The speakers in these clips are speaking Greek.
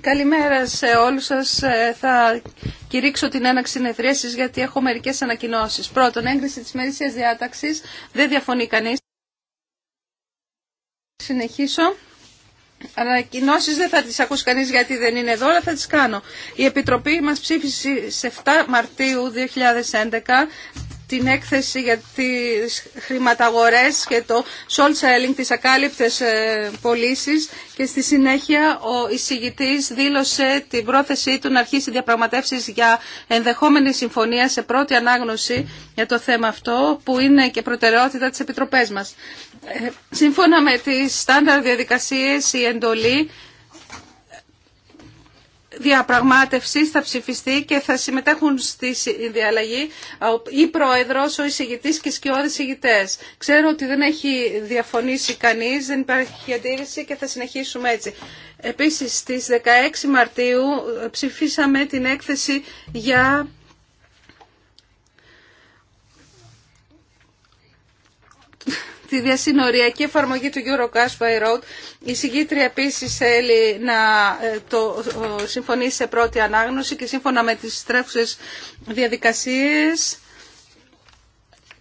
Καλημέρα σε όλους σας. Ε, θα κηρύξω την έναξη συνεδρίασης γιατί έχω μερικές ανακοινώσεις. Πρώτον, έγκριση της μερίσιας διάταξης. Δεν διαφωνεί κανείς. Συνεχίσω. Ανακοινώσεις δεν θα τις ακούσει κανείς γιατί δεν είναι εδώ, αλλά θα τις κάνω. Η Επιτροπή μας ψήφισε σε 7 Μαρτίου 2011 την έκθεση για τις χρηματαγορές και το short selling, τις ακάλυπτες ε, πωλήσει και στη συνέχεια ο εισηγητής δήλωσε την πρόθεσή του να αρχίσει διαπραγματεύσεις για ενδεχόμενη συμφωνία σε πρώτη ανάγνωση για το θέμα αυτό που είναι και προτεραιότητα της Επιτροπές μας. Ε, σύμφωνα με τις στάνταρ διαδικασίες η εντολή διαπραγμάτευσης θα ψηφιστεί και θα συμμετέχουν στη διαλλαγή η Πρόεδρος, ο εισηγητής και οι σκιώδες εισηγητές. Ξέρω ότι δεν έχει διαφωνήσει κανείς, δεν υπάρχει αντίρρηση και θα συνεχίσουμε έτσι. Επίσης, στις 16 Μαρτίου ψηφίσαμε την έκθεση για τη διασυνοριακή εφαρμογή του Eurocast by Road. Η συγκήτρια επίση θέλει να ε, το ε, συμφωνήσει σε πρώτη ανάγνωση και σύμφωνα με τις τρέχουσε διαδικασίες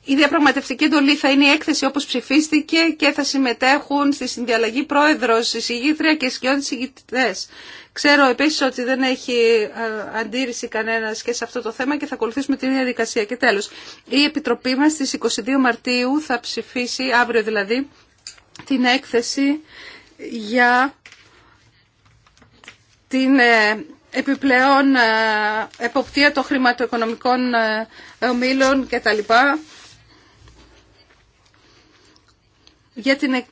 η διαπραγματευτική εντολή θα είναι η έκθεση όπως ψηφίστηκε και θα συμμετέχουν στη συνδιαλλαγή πρόεδρος, εισηγήτρια και σκιώδης εισηγητές. Ξέρω επίσης ότι δεν έχει ε, αντίρρηση κανένας και σε αυτό το θέμα και θα ακολουθήσουμε την διαδικασία. Και τέλος, η Επιτροπή μας στις 22 Μαρτίου θα ψηφίσει, αύριο δηλαδή, την έκθεση για την ε, επιπλέον ε, εποπτεία των χρηματοοικονομικών ομίλων κτλ. Για την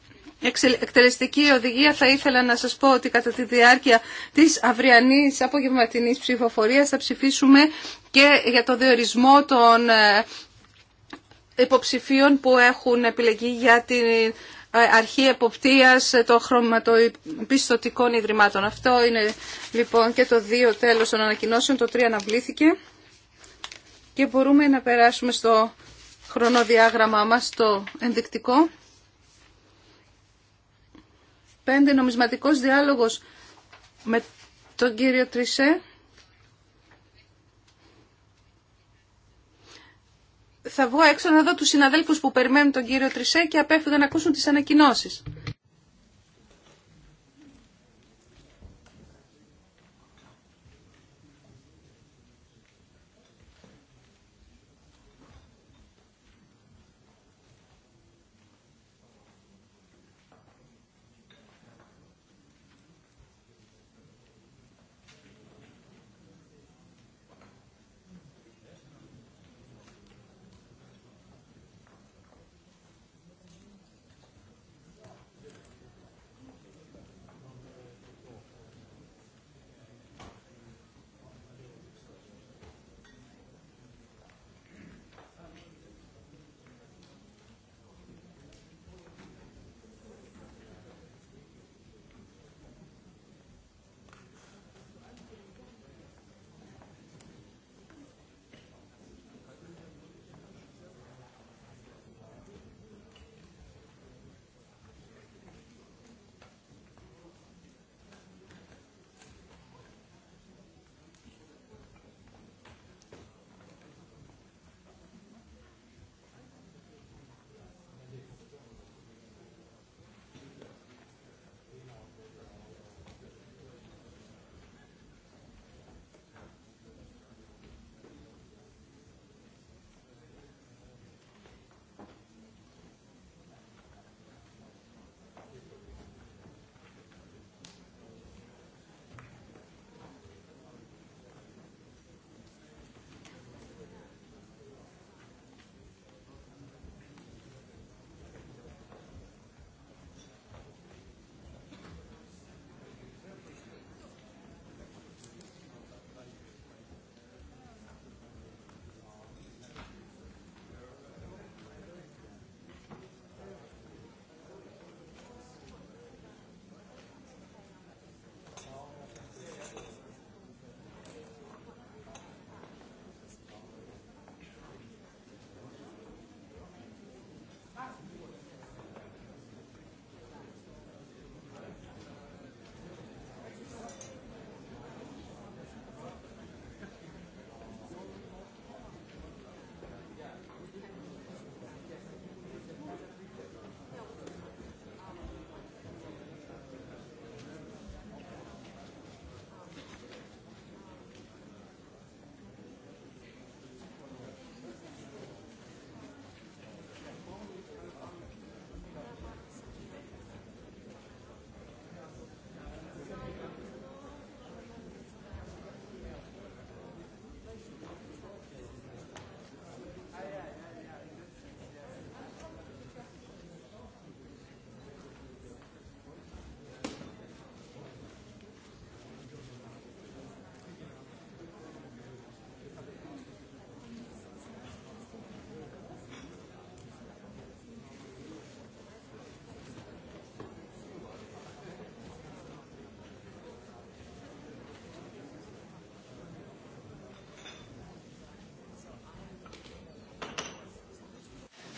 εκτελεστική οδηγία θα ήθελα να σας πω ότι κατά τη διάρκεια της αυριανής απογευματινής ψηφοφορίας θα ψηφίσουμε και για το διορισμό των ε, υποψηφίων που έχουν επιλεγεί για την ε, αρχή εποπτείας των χρωματοπιστωτικών ιδρυμάτων. Αυτό είναι λοιπόν και το δύο τέλος των ανακοινώσεων, το τρία αναβλήθηκε και μπορούμε να περάσουμε στο χρονοδιάγραμμά μας το ενδεικτικό νομισματικός διάλογος με τον κύριο Τρισέ. Θα βγω έξω να δω τους συναδέλφους που περιμένουν τον κύριο Τρισέ και απέφυγαν να ακούσουν τις ανακοινώσεις.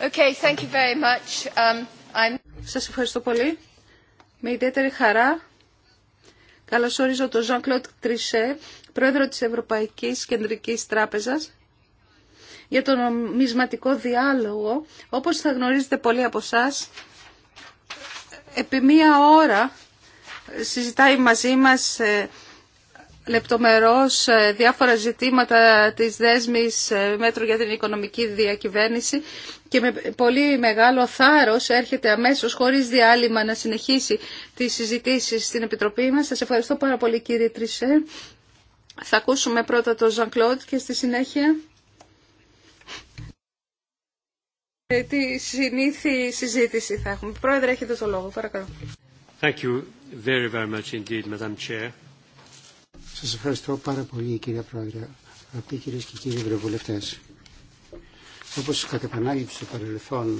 Okay, um, Σας ευχαριστώ πολύ. Με ιδιαίτερη χαρά καλωσορίζω τον Jean-Claude Trichet, πρόεδρο της Ευρωπαϊκής Κεντρικής Τράπεζας, για τον νομισματικό διάλογο. Όπως θα γνωρίζετε πολλοί από εσά, επί μία ώρα συζητάει μαζί μας ε, λεπτομερώς ε, διάφορα ζητήματα της δέσμης ε, μέτρου για την οικονομική διακυβέρνηση και με πολύ μεγάλο θάρρος έρχεται αμέσως χωρίς διάλειμμα να συνεχίσει τις συζητήσεις στην Επιτροπή μας. Σας ευχαριστώ πάρα πολύ κύριε Τρισέ. Θα ακούσουμε πρώτα τον Ζαν Κλοντ και στη συνέχεια ε, τη συνήθη συζήτηση θα έχουμε. Πρόεδρε, έχετε το λόγο. Παρακαλώ. Thank you very, very much indeed, Madam Chair. Σας ευχαριστώ πάρα πολύ κύριε Πρόεδρε, αγαπητοί κυρίε και κύριοι ευρωβουλευτές. Όπως κατ' επανάληψη στο παρελθόν,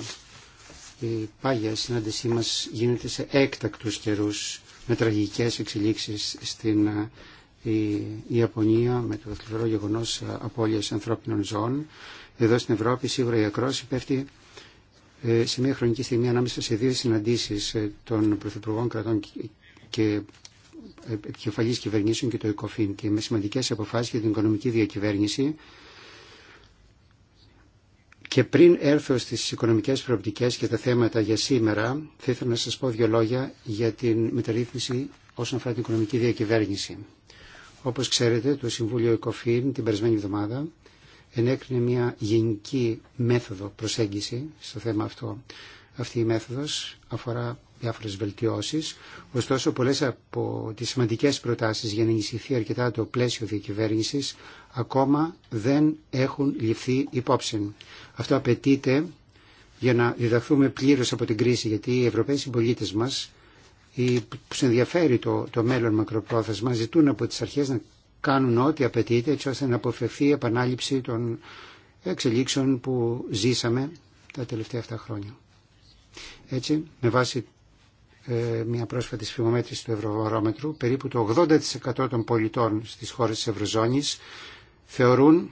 η πάγια συνάντησή μας γίνεται σε έκτακτους καιρούς με τραγικές εξελίξεις στην ε, η Ιαπωνία με το θλιβερό γεγονός ε, απώλειας ανθρώπινων ζώων. Εδώ στην Ευρώπη σίγουρα η ακρόση πέφτει ε, σε μια χρονική στιγμή ανάμεσα σε δύο συναντήσει των Πρωθυπουργών Κρατών και επικεφαλή κυβερνήσεων και το ΕΚΟΦΗΝ και με σημαντικέ αποφάσει για την οικονομική διακυβέρνηση και πριν έρθω στι οικονομικέ προοπτικέ και τα θέματα για σήμερα, θα ήθελα να σα πω δύο λόγια για την μεταρρύθμιση όσον αφορά την οικονομική διακυβέρνηση. Όπω ξέρετε, το Συμβούλιο ΕΚΟΦΗΝ την περασμένη εβδομάδα ενέκρινε μια γενική μέθοδο προσέγγιση στο θέμα αυτό αυτή η μέθοδος αφορά διάφορες βελτιώσεις. Ωστόσο, πολλές από τις σημαντικές προτάσεις για να ενισχυθεί αρκετά το πλαίσιο διακυβέρνησης ακόμα δεν έχουν ληφθεί υπόψη. Αυτό απαιτείται για να διδαχθούμε πλήρως από την κρίση, γιατί οι Ευρωπαίοι συμπολίτε μας που ενδιαφέρει το, το μέλλον μακροπρόθεσμα ζητούν από τις αρχές να κάνουν ό,τι απαιτείται έτσι ώστε να αποφευθεί η επανάληψη των εξελίξεων που ζήσαμε τα τελευταία 7 χρόνια. Έτσι, με βάση ε, μια πρόσφατη σφημομέτρηση του Ευρωβαρόμετρου, περίπου το 80% των πολιτών στις χώρες της Ευρωζώνης θεωρούν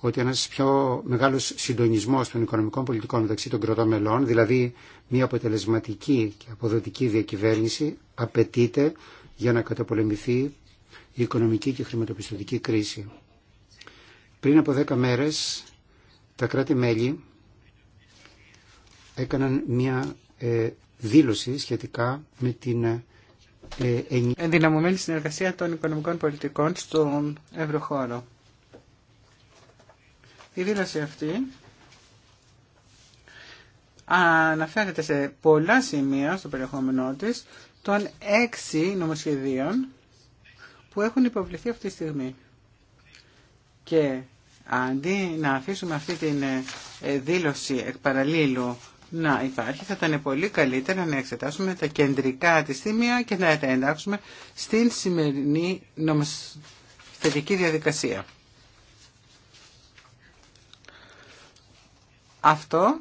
ότι ένας πιο μεγάλος συντονισμός των οικονομικών πολιτικών μεταξύ των κρατών μελών, δηλαδή μια αποτελεσματική και αποδοτική διακυβέρνηση, απαιτείται για να καταπολεμηθεί η οικονομική και χρηματοπιστωτική κρίση. Πριν από 10 μέρες, τα κράτη-μέλη έκαναν μια ε, δήλωση σχετικά με την ε, ενδυναμωμένη συνεργασία των οικονομικών πολιτικών στον Ευρωχώρο. Η δήλωση αυτή αναφέρεται σε πολλά σημεία στο περιεχόμενό της των έξι νομοσχεδίων που έχουν υποβληθεί αυτή τη στιγμή. Και αντί να αφήσουμε αυτή τη ε, δήλωση εκ να υπάρχει, θα ήταν πολύ καλύτερα να εξετάσουμε τα κεντρικά τη και να τα εντάξουμε στην σημερινή νομοθετική διαδικασία. Αυτό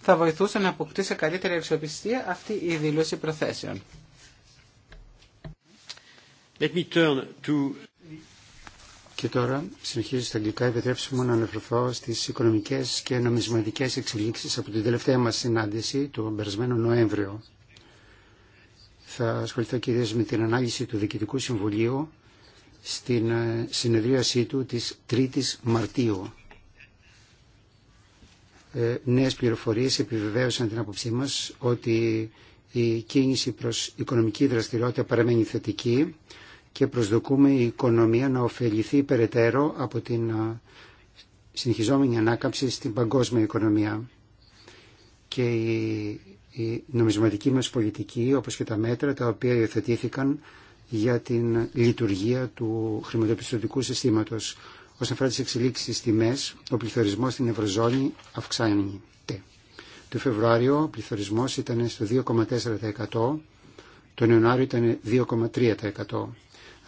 θα βοηθούσε να αποκτήσει καλύτερη αξιοπιστία αυτή η δήλωση προθέσεων. Let me turn to... Και τώρα συνεχίζω στα αγγλικά. Επιτρέψτε μου να αναφερθώ στι οικονομικέ και νομισματικέ εξελίξει από την τελευταία μα συνάντηση τον περασμένο Νοέμβριο. Θα ασχοληθώ κυρίω με την ανάλυση του Διοικητικού Συμβουλίου στην ε, συνεδρίασή του της 3ης Μαρτίου. Ε, νέες πληροφορίες επιβεβαίωσαν την άποψή μας ότι η κίνηση προς οικονομική δραστηριότητα παραμένει θετική και προσδοκούμε η οικονομία να ωφεληθεί περαιτέρω από την συνεχιζόμενη ανάκαμψη στην παγκόσμια οικονομία. Και η νομισματική μας πολιτική, όπως και τα μέτρα τα οποία υιοθετήθηκαν για την λειτουργία του χρηματοπιστωτικού συστήματος. Όσον αφορά τι εξελίξει στι τιμέ, ο πληθωρισμό στην Ευρωζώνη αυξάνεται. Το Φεβρουάριο ο πληθωρισμός ήταν στο 2,4%, τον Ιανουάριο ήταν 2,3%.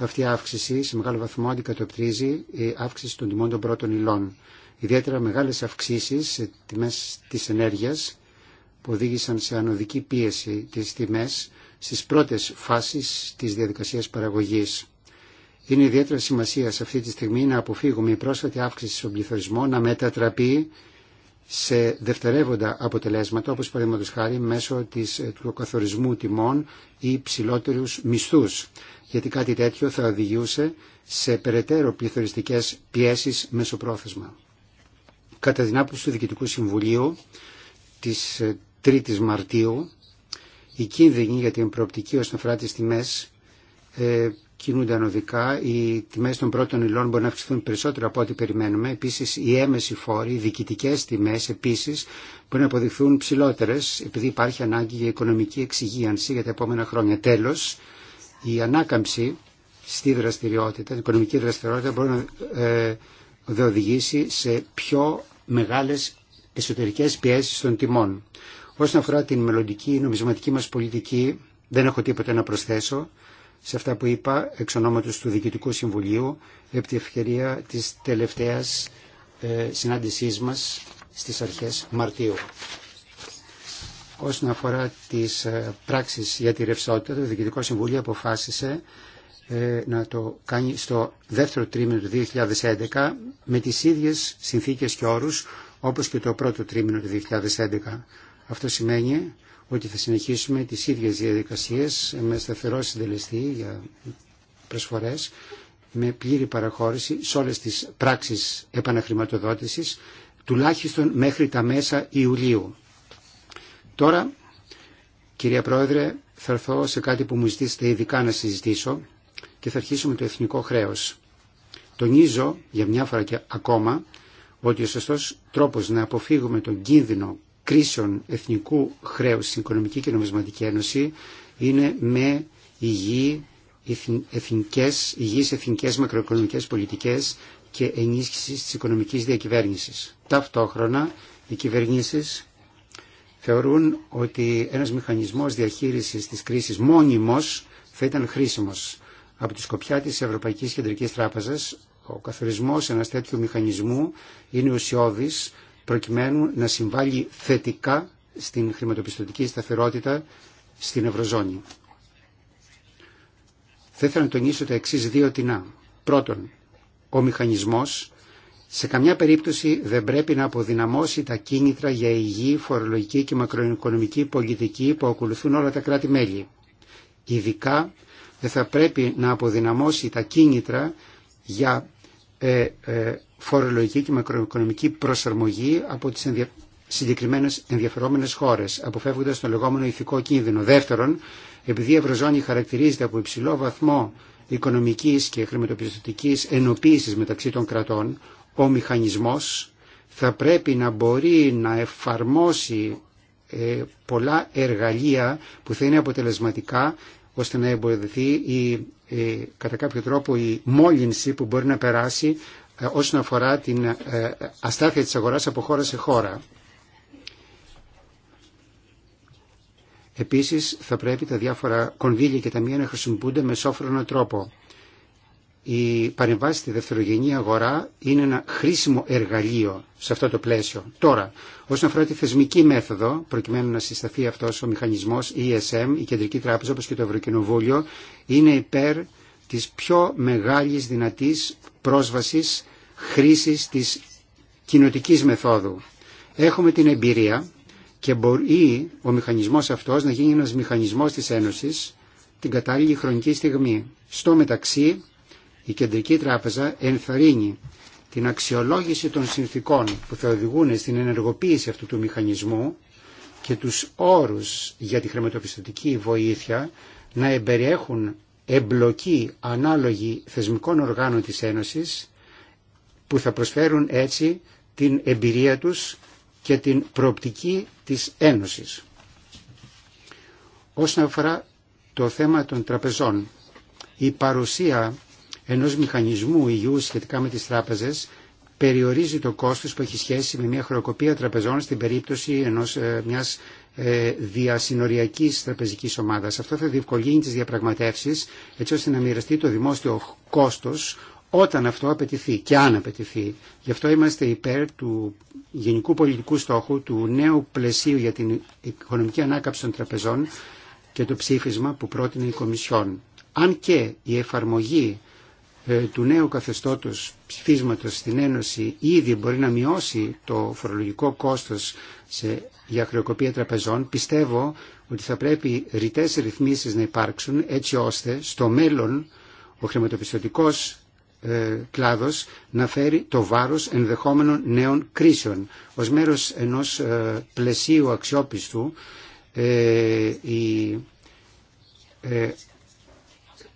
Αυτή η αύξηση σε μεγάλο βαθμό αντικατοπτρίζει η αύξηση των τιμών των πρώτων υλών. Ιδιαίτερα μεγάλες αυξήσεις σε τιμές της ενέργειας που οδήγησαν σε ανωδική πίεση τις τιμές στις πρώτες φάσεις της διαδικασίας παραγωγής. Είναι ιδιαίτερα σημασία σε αυτή τη στιγμή να αποφύγουμε η πρόσφατη αύξηση στον πληθωρισμό να μετατραπεί σε δευτερεύοντα αποτελέσματα, όπως παραδείγματος χάρη μέσω της, ε, του καθορισμού τιμών ή ψηλότερου μισθούς, γιατί κάτι τέτοιο θα οδηγούσε σε περαιτέρω πληθωριστικές πιέσεις μεσοπρόθεσμα. Κατά την άποψη του Διοικητικού Συμβουλίου της 3ης ε, Μαρτίου, η κίνδυνοι για την προοπτική όσον αφορά τις τιμές ε, κινούνται ανωδικά, οι τιμέ των πρώτων υλών μπορεί να αυξηθούν περισσότερο από ό,τι περιμένουμε. Επίση, οι έμεση φόροι, οι διοικητικέ τιμέ επίση μπορεί να αποδειχθούν ψηλότερε, επειδή υπάρχει ανάγκη για οικονομική εξυγίανση για τα επόμενα χρόνια. Τέλο, η ανάκαμψη στη δραστηριότητα, η οικονομική δραστηριότητα μπορεί να ε, οδηγήσει σε πιο μεγάλε εσωτερικέ πιέσει των τιμών. Όσον αφορά την μελλοντική νομισματική μα πολιτική, δεν έχω τίποτα να προσθέσω σε αυτά που είπα εξ ονόματος του Διοικητικού Συμβουλίου επί τη ευκαιρία της τελευταίας ε, συνάντησής μας στις αρχές Μαρτίου. Όσον αφορά τις ε, πράξεις για τη ρευσότητα, το Διοικητικό Συμβουλίο αποφάσισε ε, να το κάνει στο δεύτερο τρίμηνο του 2011 με τις ίδιες συνθήκες και όρους όπως και το πρώτο τρίμηνο του 2011. Αυτό σημαίνει ότι θα συνεχίσουμε τις ίδιες διαδικασίες με σταθερό συντελεστή για προσφορές με πλήρη παραχώρηση σε όλες τις πράξεις επαναχρηματοδότησης τουλάχιστον μέχρι τα μέσα Ιουλίου. Τώρα, κυρία Πρόεδρε, θα έρθω σε κάτι που μου ζητήσετε ειδικά να συζητήσω και θα αρχίσω με το εθνικό χρέος. Τονίζω για μια φορά και ακόμα ότι ο σωστός τρόπος να αποφύγουμε τον κίνδυνο κρίσεων εθνικού χρέους στην Οικονομική και Νομισματική Ένωση είναι με υγιή, εθνικές, υγιείς εθνικές μακροοικονομικές πολιτικές και ενίσχυση της οικονομικής διακυβέρνησης. Ταυτόχρονα οι κυβερνήσεις θεωρούν ότι ένας μηχανισμός διαχείρισης της κρίσης μόνιμος θα ήταν χρήσιμος. Από τη σκοπιά της Ευρωπαϊκής Κεντρικής Τράπεζας ο καθορισμός ενός τέτοιου μηχανισμού είναι ουσιώδης προκειμένου να συμβάλλει θετικά στην χρηματοπιστωτική σταθερότητα στην Ευρωζώνη. Θα ήθελα να τονίσω τα εξή δύο τινά. Πρώτον, ο μηχανισμός σε καμιά περίπτωση δεν πρέπει να αποδυναμώσει τα κίνητρα για υγιή, φορολογική και μακροοικονομική πολιτική που ακολουθούν όλα τα κράτη-μέλη. Ειδικά δεν θα πρέπει να αποδυναμώσει τα κίνητρα για ε, ε φορολογική και μακροοικονομική προσαρμογή από τις ενδια... συγκεκριμένες ενδιαφερόμενες χώρες, αποφεύγοντας τον λεγόμενο ηθικό κίνδυνο. Δεύτερον, επειδή η Ευρωζώνη χαρακτηρίζεται από υψηλό βαθμό οικονομική και χρηματοπιστωτική ενοποίηση μεταξύ των κρατών, ο μηχανισμό θα πρέπει να μπορεί να εφαρμόσει ε, πολλά εργαλεία που θα είναι αποτελεσματικά ώστε να εμποδιστεί η, ε, κατά κάποιο τρόπο η μόλυνση που μπορεί να περάσει ε, όσον αφορά την ε, αστάθεια της αγοράς από χώρα σε χώρα. Επίσης θα πρέπει τα διάφορα κονδύλια και ταμεία να χρησιμοποιούνται με σόφρονο τρόπο. Η παρεμβάση στη δευτερογενή αγορά είναι ένα χρήσιμο εργαλείο σε αυτό το πλαίσιο. Τώρα, όσον αφορά τη θεσμική μέθοδο, προκειμένου να συσταθεί αυτός ο μηχανισμός ESM, η Κεντρική Τράπεζα όπως και το Ευρωκοινοβούλιο, είναι υπέρ της πιο μεγάλης δυνατής πρόσβασης χρήσης της κοινοτικής μεθόδου. Έχουμε την εμπειρία και μπορεί ο μηχανισμός αυτός να γίνει ένας μηχανισμός της Ένωσης την κατάλληλη χρονική στιγμή. Στο μεταξύ, η Κεντρική Τράπεζα ενθαρρύνει την αξιολόγηση των συνθήκων που θα οδηγούν στην ενεργοποίηση αυτού του μηχανισμού και τους όρους για τη χρηματοπιστωτική βοήθεια να εμπεριέχουν εμπλοκή ανάλογη θεσμικών οργάνων της Ένωσης που θα προσφέρουν έτσι την εμπειρία τους και την προοπτική της Ένωσης. Όσον αφορά το θέμα των τραπεζών, η παρουσία ενός μηχανισμού υγιού σχετικά με τις τράπεζες περιορίζει το κόστος που έχει σχέση με μια χρεοκοπία τραπεζών στην περίπτωση ενός, ε, μιας ε, διασυνοριακής τραπεζικής ομάδας. Αυτό θα διευκολύνει τις διαπραγματεύσεις έτσι ώστε να μοιραστεί το δημόσιο κόστος όταν αυτό απαιτηθεί και αν απαιτηθεί. Γι' αυτό είμαστε υπέρ του γενικού πολιτικού στόχου, του νέου πλαισίου για την οικονομική ανάκαψη των τραπεζών και το ψήφισμα που πρότεινε η Κομισιόν. Αν και η εφαρμογή ε, του νέου καθεστώτος ψηφίσματος στην Ένωση ήδη μπορεί να μειώσει το φορολογικό κόστος σε, για χρεοκοπία τραπεζών, πιστεύω ότι θα πρέπει ρητές ρυθμίσεις να υπάρξουν έτσι ώστε στο μέλλον ο χρηματοπιστωτικός ε, κλάδος να φέρει το βάρος ενδεχόμενων νέων κρίσεων. Ως μέρος ενός ε, πλαισίου αξιόπιστου ε,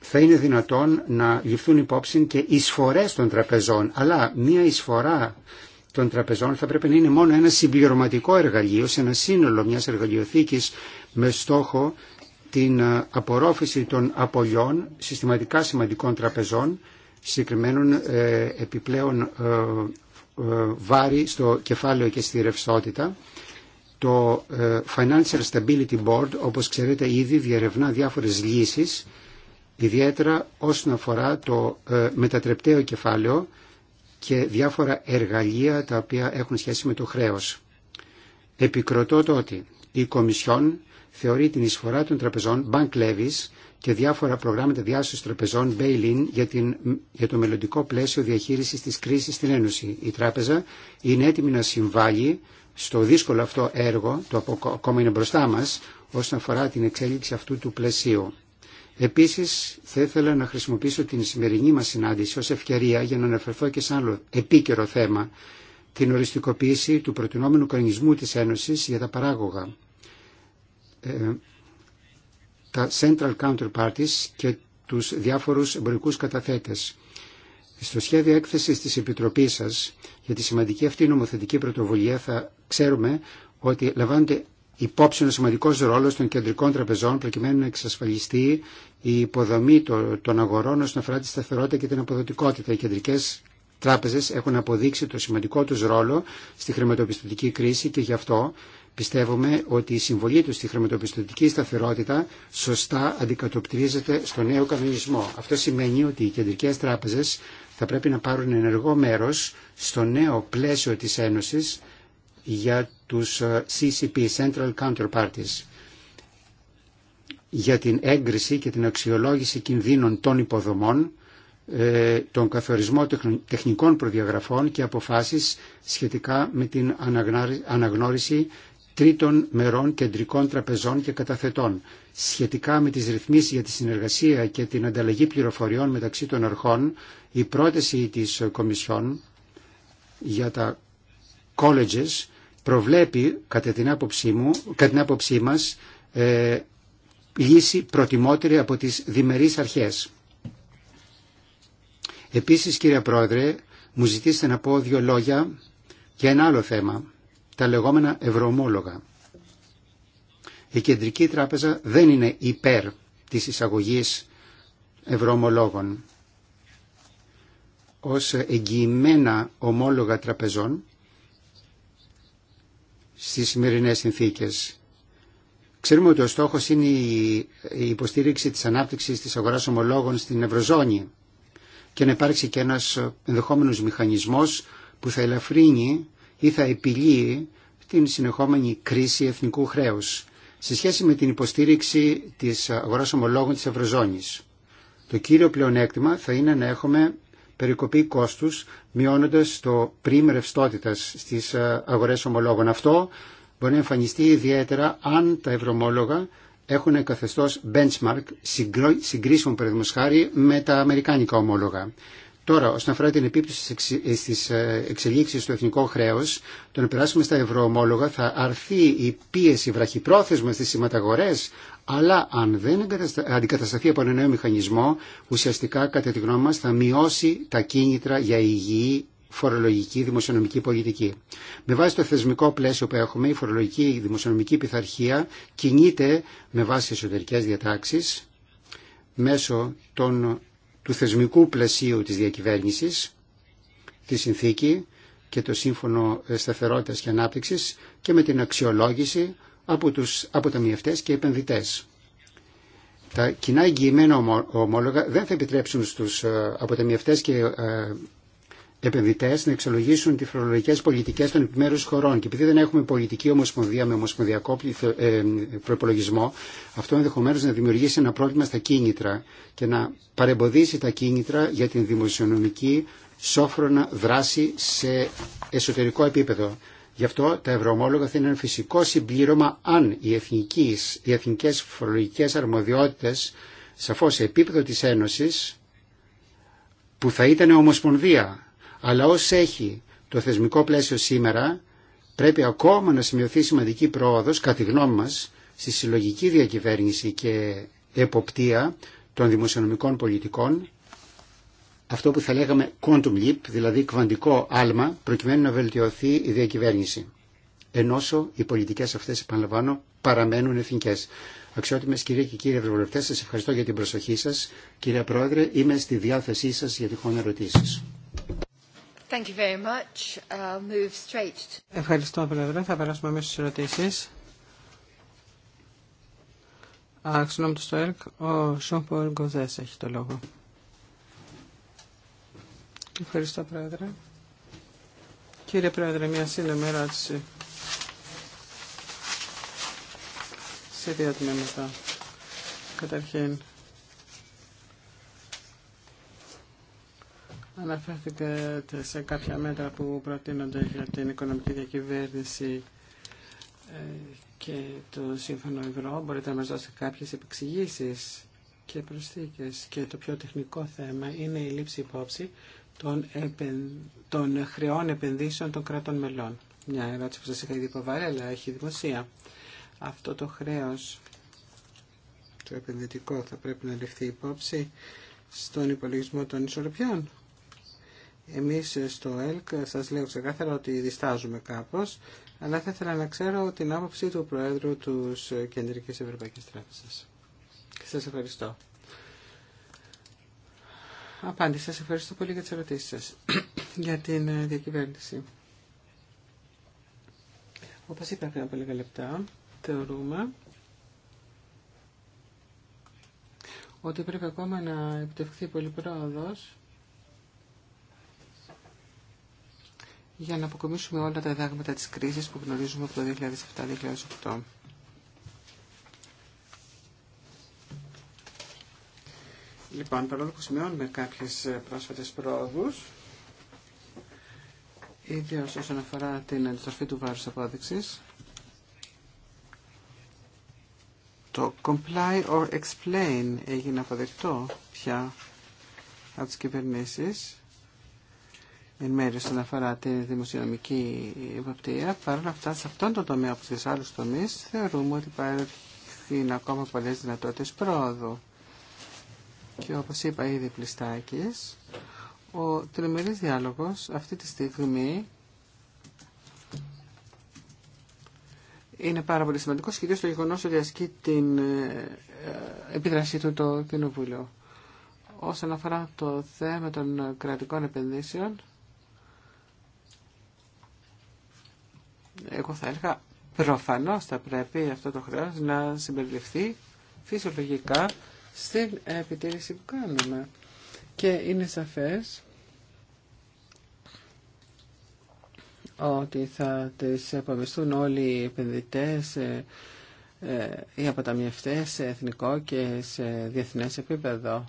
θα είναι δυνατόν να ληφθούν υπόψη και εισφορές των τραπεζών. Αλλά μία εισφορά των τραπεζών θα πρέπει να είναι μόνο ένα συμπληρωματικό εργαλείο σε ένα σύνολο μιας εργαλειοθήκης με στόχο την απορρόφηση των απολειών συστηματικά σημαντικών τραπεζών συγκεκριμένων ε, επιπλέον ε, ε, βάρη στο κεφάλαιο και στη ρευστότητα. Το Financial Stability Board, όπως ξέρετε ήδη, διερευνά διάφορες λύσεις, ιδιαίτερα όσον αφορά το μετατρεπταίο κεφάλαιο και διάφορα εργαλεία τα οποία έχουν σχέση με το χρέος. Επικροτώ το ότι η Κομισιόν θεωρεί την εισφορά των τραπεζών bank levies και διάφορα προγράμματα διάσωσης τραπεζών bail-in για, την, για το μελλοντικό πλαίσιο διαχείρισης της κρίσης στην Ένωση. Η τράπεζα είναι έτοιμη να συμβάλλει στο δύσκολο αυτό έργο, το ακόμα είναι μπροστά μας, όσον αφορά την εξέλιξη αυτού του πλαισίου. Επίσης, θα ήθελα να χρησιμοποιήσω την σημερινή μας συνάντηση ως ευκαιρία για να αναφερθώ και σε άλλο επίκαιρο θέμα, την οριστικοποίηση του προτινόμενου κανονισμού της Ένωσης για τα παράγωγα. Ε, τα central counterparties και τους διάφορους εμπορικούς καταθέτες. Στο σχέδιο έκθεσης της Επιτροπής σας για τη σημαντική αυτή νομοθετική πρωτοβουλία θα ξέρουμε ότι λαμβάνονται υπόψη ο σημαντικό ρόλο των κεντρικών τραπεζών προκειμένου να εξασφαλιστεί η υποδομή των αγορών όσον αφορά τη σταθερότητα και την αποδοτικότητα. Οι κεντρικέ τράπεζε έχουν αποδείξει το σημαντικό του ρόλο στη χρηματοπιστωτική κρίση και γι' αυτό Πιστεύουμε ότι η συμβολή του στη χρηματοπιστωτική σταθερότητα σωστά αντικατοπτρίζεται στο νέο κανονισμό. Αυτό σημαίνει ότι οι κεντρικές τράπεζες θα πρέπει να πάρουν ενεργό μέρος στο νέο πλαίσιο της Ένωσης για του ε, CCP, Central Counterparties, για την έγκριση και την αξιολόγηση κινδύνων των υποδομών, ε, τον καθορισμό τεχνικών προδιαγραφών και αποφάσεις σχετικά με την αναγνώριση τρίτων μερών κεντρικών τραπεζών και καταθετών σχετικά με τις ρυθμίσεις για τη συνεργασία και την ανταλλαγή πληροφοριών μεταξύ των αρχών η πρόταση της Κομισιόν για τα colleges προβλέπει κατά την άποψή, μου, την ε, λύση προτιμότερη από τις διμερείς αρχές. Επίσης κύριε Πρόεδρε μου ζητήσετε να πω δύο λόγια για ένα άλλο θέμα τα λεγόμενα ευρωομόλογα. Η Κεντρική Τράπεζα δεν είναι υπέρ της εισαγωγής ευρωομολόγων. Ως εγγυημένα ομόλογα τραπεζών στις σημερινές συνθήκες. Ξέρουμε ότι ο στόχος είναι η υποστήριξη της ανάπτυξης της αγοράς ομολόγων στην Ευρωζώνη και να υπάρξει και ένας ενδεχόμενος μηχανισμός που θα ελαφρύνει ή θα επιλύει την συνεχόμενη κρίση εθνικού χρέους σε σχέση με την υποστήριξη της αγοράς ομολόγων της Ευρωζώνης. Το κύριο πλεονέκτημα θα είναι να έχουμε περικοπή κόστους μειώνοντας το πριμ ρευστότητα στις αγορές ομολόγων. Αυτό μπορεί να εμφανιστεί ιδιαίτερα αν τα ευρωμόλογα έχουν καθεστώς benchmark συγκρίσιμο παραδείγματος χάρη με τα αμερικάνικα ομόλογα. Τώρα, όσον αφορά την επίπτωση στι ε, ε, εξελίξει του εθνικού Χρέο, το να περάσουμε στα ευρωομόλογα θα αρθεί η πίεση βραχυπρόθεσμα στι σηματαγορέ, αλλά αν δεν αντικατασταθεί από ένα νέο μηχανισμό, ουσιαστικά, κατά τη γνώμη μα, θα μειώσει τα κίνητρα για υγιή φορολογική δημοσιονομική πολιτική. Με βάση το θεσμικό πλαίσιο που έχουμε, η φορολογική δημοσιονομική πειθαρχία κινείται με βάση εσωτερικέ διατάξει μέσω των του θεσμικού πλασίου της διακυβέρνησης, τη συνθήκη και το Σύμφωνο Σταθερότητας και Ανάπτυξης και με την αξιολόγηση από τους αποταμιευτές και επενδυτές. Τα κοινά εγγυημένα ομόλογα δεν θα επιτρέψουν στους ε, αποταμιευτές και ε, επενδυτέ να εξολογήσουν τι φορολογικέ πολιτικέ των επιμέρου χωρών. Και επειδή δεν έχουμε πολιτική ομοσπονδία με ομοσπονδιακό ε, προπολογισμό, αυτό ενδεχομένω να δημιουργήσει ένα πρόβλημα στα κίνητρα και να παρεμποδίσει τα κίνητρα για την δημοσιονομική σόφρονα δράση σε εσωτερικό επίπεδο. Γι' αυτό τα ευρωομόλογα θα είναι ένα φυσικό συμπλήρωμα αν οι, εθνικές, οι εθνικές φορολογικές αρμοδιότητες σαφώς σε επίπεδο της Ένωσης που θα ήταν ομοσπονδία αλλά ως έχει το θεσμικό πλαίσιο σήμερα πρέπει ακόμα να σημειωθεί σημαντική πρόοδος κατά τη γνώμη μας στη συλλογική διακυβέρνηση και εποπτεία των δημοσιονομικών πολιτικών αυτό που θα λέγαμε quantum leap, δηλαδή κβαντικό άλμα, προκειμένου να βελτιωθεί η διακυβέρνηση. Ενώσο οι πολιτικές αυτές, επαναλαμβάνω, παραμένουν εθνικές. Αξιότιμες κυρίε και κύριοι ευρωβουλευτές, σας ευχαριστώ για την προσοχή σας. Κύριε Πρόεδρε, είμαι στη διάθεσή σας για τυχόν ερωτήσεις. Thank you very much. Ευχαριστώ, Πρόεδρε. Θα περάσουμε αμέσω στις ερωτήσεις. Αξινόμου του στο ΕΡΚ, ο Σόμπορ Γκοζές έχει το λόγο. Ευχαριστώ, Πρόεδρε. Κύριε Πρόεδρε, μια σύντομη ερώτηση. Σε δύο τμήματα. Καταρχήν, Αναφέρθηκα σε κάποια μέτρα που προτείνονται για την οικονομική διακυβέρνηση ε, και το σύμφωνο ευρώ. Μπορείτε να μας δώσετε κάποιες επεξηγήσεις και προσθήκες. Και το πιο τεχνικό θέμα είναι η λήψη υπόψη των, χρεών επενδύσεων των κρατών μελών. Μια ερώτηση που σας είχα ήδη υποβάλει, αλλά έχει δημοσία. Αυτό το χρέος, το επενδυτικό, θα πρέπει να ληφθεί υπόψη στον υπολογισμό των ισορροπιών. Εμείς στο ΕΛΚ σας λέω ξεκάθαρα ότι διστάζουμε κάπως, αλλά θα ήθελα να ξέρω την άποψη του Προέδρου της Κεντρικής Ευρωπαϊκής Τράπεζας. Σας ευχαριστώ. Απάντηση. Σας ευχαριστώ πολύ για τις ερωτήσεις σας. για την ε, διακυβέρνηση. Όπως είπα πριν από λίγα λεπτά, θεωρούμε ότι πρέπει ακόμα να επιτευχθεί πολύ πρόοδος για να αποκομίσουμε όλα τα δάγματα της κρίσης που γνωρίζουμε από το 2007-2008. Λοιπόν, παρόλο που σημειώνουμε κάποιες ε, πρόσφατες πρόοδους, ιδίως όσον αφορά την αντιστροφή του βάρους απόδειξης, το comply or explain έγινε αποδεκτό πια από τις κυβερνήσεις εν μέρει όσον αφορά τη δημοσιονομική υποπτήρια, Παρ' όλα αυτά, σε αυτόν τον τομέα από τις άλλους τομείς, θεωρούμε ότι υπάρχουν ακόμα πολλές δυνατότητες πρόοδου. Και όπως είπα ήδη πλιστάκης, ο τριμερής διάλογος αυτή τη στιγμή είναι πάρα πολύ σημαντικό κυρίω το γεγονό ότι ασκεί την ε, επίδρασή του το Κοινοβούλιο. Όσον αφορά το θέμα των κρατικών επενδύσεων, εγώ θα έλεγα προφανώς θα πρέπει αυτό το χρέος να συμπεριληφθεί φυσιολογικά στην επιτήρηση που κάνουμε. Και είναι σαφές ότι θα τις επομιστούν όλοι οι επενδυτές, ή ε, ε, αποταμιευτές σε εθνικό και σε διεθνές επίπεδο.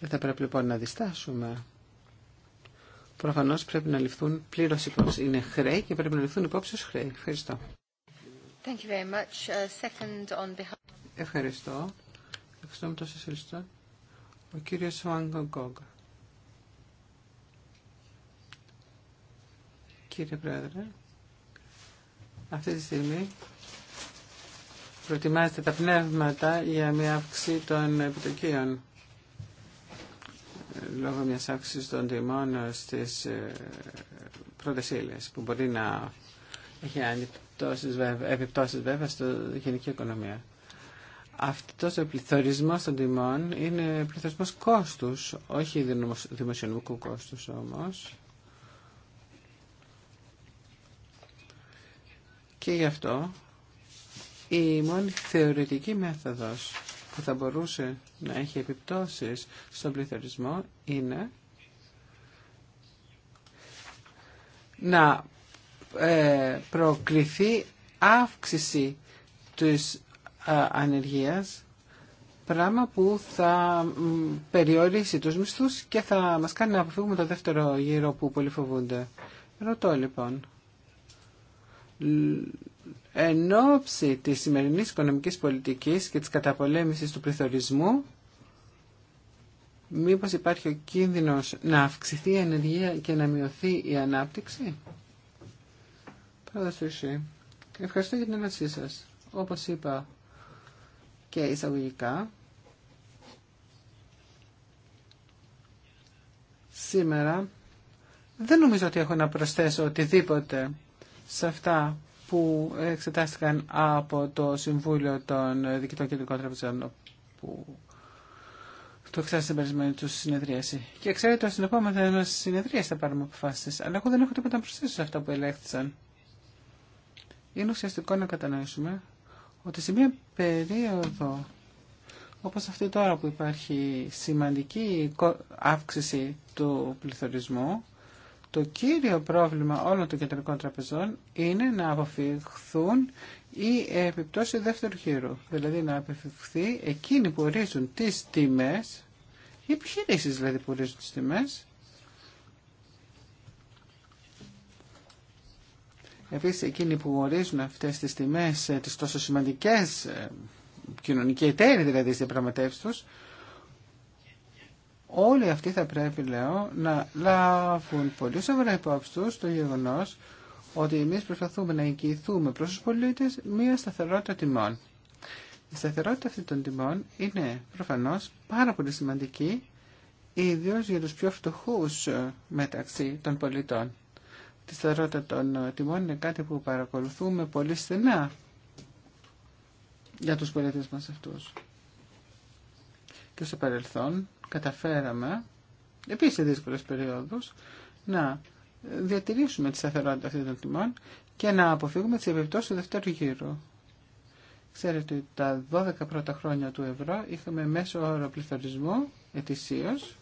Δεν θα πρέπει λοιπόν να διστάσουμε προφανώς πρέπει να ληφθούν πλήρως υπόψη. Είναι χρέη και πρέπει να ληφθούν υπόψη ω χρέη. Ευχαριστώ. Thank you very much. Uh, second on behalf... Ευχαριστώ. Ευχαριστώ με τον ευχαριστώ. Ο κύριος Σουάνγκογκόγκ. Κύριε Πρόεδρε, αυτή τη στιγμή προετοιμάζεται τα πνεύματα για μια αύξηση των επιτοκίων λόγω μια αύξηση των τιμών ε, στι ε, πρώτε που μπορεί να έχει επιπτώσει βέβαια στη γενική οικονομία. Αυτό ο πληθωρισμό των τιμών είναι πληθωρισμό κόστους, όχι δημοσιονομικού κόστους όμως. Και γι' αυτό η μόνη θεωρητική μέθοδος που θα μπορούσε να έχει επιπτώσεις στον πληθωρισμό είναι να ε, προκληθεί αύξηση της ε, ανεργίας πράγμα που θα περιορίσει τους μισθούς και θα μας κάνει να αποφύγουμε το δεύτερο γύρο που πολύ φοβούνται. Ρωτώ λοιπόν εν ώψη της σημερινής οικονομικής πολιτικής και της καταπολέμησης του πληθωρισμού, μήπως υπάρχει ο κίνδυνος να αυξηθεί η ενεργεία και να μειωθεί η ανάπτυξη. ευχαριστώ για την ερώτησή σας. Όπως είπα και εισαγωγικά, σήμερα δεν νομίζω ότι έχω να προσθέσω οτιδήποτε σε αυτά που εξετάστηκαν από το Συμβούλιο των Διοικητών Κεντρικών Τραπεζών που το εξάστησε την περισμένη του συνεδρίαση. Και ξέρετε, στην επόμενη μα συνεδρίαση θα πάρουμε αποφάσει. Αλλά εγώ δεν έχω τίποτα να προσθέσω σε αυτά που ελέγχθησαν. Είναι ουσιαστικό να κατανοήσουμε ότι σε μια περίοδο όπως αυτή τώρα που υπάρχει σημαντική αύξηση του πληθωρισμού το κύριο πρόβλημα όλων των κεντρικών τραπεζών είναι να αποφυγθούν οι επιπτώσεις δεύτερου χείρου. Δηλαδή να αποφυγθεί εκείνοι που ορίζουν τις τιμές, οι επιχειρήσει δηλαδή που ορίζουν τις τιμές, Επίσης εκείνοι που ορίζουν αυτές τις τιμές, ε, τις τόσο σημαντικές ε, κοινωνικές εταίροι δηλαδή στις διαπραγματεύσεις τους, Όλοι αυτοί θα πρέπει, λέω, να λάβουν πολύ σοβαρά υπόψη τους το γεγονός ότι εμείς προσπαθούμε να εγγυηθούμε προς τους πολίτες μία σταθερότητα τιμών. Η σταθερότητα αυτή των τιμών είναι προφανώς πάρα πολύ σημαντική, ιδίω για τους πιο φτωχού ε, μεταξύ των πολιτών. Τη σταθερότητα των ε, τιμών είναι κάτι που παρακολουθούμε πολύ στενά για τους πολίτες μας αυτούς. Και στο παρελθόν καταφέραμε, επίσης σε δύσκολες περιόδους, να διατηρήσουμε τη σταθερότητα αυτή των τιμών και να αποφύγουμε τις επιπτώσεις του δεύτερου γύρου. Ξέρετε ότι τα 12 πρώτα χρόνια του ευρώ είχαμε μέσο όρο πληθωρισμού ετησίως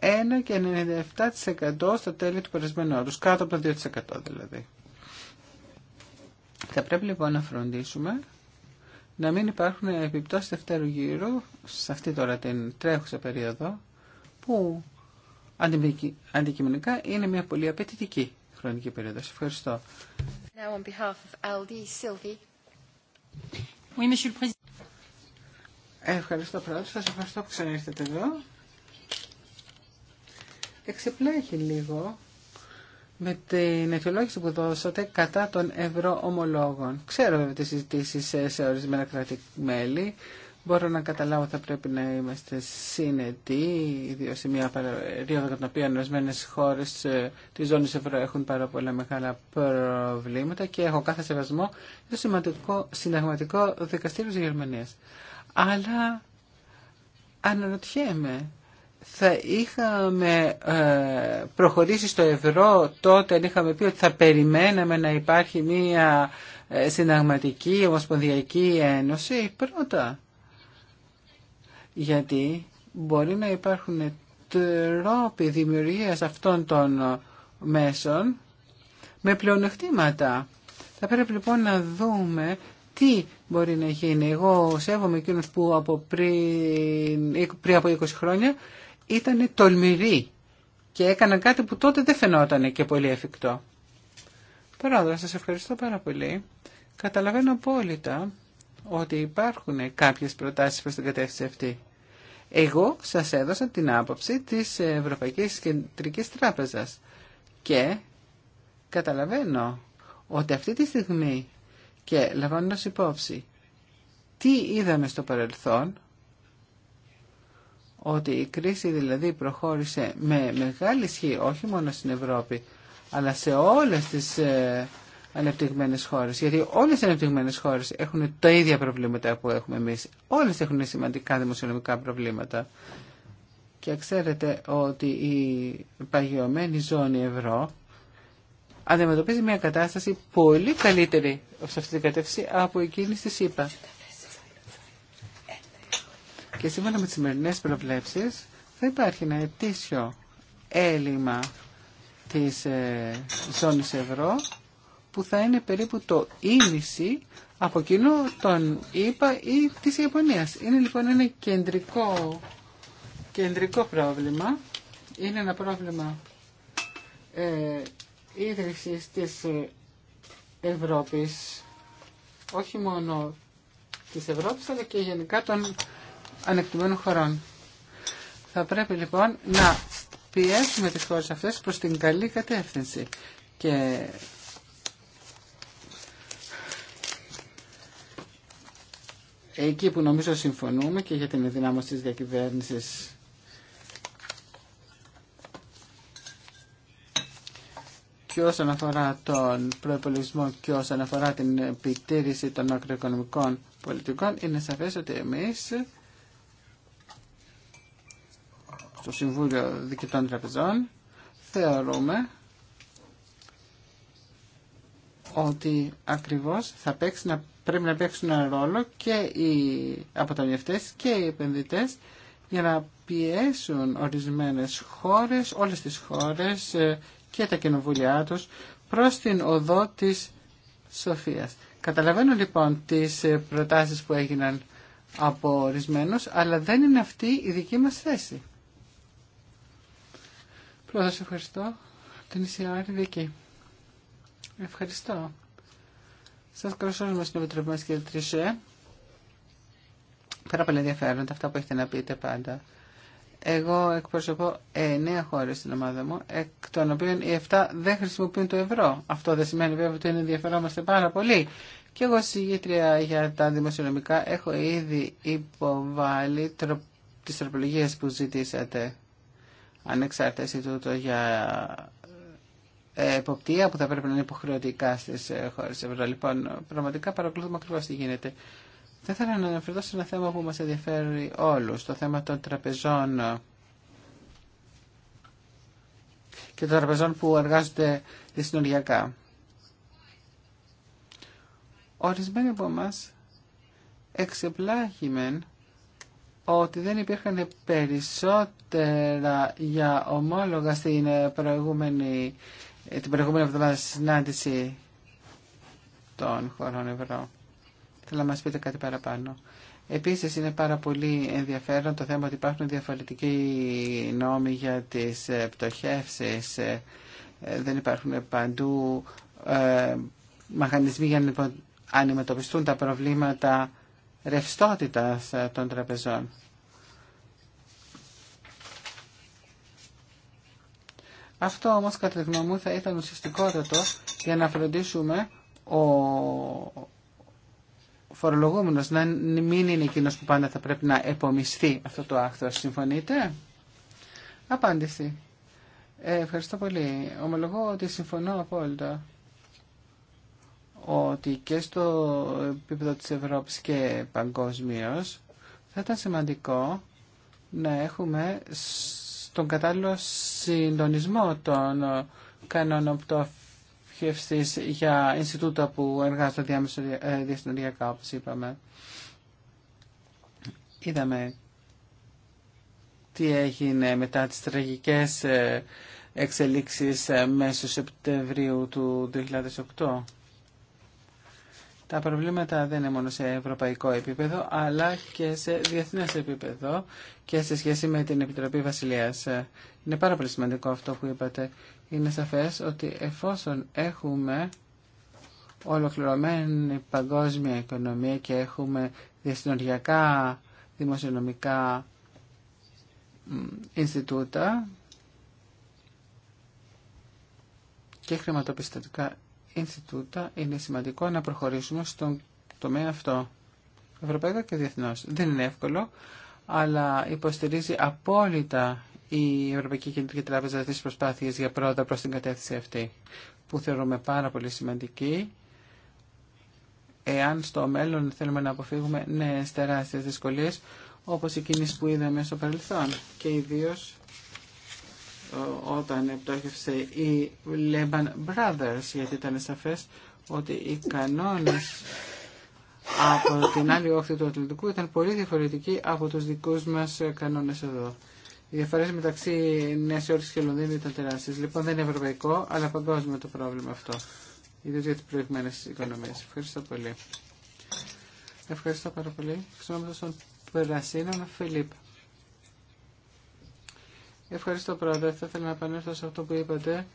1,97% και 97% στο τέλειο του περασμένου όρου, κάτω από το 2% δηλαδή. Θα πρέπει λοιπόν να φροντίσουμε να μην υπάρχουν επιπτώσεις δευτέρου γύρου σε αυτή τώρα την τρέχουσα περίοδο που αντικειμενικά είναι μια πολύ απαιτητική χρονική περίοδο. ευχαριστώ. Ευχαριστώ πρώτα. Σας ευχαριστώ που ήρθατε εδώ. Εξεπλέχει λίγο με την αιτιολόγηση που δώσατε κατά των ευρωομολόγων. Ξέρω βέβαια τις συζητήσει σε ορισμένα κράτη-μέλη. Μπορώ να καταλάβω ότι θα πρέπει να είμαστε συνετοί, ιδίω σε μια περίοδο κατά την οποία ορισμένε χώρε ε, τη ζώνη ευρώ έχουν πάρα πολλά μεγάλα προβλήματα και έχω κάθε σεβασμό το σημαντικό συνταγματικό δικαστήριο τη Γερμανία. Αλλά αναρωτιέμαι θα είχαμε ε, προχωρήσει στο ευρώ τότε, είχαμε πει ότι θα περιμέναμε να υπάρχει μία ε, συναγματική ομοσπονδιακή ένωση πρώτα. Γιατί μπορεί να υπάρχουν τρόποι δημιουργίας αυτών των μέσων με πλεονεκτήματα. Θα πρέπει λοιπόν να δούμε τι μπορεί να γίνει. Εγώ σέβομαι εκείνους που από πριν, ε, πριν από 20 χρόνια ήταν τολμηροί και έκαναν κάτι που τότε δεν φαινόταν και πολύ εφικτό. Πρόεδρε, σας ευχαριστώ πάρα πολύ. Καταλαβαίνω απόλυτα ότι υπάρχουν κάποιες προτάσεις προς την κατεύθυνση αυτή. Εγώ σας έδωσα την άποψη της Ευρωπαϊκής Κεντρικής Τράπεζας και καταλαβαίνω ότι αυτή τη στιγμή και λαμβάνοντας υπόψη τι είδαμε στο παρελθόν, ότι η κρίση δηλαδή προχώρησε με μεγάλη ισχύ όχι μόνο στην Ευρώπη αλλά σε όλες τις ε, ανεπτυγμένες χώρες γιατί όλες οι ανεπτυγμένες χώρες έχουν τα ίδια προβλήματα που έχουμε εμείς όλες έχουν σημαντικά δημοσιονομικά προβλήματα και ξέρετε ότι η παγιωμένη ζώνη ευρώ αντιμετωπίζει μια κατάσταση πολύ καλύτερη σε αυτή την κατεύθυνση από εκείνη στη ΣΥΠΑ. Και σύμφωνα με τις σημερινέ προβλέψεις θα υπάρχει ένα ετήσιο έλλειμμα της ε, ζώνης ευρώ που θα είναι περίπου το ίμιση από κοινό των ΙΠΑ ή της Ιαπωνία. Είναι λοιπόν ένα κεντρικό, κεντρικό πρόβλημα. Είναι ένα πρόβλημα ε, ίδρυσης της ε, Ευρώπης, όχι μόνο της Ευρώπης αλλά και γενικά των ανεκτημένων χωρών. Θα πρέπει λοιπόν να πιέσουμε τις χώρες αυτές προς την καλή κατεύθυνση. Και εκεί που νομίζω συμφωνούμε και για την ενδυνάμωση της διακυβέρνησης και όσον αφορά τον προϋπολογισμό και όσον αφορά την επιτήρηση των μακροοικονομικών πολιτικών, είναι σαφές ότι εμείς στο Συμβούλιο δικητών Τραπεζών θεωρούμε ότι ακριβώς θα παίξει, να, πρέπει να παίξουν ένα ρόλο και οι αποταμιευτές και οι επενδυτές για να πιέσουν ορισμένες χώρες, όλες τις χώρες ε, και τα κοινοβούλια τους προς την οδό της σοφίας. Καταλαβαίνω λοιπόν τις ε, προτάσεις που έγιναν από ορισμένους, αλλά δεν είναι αυτή η δική μας θέση να σας ευχαριστώ. Την Ισιάρη Βίκη. Ευχαριστώ. Σας καλωσορίζουμε στην Επιτροπή μας κύριε Τρισέ. Πάρα πολύ ενδιαφέροντα αυτά που έχετε να πείτε πάντα. Εγώ εκπροσωπώ 9 ε, χώρε στην ομάδα μου, εκ των οποίων οι 7 δεν χρησιμοποιούν το ευρώ. Αυτό δεν σημαίνει βέβαια ότι ενδιαφερόμαστε πάρα πολύ. Και εγώ συγγήτρια για τα δημοσιονομικά έχω ήδη υποβάλει τι τροπολογίε που ζητήσατε ανεξάρτητα τούτο για ε, εποπτεία που θα πρέπει να είναι υποχρεωτικά στις ε, χώρες Λοιπόν, πραγματικά παρακολουθούμε ακριβώ τι γίνεται. Θα ήθελα να αναφερθώ σε ένα θέμα που μα ενδιαφέρει όλου: το θέμα των τραπεζών και των τραπεζών που εργάζονται δυσυνοριακά. Ορισμένοι από εμά εξεπλάγημεν ότι δεν υπήρχαν περισσότερα για ομόλογα στην προηγούμενη, την προηγούμενη εβδομάδα συνάντηση των χωρών ευρώ. Θέλω να μας πείτε κάτι παραπάνω. Επίσης είναι πάρα πολύ ενδιαφέρον το θέμα ότι υπάρχουν διαφορετικοί νόμοι για τις ε, πτωχεύσεις. Ε, ε, δεν υπάρχουν παντού μαχανισμοί για να αντιμετωπιστούν τα προβλήματα ρευστότητας ε, των τραπεζών. Αυτό όμως κατά τη γνώμη μου θα ήταν ουσιαστικότατο για να φροντίσουμε ο φορολογούμενος να μην είναι εκείνο που πάντα θα πρέπει να επομισθεί αυτό το άκτο. Συμφωνείτε? Απάντηση. Ε, ευχαριστώ πολύ. Ομολογώ ότι συμφωνώ απόλυτα ότι και στο επίπεδο της Ευρώπης και παγκόσμιος, θα ήταν σημαντικό να έχουμε στον κατάλληλο συντονισμό των κανόνων πτώχευσης για Ινστιτούτα που εργάζονται ε, διασυνοριακά, όπως είπαμε. Είδαμε τι έγινε μετά τις τραγικές ε, εξελίξεις ε, μέσω Σεπτεμβρίου του 2008. Τα προβλήματα δεν είναι μόνο σε ευρωπαϊκό επίπεδο, αλλά και σε διεθνές επίπεδο και σε σχέση με την Επιτροπή Βασιλείας. Είναι πάρα πολύ σημαντικό αυτό που είπατε. Είναι σαφές ότι εφόσον έχουμε ολοκληρωμένη παγκόσμια οικονομία και έχουμε διασυνοριακά δημοσιονομικά Ινστιτούτα και χρηματοπιστωτικά Ινστιτούτα είναι σημαντικό να προχωρήσουμε στον τομέα αυτό, Ευρωπαϊκό και διεθνώ. Δεν είναι εύκολο, αλλά υποστηρίζει απόλυτα η Ευρωπαϊκή Κεντρική Τράπεζα τι προσπάθειε για πρόοδο προ την κατεύθυνση αυτή, που θεωρούμε πάρα πολύ σημαντική. Εάν στο μέλλον θέλουμε να αποφύγουμε νέες τεράστιε δυσκολίες, όπως εκείνε που είδαμε στο παρελθόν και ιδίω όταν επιτόχευσε η Lehman Brothers γιατί ήταν σαφές ότι οι κανόνες από την άλλη όχθη του Ατλαντικού ήταν πολύ διαφορετικοί από τους δικούς μας κανόνες εδώ. Οι διαφορές μεταξύ Νέας Υόρκης και Λονδίνου ήταν τεράστιες. Λοιπόν δεν είναι ευρωπαϊκό αλλά παγκόσμιο το πρόβλημα αυτό. Ιδίως για τις προηγμένες οικονομίες. Ευχαριστώ πολύ. Ευχαριστώ πάρα πολύ. Ξενόμενος τον πολύ. Φιλίπ. Ευχαριστώ Πρόεδρε. Θα ήθελα να επανέλθω σε αυτό που είπατε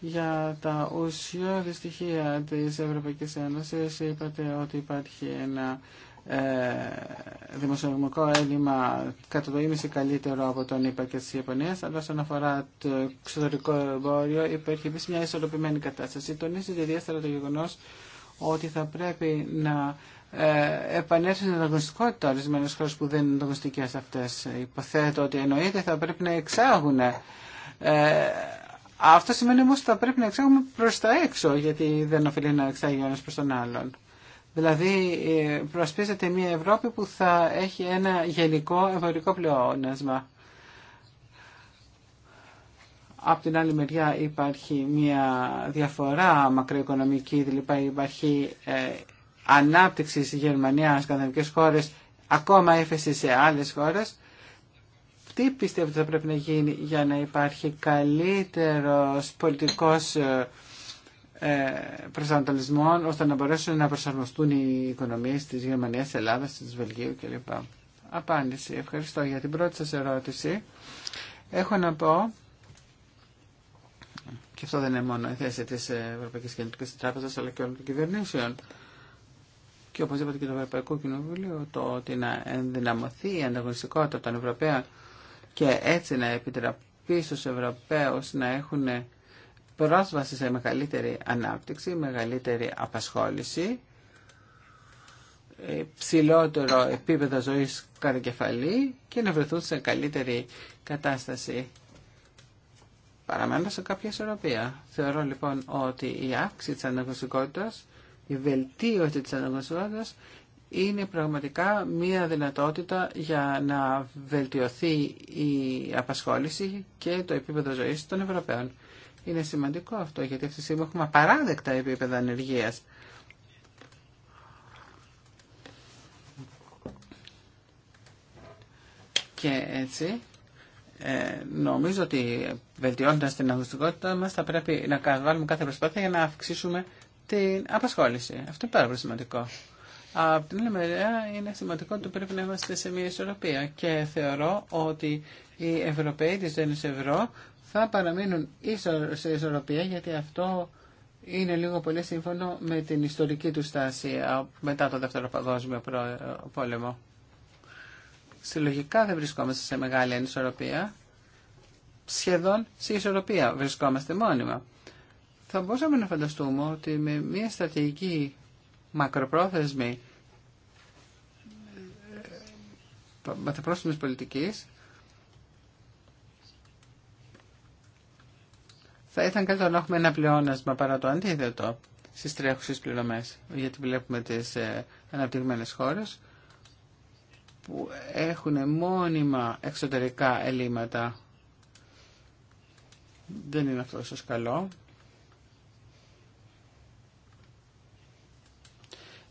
για τα ουσιώδη δυστυχία της Ευρωπαϊκής Ένωσης. Είπατε ότι υπάρχει ένα ε, δημοσιονομικό έλλειμμα κατά το ίμιση καλύτερο από τον ΙΠΑ και της Ιαπωνίας, αλλά όσον αφορά το εξωτερικό εμπόριο υπάρχει επίσης μια ισορροπημένη κατάσταση. Τονίζεται ιδιαίτερα το γεγονός ότι θα πρέπει να ε, επανέλθουν στην ανταγωνιστικότητα ορισμένε χώρε που δεν είναι ανταγωνιστικέ αυτέ. Υποθέτω ότι εννοείται θα πρέπει να εξάγουν. Ε, αυτό σημαίνει όμω ότι θα πρέπει να εξάγουμε προ τα έξω, γιατί δεν οφείλει να εξάγει ο ένα προ τον άλλον. Δηλαδή, ε, προσπίζεται μια Ευρώπη που θα έχει ένα γενικό εμπορικό πλεόνασμα. Απ' την άλλη μεριά υπάρχει μια διαφορά μακροοικονομική, δηλαδή υπάρχει ε, ανάπτυξη στη Γερμανία, στις σκανδιναβικές χώρες, ακόμα έφεση σε άλλες χώρες. Τι πιστεύετε θα πρέπει να γίνει για να υπάρχει καλύτερος πολιτικός ε, ε ώστε να μπορέσουν να προσαρμοστούν οι οικονομίες της Γερμανίας, της Ελλάδας, της Βελγίου κλπ. Απάντηση. Ευχαριστώ για την πρώτη σας ερώτηση. Έχω να πω και αυτό δεν είναι μόνο η θέση τη Ευρωπαϊκή Κεντρική Τράπεζα αλλά και όλων των κυβερνήσεων. Και όπω είπατε και το Ευρωπαϊκό Κοινοβούλιο, το ότι να ενδυναμωθεί η ανταγωνιστικότητα των Ευρωπαίων και έτσι να επιτραπεί στου Ευρωπαίου να έχουν πρόσβαση σε μεγαλύτερη ανάπτυξη, μεγαλύτερη απασχόληση, ε, ψηλότερο επίπεδο ζωής κατά κεφαλή και να βρεθούν σε καλύτερη κατάσταση παραμένω σε κάποια ισορροπία. Θεωρώ λοιπόν ότι η αύξηση της αναγνωσικότητας, η βελτίωση της αναγνωσικότητας είναι πραγματικά μία δυνατότητα για να βελτιωθεί η απασχόληση και το επίπεδο ζωής των Ευρωπαίων. Είναι σημαντικό αυτό γιατί αυτή τη στιγμή έχουμε απαράδεκτα επίπεδα ανεργίας. Και έτσι ε, νομίζω ότι βελτιώντα την αγωνιστικότητα μας θα πρέπει να κάνουμε κάθε προσπάθεια για να αυξήσουμε την απασχόληση. Αυτό είναι πάρα πολύ σημαντικό. Από την άλλη μεριά είναι σημαντικό ότι πρέπει να είμαστε σε μια ισορροπία και θεωρώ ότι οι Ευρωπαίοι της Δένης Ευρώ θα παραμείνουν σε ισορροπία γιατί αυτό είναι λίγο πολύ σύμφωνο με την ιστορική του στάση μετά το Δεύτερο Παγκόσμιο Πόλεμο συλλογικά δεν βρισκόμαστε σε μεγάλη ανισορροπία. Σχεδόν σε ισορροπία βρισκόμαστε μόνιμα. Θα μπορούσαμε να φανταστούμε ότι με μια στρατηγική μακροπρόθεσμη ε, πολιτική. πολιτικής θα ήταν καλύτερο να έχουμε ένα πλεόνασμα παρά το αντίθετο στις τρέχουσες πληρωμές γιατί βλέπουμε τις ε, αναπτυγμένες χώρες που έχουν μόνιμα εξωτερικά ελλείμματα. Δεν είναι αυτό ίσως καλό.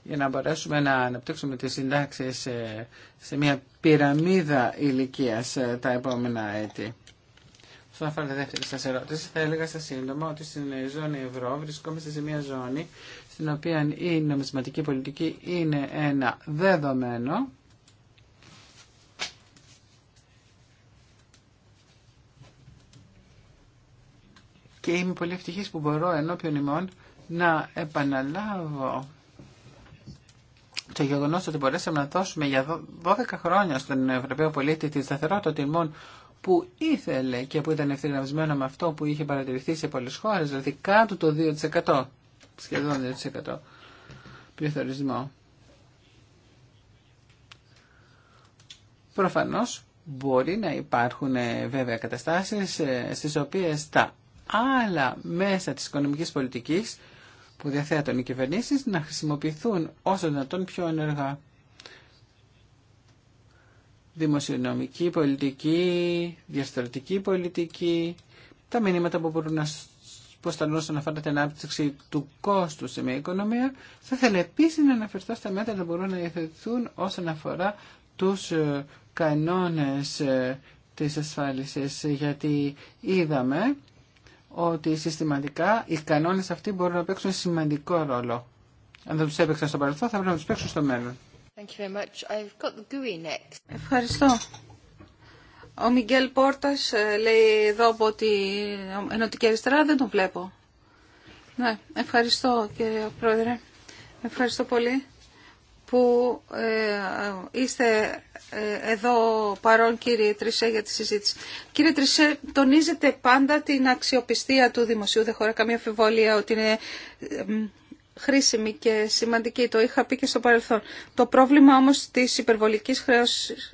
Για να μπορέσουμε να αναπτύξουμε τις συντάξεις σε, μια πυραμίδα ηλικίας ε, τα επόμενα έτη. Στον αφορά τη δεύτερη σας ερώτηση, θα έλεγα στα σύντομα ότι στην ζώνη ευρώ βρισκόμαστε σε μια ζώνη στην οποία η νομισματική πολιτική είναι ένα δεδομένο και είμαι πολύ ευτυχής που μπορώ ενώπιον ημών να επαναλάβω το γεγονό ότι μπορέσαμε να δώσουμε για 12 χρόνια στον Ευρωπαίο πολίτη τη σταθερότητα τιμών που ήθελε και που ήταν ευθυγραμμισμένο με αυτό που είχε παρατηρηθεί σε πολλέ χώρε, δηλαδή κάτω το 2%, σχεδόν 2% πληθωρισμό. Προφανώς μπορεί να υπάρχουν ε, βέβαια καταστάσεις ε, στις οποίες τα άλλα μέσα της οικονομικής πολιτικής που διαθέτουν οι κυβερνήσεις να χρησιμοποιηθούν όσο δυνατόν πιο ενεργά. Δημοσιονομική πολιτική, διαστρατική πολιτική, τα μηνύματα που μπορούν να προσταλούν να αφορά την ανάπτυξη του κόστου σε μια οικονομία. Θα ήθελα επίσης να αναφερθώ στα μέτρα που μπορούν να υιοθετηθούν όσον αφορά τους ε, κανόνες ε, της ασφάλισης, ε, γιατί είδαμε ότι συστηματικά οι κανόνε αυτοί μπορούν να παίξουν σημαντικό ρόλο. Αν δεν του έπαιξαν στο παρελθόν θα πρέπει να του παίξουν στο μέλλον. Thank you very much. I've got the GUI next. Ευχαριστώ. Ο Μιγγέλ Πόρτα ε, λέει εδώ από την Ενωτική Αριστερά, δεν τον βλέπω. Ναι, ευχαριστώ κύριε Πρόεδρε. Ευχαριστώ πολύ που ε, είστε ε, εδώ παρόν κύριε Τρισέ για τη συζήτηση. Κύριε Τρισέ, τονίζετε πάντα την αξιοπιστία του δημοσίου, δεν χωρά καμία αφιβολία ότι είναι χρήσιμη και σημαντική. Το είχα πει και στο παρελθόν. Το πρόβλημα όμως της υπερβολικής χρέωσης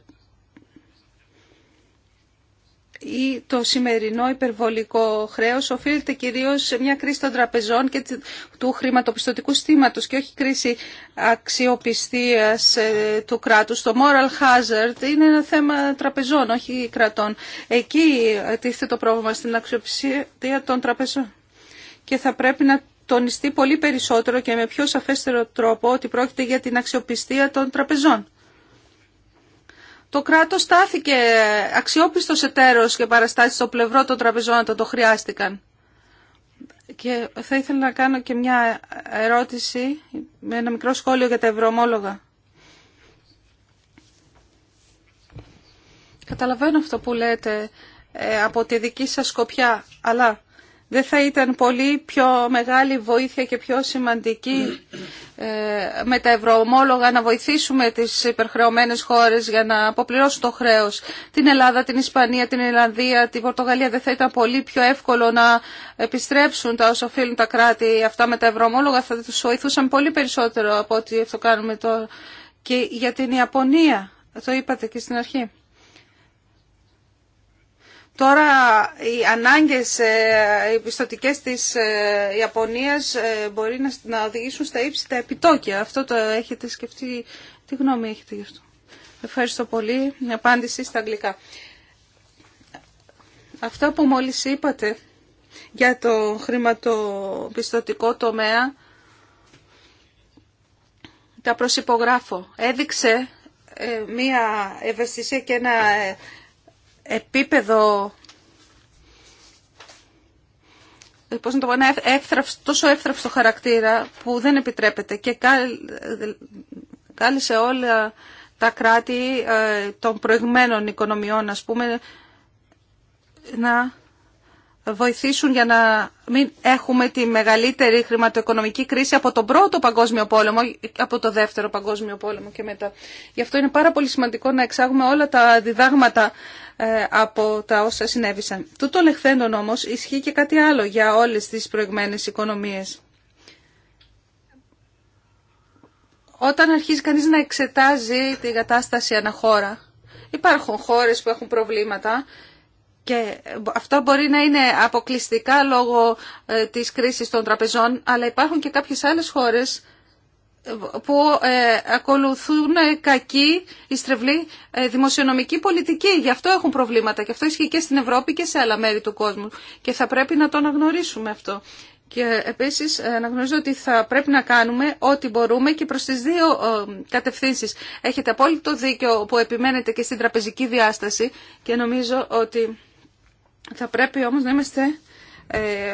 ή το σημερινό υπερβολικό χρέος οφείλεται κυρίως σε μια κρίση των τραπεζών και του χρηματοπιστωτικού στήματος και όχι κρίση αξιοπιστίας ε, του κράτους. Το moral hazard είναι ένα θέμα τραπεζών, όχι κρατών. Εκεί τίθεται το πρόβλημα στην αξιοπιστία των τραπεζών. Και θα πρέπει να τονιστεί πολύ περισσότερο και με πιο σαφέστερο τρόπο ότι πρόκειται για την αξιοπιστία των τραπεζών το κράτος στάθηκε αξιόπιστος εταίρος και παραστάσεις στο πλευρό των τραπεζών όταν το χρειάστηκαν. Και θα ήθελα να κάνω και μια ερώτηση με ένα μικρό σχόλιο για τα ευρωομόλογα. Καταλαβαίνω αυτό που λέτε ε, από τη δική σας σκοπιά, αλλά δεν θα ήταν πολύ πιο μεγάλη βοήθεια και πιο σημαντική ε, με τα ευρωομόλογα να βοηθήσουμε τις υπερχρεωμένες χώρες για να αποπληρώσουν το χρέος. Την Ελλάδα, την Ισπανία, την Ιρλανδία, την Πορτογαλία δεν θα ήταν πολύ πιο εύκολο να επιστρέψουν τα όσα οφείλουν τα κράτη αυτά με τα ευρωομόλογα. Θα τους βοηθούσαν πολύ περισσότερο από ό,τι αυτό κάνουμε τώρα. Και για την Ιαπωνία, το είπατε και στην αρχή. Τώρα οι ανάγκες ε, οι πιστοτικές της ε, Ιαπωνίας ε, μπορεί να οδηγήσουν στα ύψη τα επιτόκια. Αυτό το έχετε σκεφτεί. Τι γνώμη έχετε γι' αυτό. Ευχαριστώ πολύ. Η απάντηση στα αγγλικά. Αυτό που μόλις είπατε για το χρηματοπιστωτικό τομέα τα προσυπογράφω. Έδειξε μία ευαισθησία και ένα επίπεδο πώς να το πω, ένα τόσο εύθραυστο χαρακτήρα που δεν επιτρέπεται και κάλεσε όλα τα κράτη ε, των προηγμένων οικονομιών ας πούμε να βοηθήσουν για να μην έχουμε τη μεγαλύτερη χρηματοοικονομική κρίση από τον πρώτο παγκόσμιο πόλεμο, από το δεύτερο παγκόσμιο πόλεμο και μετά. Γι' αυτό είναι πάρα πολύ σημαντικό να εξάγουμε όλα τα διδάγματα ε, από τα όσα συνέβησαν. Τούτο λεχθέντον όμως ισχύει και κάτι άλλο για όλες τις προηγμένες οικονομίες. Όταν αρχίζει κανείς να εξετάζει την κατάσταση αναχώρα, υπάρχουν χώρες που έχουν προβλήματα και αυτό μπορεί να είναι αποκλειστικά λόγω ε, της κρίσης των τραπεζών, αλλά υπάρχουν και κάποιες άλλες χώρες που ε, ακολουθούν κακή, ε, δημοσιονομική πολιτική. Γι' αυτό έχουν προβλήματα και αυτό ισχύει και στην Ευρώπη και σε άλλα μέρη του κόσμου και θα πρέπει να το αναγνωρίσουμε αυτό. Και επίσης ε, αναγνωρίζω ότι θα πρέπει να κάνουμε ό,τι μπορούμε και προς τις δύο ε, κατευθύνσεις. Έχετε απόλυτο δίκιο που επιμένετε και στην τραπεζική διάσταση και νομίζω ότι θα πρέπει όμως να είμαστε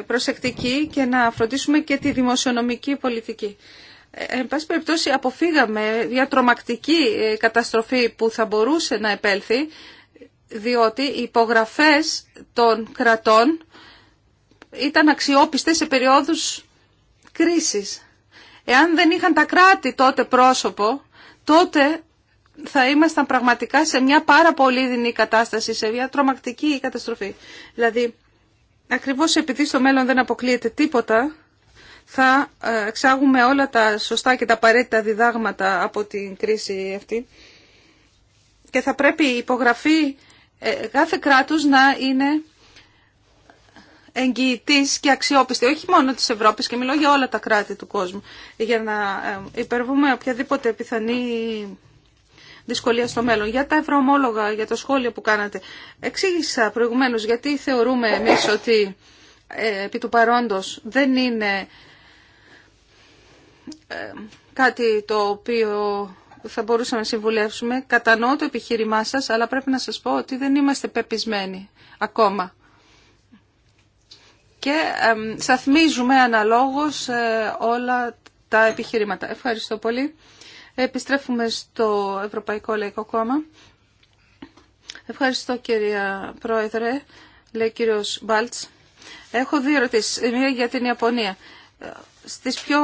προσεκτικοί και να φροντίσουμε και τη δημοσιονομική πολιτική. Ε, εν πάση περιπτώσει αποφύγαμε μια τρομακτική ε, καταστροφή που θα μπορούσε να επέλθει διότι οι υπογραφές των κρατών ήταν αξιόπιστες σε περιόδους κρίσης. Εάν δεν είχαν τα κράτη τότε πρόσωπο, τότε θα ήμασταν πραγματικά σε μια πάρα πολύ δινή κατάσταση, σε μια τρομακτική καταστροφή. Δηλαδή, ακριβώς επειδή στο μέλλον δεν αποκλείεται τίποτα, θα ε, εξάγουμε όλα τα σωστά και τα απαραίτητα διδάγματα από την κρίση αυτή και θα πρέπει η υπογραφή ε, κάθε κράτους να είναι εγγυητής και αξιόπιστη, όχι μόνο της Ευρώπης και μιλώ για όλα τα κράτη του κόσμου, για να ε, υπερβούμε οποιαδήποτε πιθανή δυσκολία στο μέλλον. Για τα ευρωομόλογα, για το σχόλιο που κάνατε, εξήγησα προηγουμένως γιατί θεωρούμε εμείς ότι επί του παρόντος δεν είναι ε, κάτι το οποίο θα μπορούσαμε να συμβουλεύσουμε. Κατανοώ το επιχείρημά σας, αλλά πρέπει να σας πω ότι δεν είμαστε πεπισμένοι ακόμα. Και σαθμίζουμε αναλόγως ε, όλα τα επιχειρήματα. Ευχαριστώ πολύ. Επιστρέφουμε στο Ευρωπαϊκό Λαϊκό Κόμμα. Ευχαριστώ κυρία Πρόεδρε, λέει κύριος Μπάλτς. Έχω δύο ερωτήσεις, μία για την Ιαπωνία. Ε, στις πιο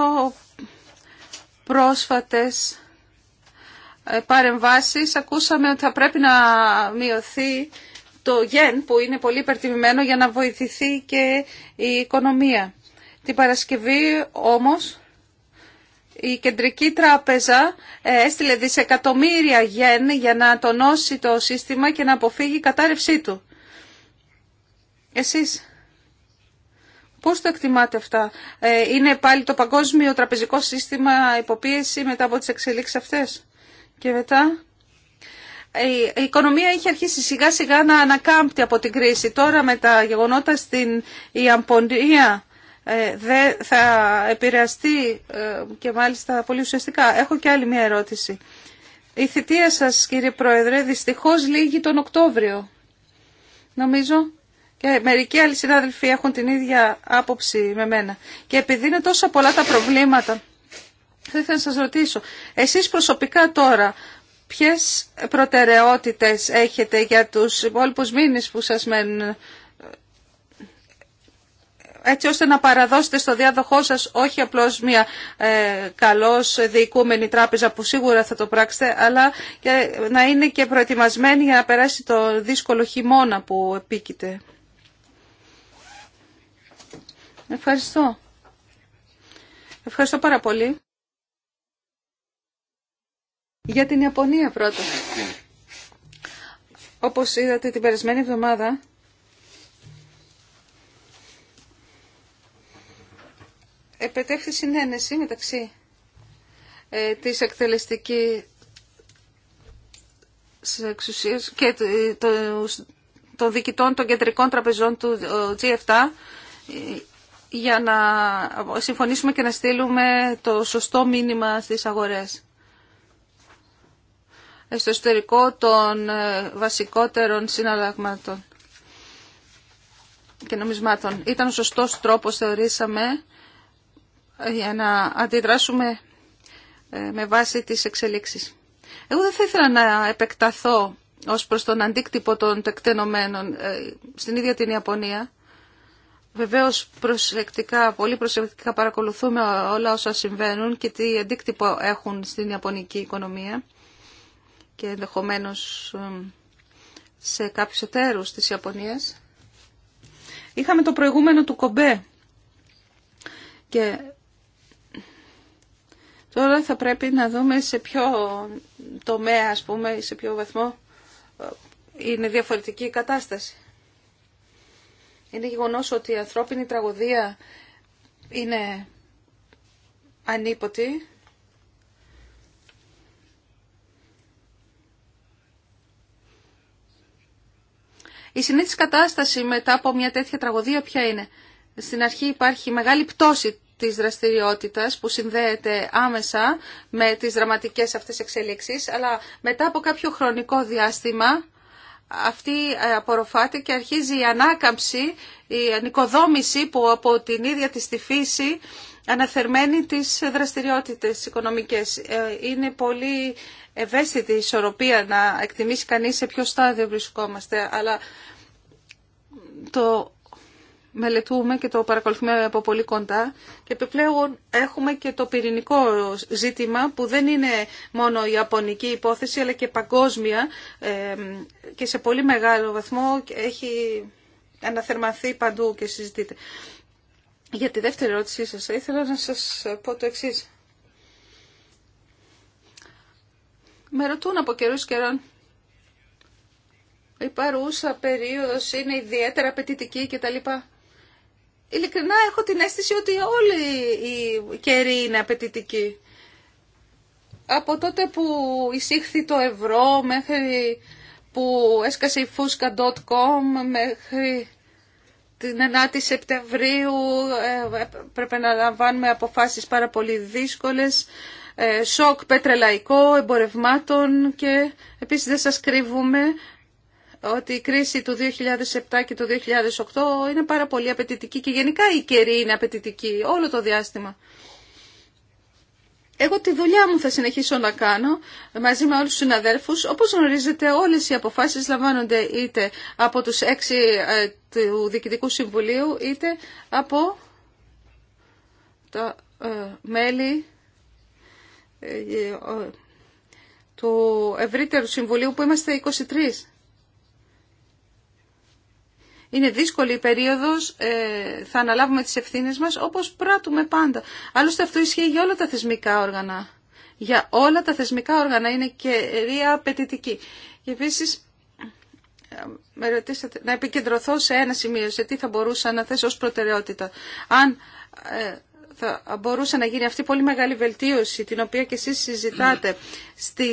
πρόσφατες ε, παρεμβάσεις ακούσαμε ότι θα πρέπει να μειωθεί το γεν που είναι πολύ υπερτιμημένο για να βοηθηθεί και η οικονομία. Την Παρασκευή όμως η Κεντρική Τράπεζα ε, έστειλε δισεκατομμύρια γεν για να τονώσει το σύστημα και να αποφύγει η κατάρρευσή του. Εσείς Πώς το εκτιμάτε αυτά. Ε, είναι πάλι το παγκόσμιο τραπεζικό σύστημα υποπίεση μετά από τις εξελίξεις αυτές. Και μετά ε, η οικονομία είχε αρχίσει σιγά σιγά να ανακάμπτει από την κρίση. Τώρα με τα γεγονότα στην Ιαπωνία ε, δεν θα επηρεαστεί και μάλιστα πολύ ουσιαστικά. Έχω και άλλη μια ερώτηση. Η θητεία σας κύριε Πρόεδρε δυστυχώς λύγει τον Οκτώβριο. Νομίζω και μερικοί άλλοι συνάδελφοι έχουν την ίδια άποψη με μένα. Και επειδή είναι τόσο πολλά τα προβλήματα, θα ήθελα να σας ρωτήσω, εσείς προσωπικά τώρα, ποιες προτεραιότητες έχετε για τους υπόλοιπους μήνες που σας μένουν, έτσι ώστε να παραδώσετε στο διάδοχό σας όχι απλώς μια ε, καλώς διοικούμενη τράπεζα που σίγουρα θα το πράξετε, αλλά και να είναι και προετοιμασμένη για να περάσει το δύσκολο χειμώνα που επίκειται. Ευχαριστώ. Ευχαριστώ πάρα πολύ. Για την Ιαπωνία πρώτα. Όπως είδατε την περασμένη εβδομάδα, επετέχθη συνένεση μεταξύ ε, της εκτελεστικής εξουσίας και ε, των διοικητών των κεντρικών τραπεζών του ε, G7 για να συμφωνήσουμε και να στείλουμε το σωστό μήνυμα στις αγορές. Στο εσωτερικό των ε, βασικότερων συναλλαγμάτων και νομισμάτων. Ήταν ο σωστός τρόπος, θεωρήσαμε, για να αντιδράσουμε ε, με βάση τις εξελίξεις. Εγώ δεν θα ήθελα να επεκταθώ ως προς τον αντίκτυπο των τεκτενομένων ε, στην ίδια την Ιαπωνία. Βεβαίω προσεκτικά, πολύ προσεκτικά παρακολουθούμε όλα όσα συμβαίνουν και τι αντίκτυπο έχουν στην Ιαπωνική οικονομία και ενδεχομένω σε κάποιους εταίρους της Ιαπωνίας. Είχαμε το προηγούμενο του Κομπέ και τώρα θα πρέπει να δούμε σε ποιο τομέα, ας πούμε, σε ποιο βαθμό ε, είναι διαφορετική η κατάσταση. Είναι γεγονό ότι η ανθρώπινη τραγωδία είναι ανίποτη. Η συνήθις κατάσταση μετά από μια τέτοια τραγωδία ποια είναι. Στην αρχή υπάρχει μεγάλη πτώση της δραστηριότητας που συνδέεται άμεσα με τις δραματικές αυτές εξέλιξεις, αλλά μετά από κάποιο χρονικό διάστημα αυτή ε, απορροφάται και αρχίζει η ανάκαμψη, η ανοικοδόμηση που από την ίδια της τη φύση αναθερμαίνει τις δραστηριότητες οικονομικές. Ε, είναι πολύ ευαίσθητη η ισορροπία να εκτιμήσει κανείς σε ποιο στάδιο βρισκόμαστε, αλλά το μελετούμε και το παρακολουθούμε από πολύ κοντά και επιπλέον έχουμε και το πυρηνικό ζήτημα που δεν είναι μόνο η ιαπωνική υπόθεση αλλά και παγκόσμια και σε πολύ μεγάλο βαθμό έχει αναθερμανθεί παντού και συζητείται. Για τη δεύτερη ερώτησή σας ήθελα να σας πω το εξής. Με ρωτούν από καιρούς καιρών η παρούσα περίοδος είναι ιδιαίτερα απαιτητική κτλ ειλικρινά έχω την αίσθηση ότι όλοι οι καιροί είναι απαιτητικοί. Από τότε που εισήχθη το ευρώ μέχρι που έσκασε η φούσκα.com μέχρι την 9η Σεπτεμβρίου ε, ε, πρέπει να λαμβάνουμε αποφάσεις πάρα πολύ δύσκολες ε, σοκ πετρελαϊκό εμπορευμάτων και επίσης δεν σας κρύβουμε ότι η κρίση του 2007 και του 2008 είναι πάρα πολύ απαιτητική και γενικά η καιρή είναι απαιτητική όλο το διάστημα. Εγώ τη δουλειά μου θα συνεχίσω να κάνω μαζί με όλους τους συναδέλφους. Όπως γνωρίζετε όλες οι αποφάσεις λαμβάνονται είτε από τους έξι ε, του Διοικητικού Συμβουλίου είτε από τα ε, μέλη ε, του Ευρύτερου Συμβουλίου που είμαστε 23. Είναι δύσκολη η περίοδος, ε, θα αναλάβουμε τις ευθύνε μας όπως πράττουμε πάντα. Άλλωστε αυτό ισχύει για όλα τα θεσμικά όργανα. Για όλα τα θεσμικά όργανα είναι κερία απαιτητική. Και επίση ε, με ρωτήσατε, να επικεντρωθώ σε ένα σημείο, σε τι θα μπορούσα να θέσω ως προτεραιότητα. Αν ε, θα μπορούσε να γίνει αυτή η πολύ μεγάλη βελτίωση την οποία και εσείς συζητάτε στη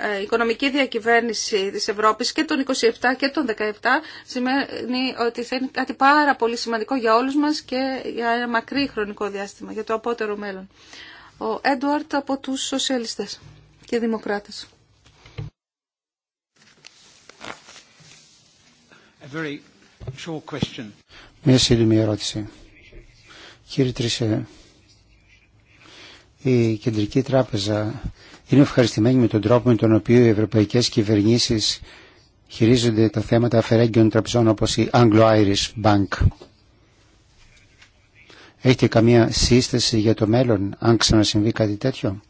ε, οικονομική διακυβέρνηση της Ευρώπης και των 27 και των 17 σημαίνει ότι θα είναι κάτι πάρα πολύ σημαντικό για όλους μας και για ένα μακρύ χρονικό διάστημα, για το απότερο μέλλον. Ο Έντουαρτ από τους σοσιαλιστές και δημοκράτες. Μια σύντομη ερώτηση. Κύριε Τρισέ, η Κεντρική Τράπεζα είναι ευχαριστημένη με τον τρόπο με τον οποίο οι ευρωπαϊκές κυβερνήσεις χειρίζονται τα θέματα αφαιρέγγιων τραπεζών όπως η Anglo-Irish Bank. Έχετε καμία σύσταση για το μέλλον, αν ξανασυμβεί κάτι τέτοιο.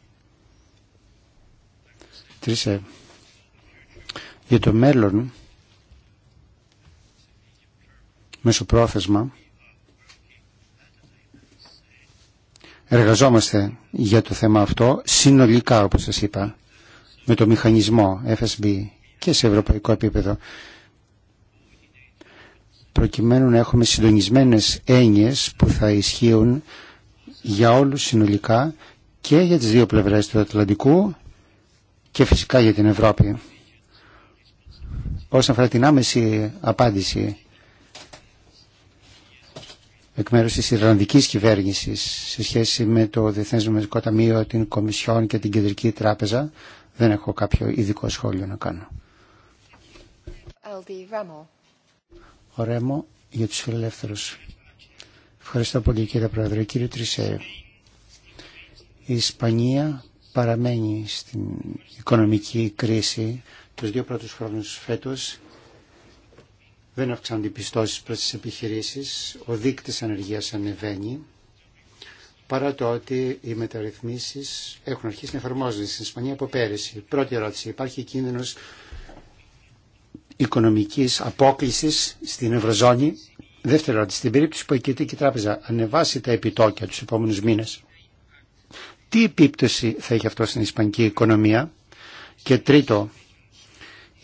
Τρίσε. Για το μέλλον, πρόθεσμα εργαζόμαστε για το θέμα αυτό συνολικά όπως σας είπα με το μηχανισμό FSB και σε ευρωπαϊκό επίπεδο προκειμένου να έχουμε συντονισμένες έννοιες που θα ισχύουν για όλους συνολικά και για τις δύο πλευρές του Ατλαντικού και φυσικά για την Ευρώπη. Όσον αφορά την άμεση απάντηση εκ μέρου τη Ιρλανδική κυβέρνηση σε σχέση με το Διεθνές Νομισματικό Ταμείο, την Κομισιόν και την Κεντρική Τράπεζα. Δεν έχω κάποιο ειδικό σχόλιο να κάνω. Ο Ρέμο για τους φιλελεύθερους. Ευχαριστώ πολύ κύριε Πρόεδρε. Κύριε Τρισέ, η Ισπανία παραμένει στην οικονομική κρίση τους δύο πρώτους χρόνους φέτος δεν αυξάνονται οι πιστώσεις προς τις επιχειρήσεις, ο δείκτης ανεργίας ανεβαίνει, παρά το ότι οι μεταρρυθμίσεις έχουν αρχίσει να εφαρμόζονται στην Ισπανία από πέρυσι. Πρώτη ερώτηση, υπάρχει κίνδυνος οικονομικής απόκλησης στην Ευρωζώνη. Δεύτερη ερώτηση, στην περίπτωση που η Κεντρική Τράπεζα ανεβάσει τα επιτόκια τους επόμενους μήνες, τι επίπτωση θα έχει αυτό στην Ισπανική οικονομία. Και τρίτο,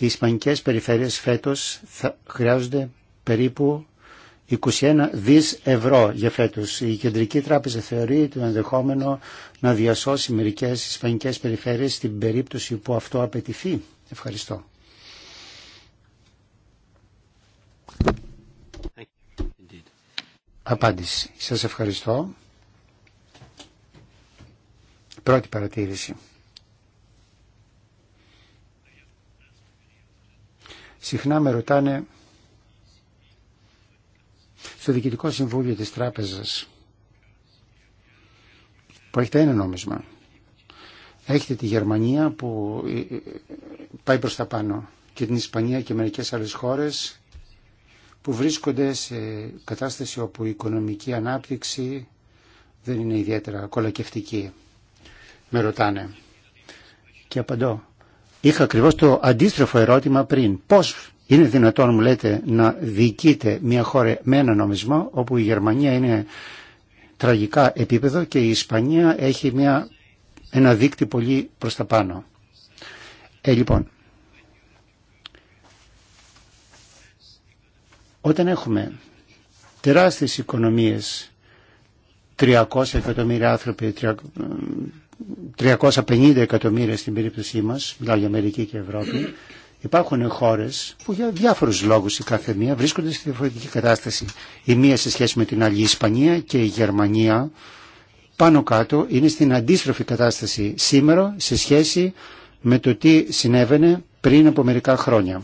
οι ισπανικές περιφέρειες φέτος θα χρειάζονται περίπου 21 δις ευρώ για φέτος. Η Κεντρική Τράπεζα θεωρεί το ενδεχόμενο να διασώσει μερικές ισπανικές περιφέρειες στην περίπτωση που αυτό απαιτηθεί. Ευχαριστώ. Απάντηση. Σας ευχαριστώ. Πρώτη παρατήρηση. συχνά με ρωτάνε στο Διοικητικό Συμβούλιο της Τράπεζας που έχετε ένα νόμισμα. Έχετε τη Γερμανία που ε, ε, πάει προς τα πάνω και την Ισπανία και μερικές άλλες χώρες που βρίσκονται σε κατάσταση όπου η οικονομική ανάπτυξη δεν είναι ιδιαίτερα κολακευτική. Με ρωτάνε. Και απαντώ Είχα ακριβώ το αντίστροφο ερώτημα πριν. Πώς είναι δυνατόν, μου λέτε, να διοικείται μια χώρα με ένα νομισμό όπου η Γερμανία είναι τραγικά επίπεδο και η Ισπανία έχει μια, ένα δίκτυ πολύ προ τα πάνω. Ε, λοιπόν, όταν έχουμε τεράστιες οικονομίες, 300 εκατομμύρια άνθρωποι, 350 εκατομμύρια στην περίπτωσή μας, μιλάω για Αμερική και Ευρώπη, υπάρχουν χώρες που για διάφορους λόγους η κάθε μία βρίσκονται στη διαφορετική κατάσταση. Η μία σε σχέση με την άλλη η Ισπανία και η Γερμανία πάνω κάτω είναι στην αντίστροφη κατάσταση σήμερα σε σχέση με το τι συνέβαινε πριν από μερικά χρόνια.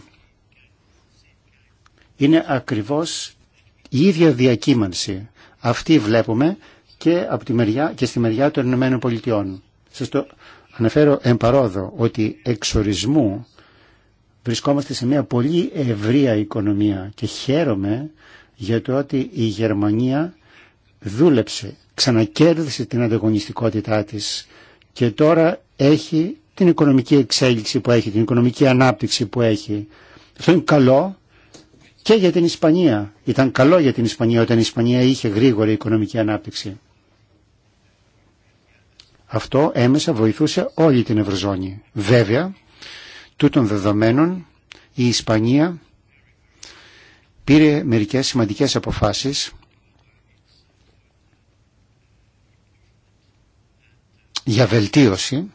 Είναι ακριβώς η ίδια διακύμανση. Αυτή βλέπουμε και, τη μεριά, και στη μεριά των Ηνωμένων Πολιτειών. Σας το αναφέρω εμπαρόδο ότι εξορισμού βρισκόμαστε σε μια πολύ ευρεία οικονομία και χαίρομαι για το ότι η Γερμανία δούλεψε, ξανακέρδισε την ανταγωνιστικότητά της και τώρα έχει την οικονομική εξέλιξη που έχει, την οικονομική ανάπτυξη που έχει. Αυτό είναι καλό και για την Ισπανία. Ήταν καλό για την Ισπανία όταν η Ισπανία είχε γρήγορη οικονομική ανάπτυξη. Αυτό έμεσα βοηθούσε όλη την Ευρωζώνη. Βέβαια, τούτων δεδομένων η Ισπανία πήρε μερικές σημαντικές αποφάσεις για βελτίωση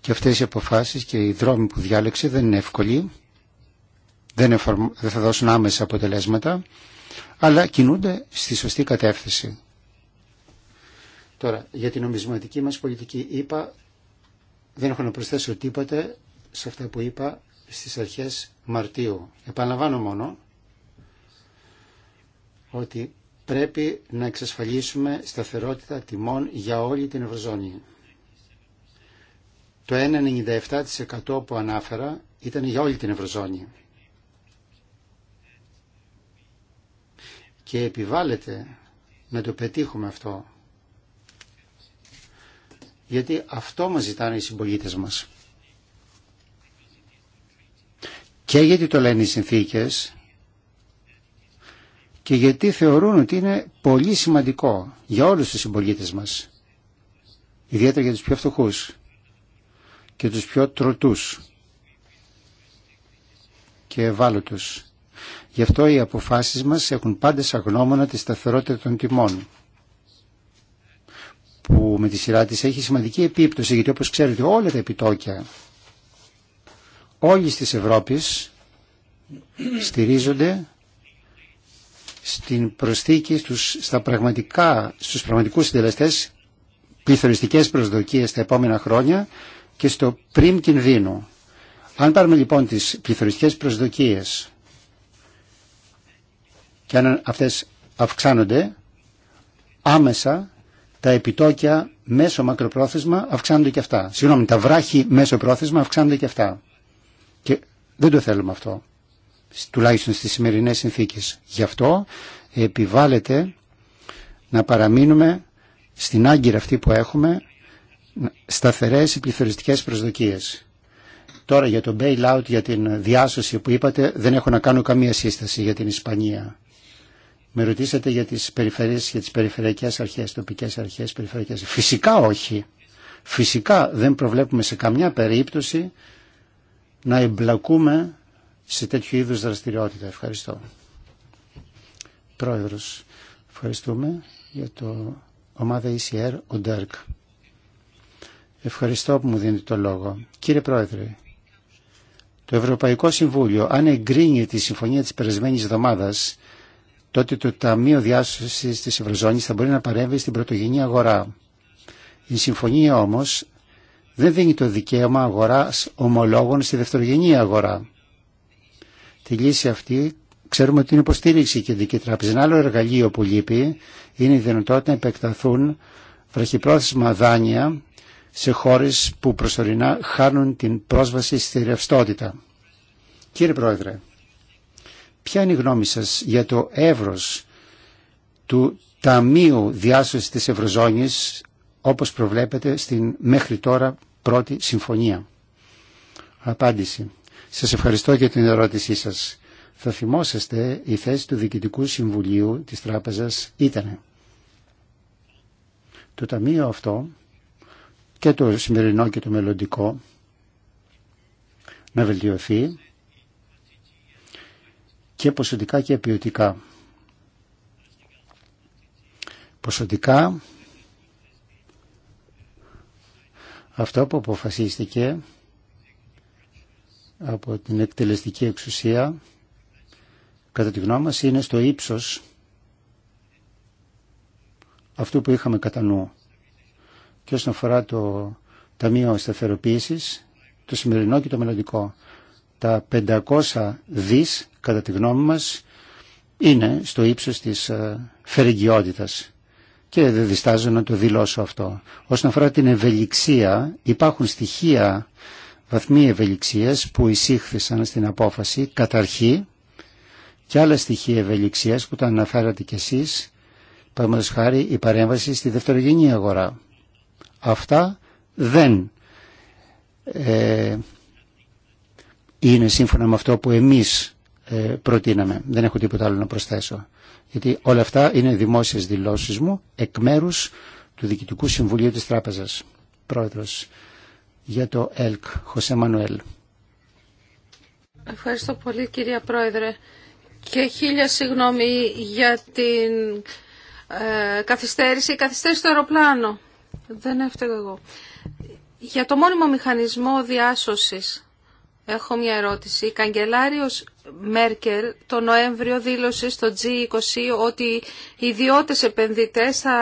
και αυτές οι αποφάσεις και οι δρόμοι που διάλεξε δεν είναι εύκολοι δεν, δεν θα δώσουν άμεσα αποτελέσματα αλλά κινούνται στη σωστή κατεύθυνση Τώρα, για την νομισματική μας πολιτική είπα, δεν έχω να προσθέσω τίποτε σε αυτά που είπα στις αρχές Μαρτίου. Επαναλαμβάνω μόνο ότι πρέπει να εξασφαλίσουμε σταθερότητα τιμών για όλη την Ευρωζώνη. Το 1,97% που ανάφερα ήταν για όλη την Ευρωζώνη. Και επιβάλλεται να το πετύχουμε αυτό γιατί αυτό μας ζητάνε οι συμπολίτε μας. Και γιατί το λένε οι συνθήκες και γιατί θεωρούν ότι είναι πολύ σημαντικό για όλους τους συμπολίτε μας, ιδιαίτερα για τους πιο φτωχούς και τους πιο τροτούς και ευάλωτους. Γι' αυτό οι αποφάσεις μας έχουν πάντα σαν γνώμονα τη σταθερότητα των τιμών που με τη σειρά της έχει σημαντική επίπτωση γιατί όπως ξέρετε όλα τα επιτόκια όλη της Ευρώπης στηρίζονται στην προσθήκη στους, στα πραγματικά, στους πραγματικούς συντελεστές πληθωριστικές προσδοκίες τα επόμενα χρόνια και στο πριν κινδύνου. Αν πάρουμε λοιπόν τις πληθωριστικές προσδοκίες και αν αυτές αυξάνονται, άμεσα τα επιτόκια μέσω μακροπρόθεσμα αυξάνονται και αυτά. Συγγνώμη, τα βράχη μέσω πρόθεσμα αυξάνονται και αυτά. Και δεν το θέλουμε αυτό, τουλάχιστον στις σημερινές συνθήκες. Γι' αυτό επιβάλλεται να παραμείνουμε στην άγκυρα αυτή που έχουμε σταθερές επιθεωριστικές προσδοκίες. Τώρα για το bailout, για την διάσωση που είπατε, δεν έχω να κάνω καμία σύσταση για την Ισπανία. Με ρωτήσατε για τις περιφερειές, για τις περιφερειακές αρχές, τοπικές αρχές, περιφερειακές. Φυσικά όχι. Φυσικά δεν προβλέπουμε σε καμιά περίπτωση να εμπλακούμε σε τέτοιου είδους δραστηριότητα. Ευχαριστώ. Πρόεδρος, ευχαριστούμε για το ομάδα ECR, ο Ντέρκ. Ευχαριστώ που μου δίνετε το λόγο. Κύριε Πρόεδρε, το Ευρωπαϊκό Συμβούλιο αν εγκρίνει τη συμφωνία της περασμένης εβδομάδας τότε το Ταμείο Διάσωσης τη Ευρωζώνης θα μπορεί να παρέμβει στην πρωτογενή αγορά. Η συμφωνία όμως δεν δίνει το δικαίωμα αγοράς ομολόγων στη δευτερογενή αγορά. Τη λύση αυτή ξέρουμε ότι είναι υποστήριξη και δική τράπεζα. Ένα άλλο εργαλείο που λείπει είναι η δυνατότητα να επεκταθούν βραχυπρόθεσμα δάνεια σε χώρε που προσωρινά χάνουν την πρόσβαση στη ρευστότητα. Κύριε Πρόεδρε, Ποια είναι η γνώμη σας για το εύρος του Ταμείου Διάσωσης της Ευρωζώνης όπως προβλέπετε στην μέχρι τώρα πρώτη συμφωνία. Απάντηση. Σας ευχαριστώ για την ερώτησή σας. Θα θυμόσαστε η θέση του Διοικητικού Συμβουλίου της Τράπεζας ήταν το Ταμείο αυτό και το σημερινό και το μελλοντικό να βελτιωθεί και ποσοτικά και ποιοτικά. Ποσοτικά αυτό που αποφασίστηκε από την εκτελεστική εξουσία κατά τη γνώμη μας είναι στο ύψος αυτού που είχαμε κατά νου. Και όσον αφορά το Ταμείο Σταθεροποίησης, το σημερινό και το μελλοντικό, τα 500 δις κατά τη γνώμη μας, είναι στο ύψος της ε, φερεγγιότητας και δεν διστάζω να το δηλώσω αυτό. Όσον αφορά την ευελιξία, υπάρχουν στοιχεία βαθμοί ευελιξίας που εισήχθησαν στην απόφαση καταρχή και άλλα στοιχεία ευελιξίας που τα αναφέρατε κι εσείς, παραδείγματο χάρη η παρέμβαση στη δευτερογενή αγορά. Αυτά δεν ε, είναι σύμφωνα με αυτό που εμείς ε, προτείναμε. Δεν έχω τίποτα άλλο να προσθέσω. Γιατί όλα αυτά είναι δημόσιες δηλώσεις μου εκ μέρους του Διοικητικού Συμβουλίου της Τράπεζας. Πρόεδρος για το ΕΛΚ, Χωσέ Μανουέλ. Ευχαριστώ πολύ κυρία Πρόεδρε και χίλια συγγνώμη για την ε, καθυστέρηση. Η καθυστέρηση στο αεροπλάνο. Δεν έφταιγα εγώ. Για το μόνιμο μηχανισμό διάσωσης έχω μια ερώτηση. Η καγκελάριος Μέρκελ το Νοέμβριο δήλωσε στο G20 ότι οι ιδιώτες επενδυτές θα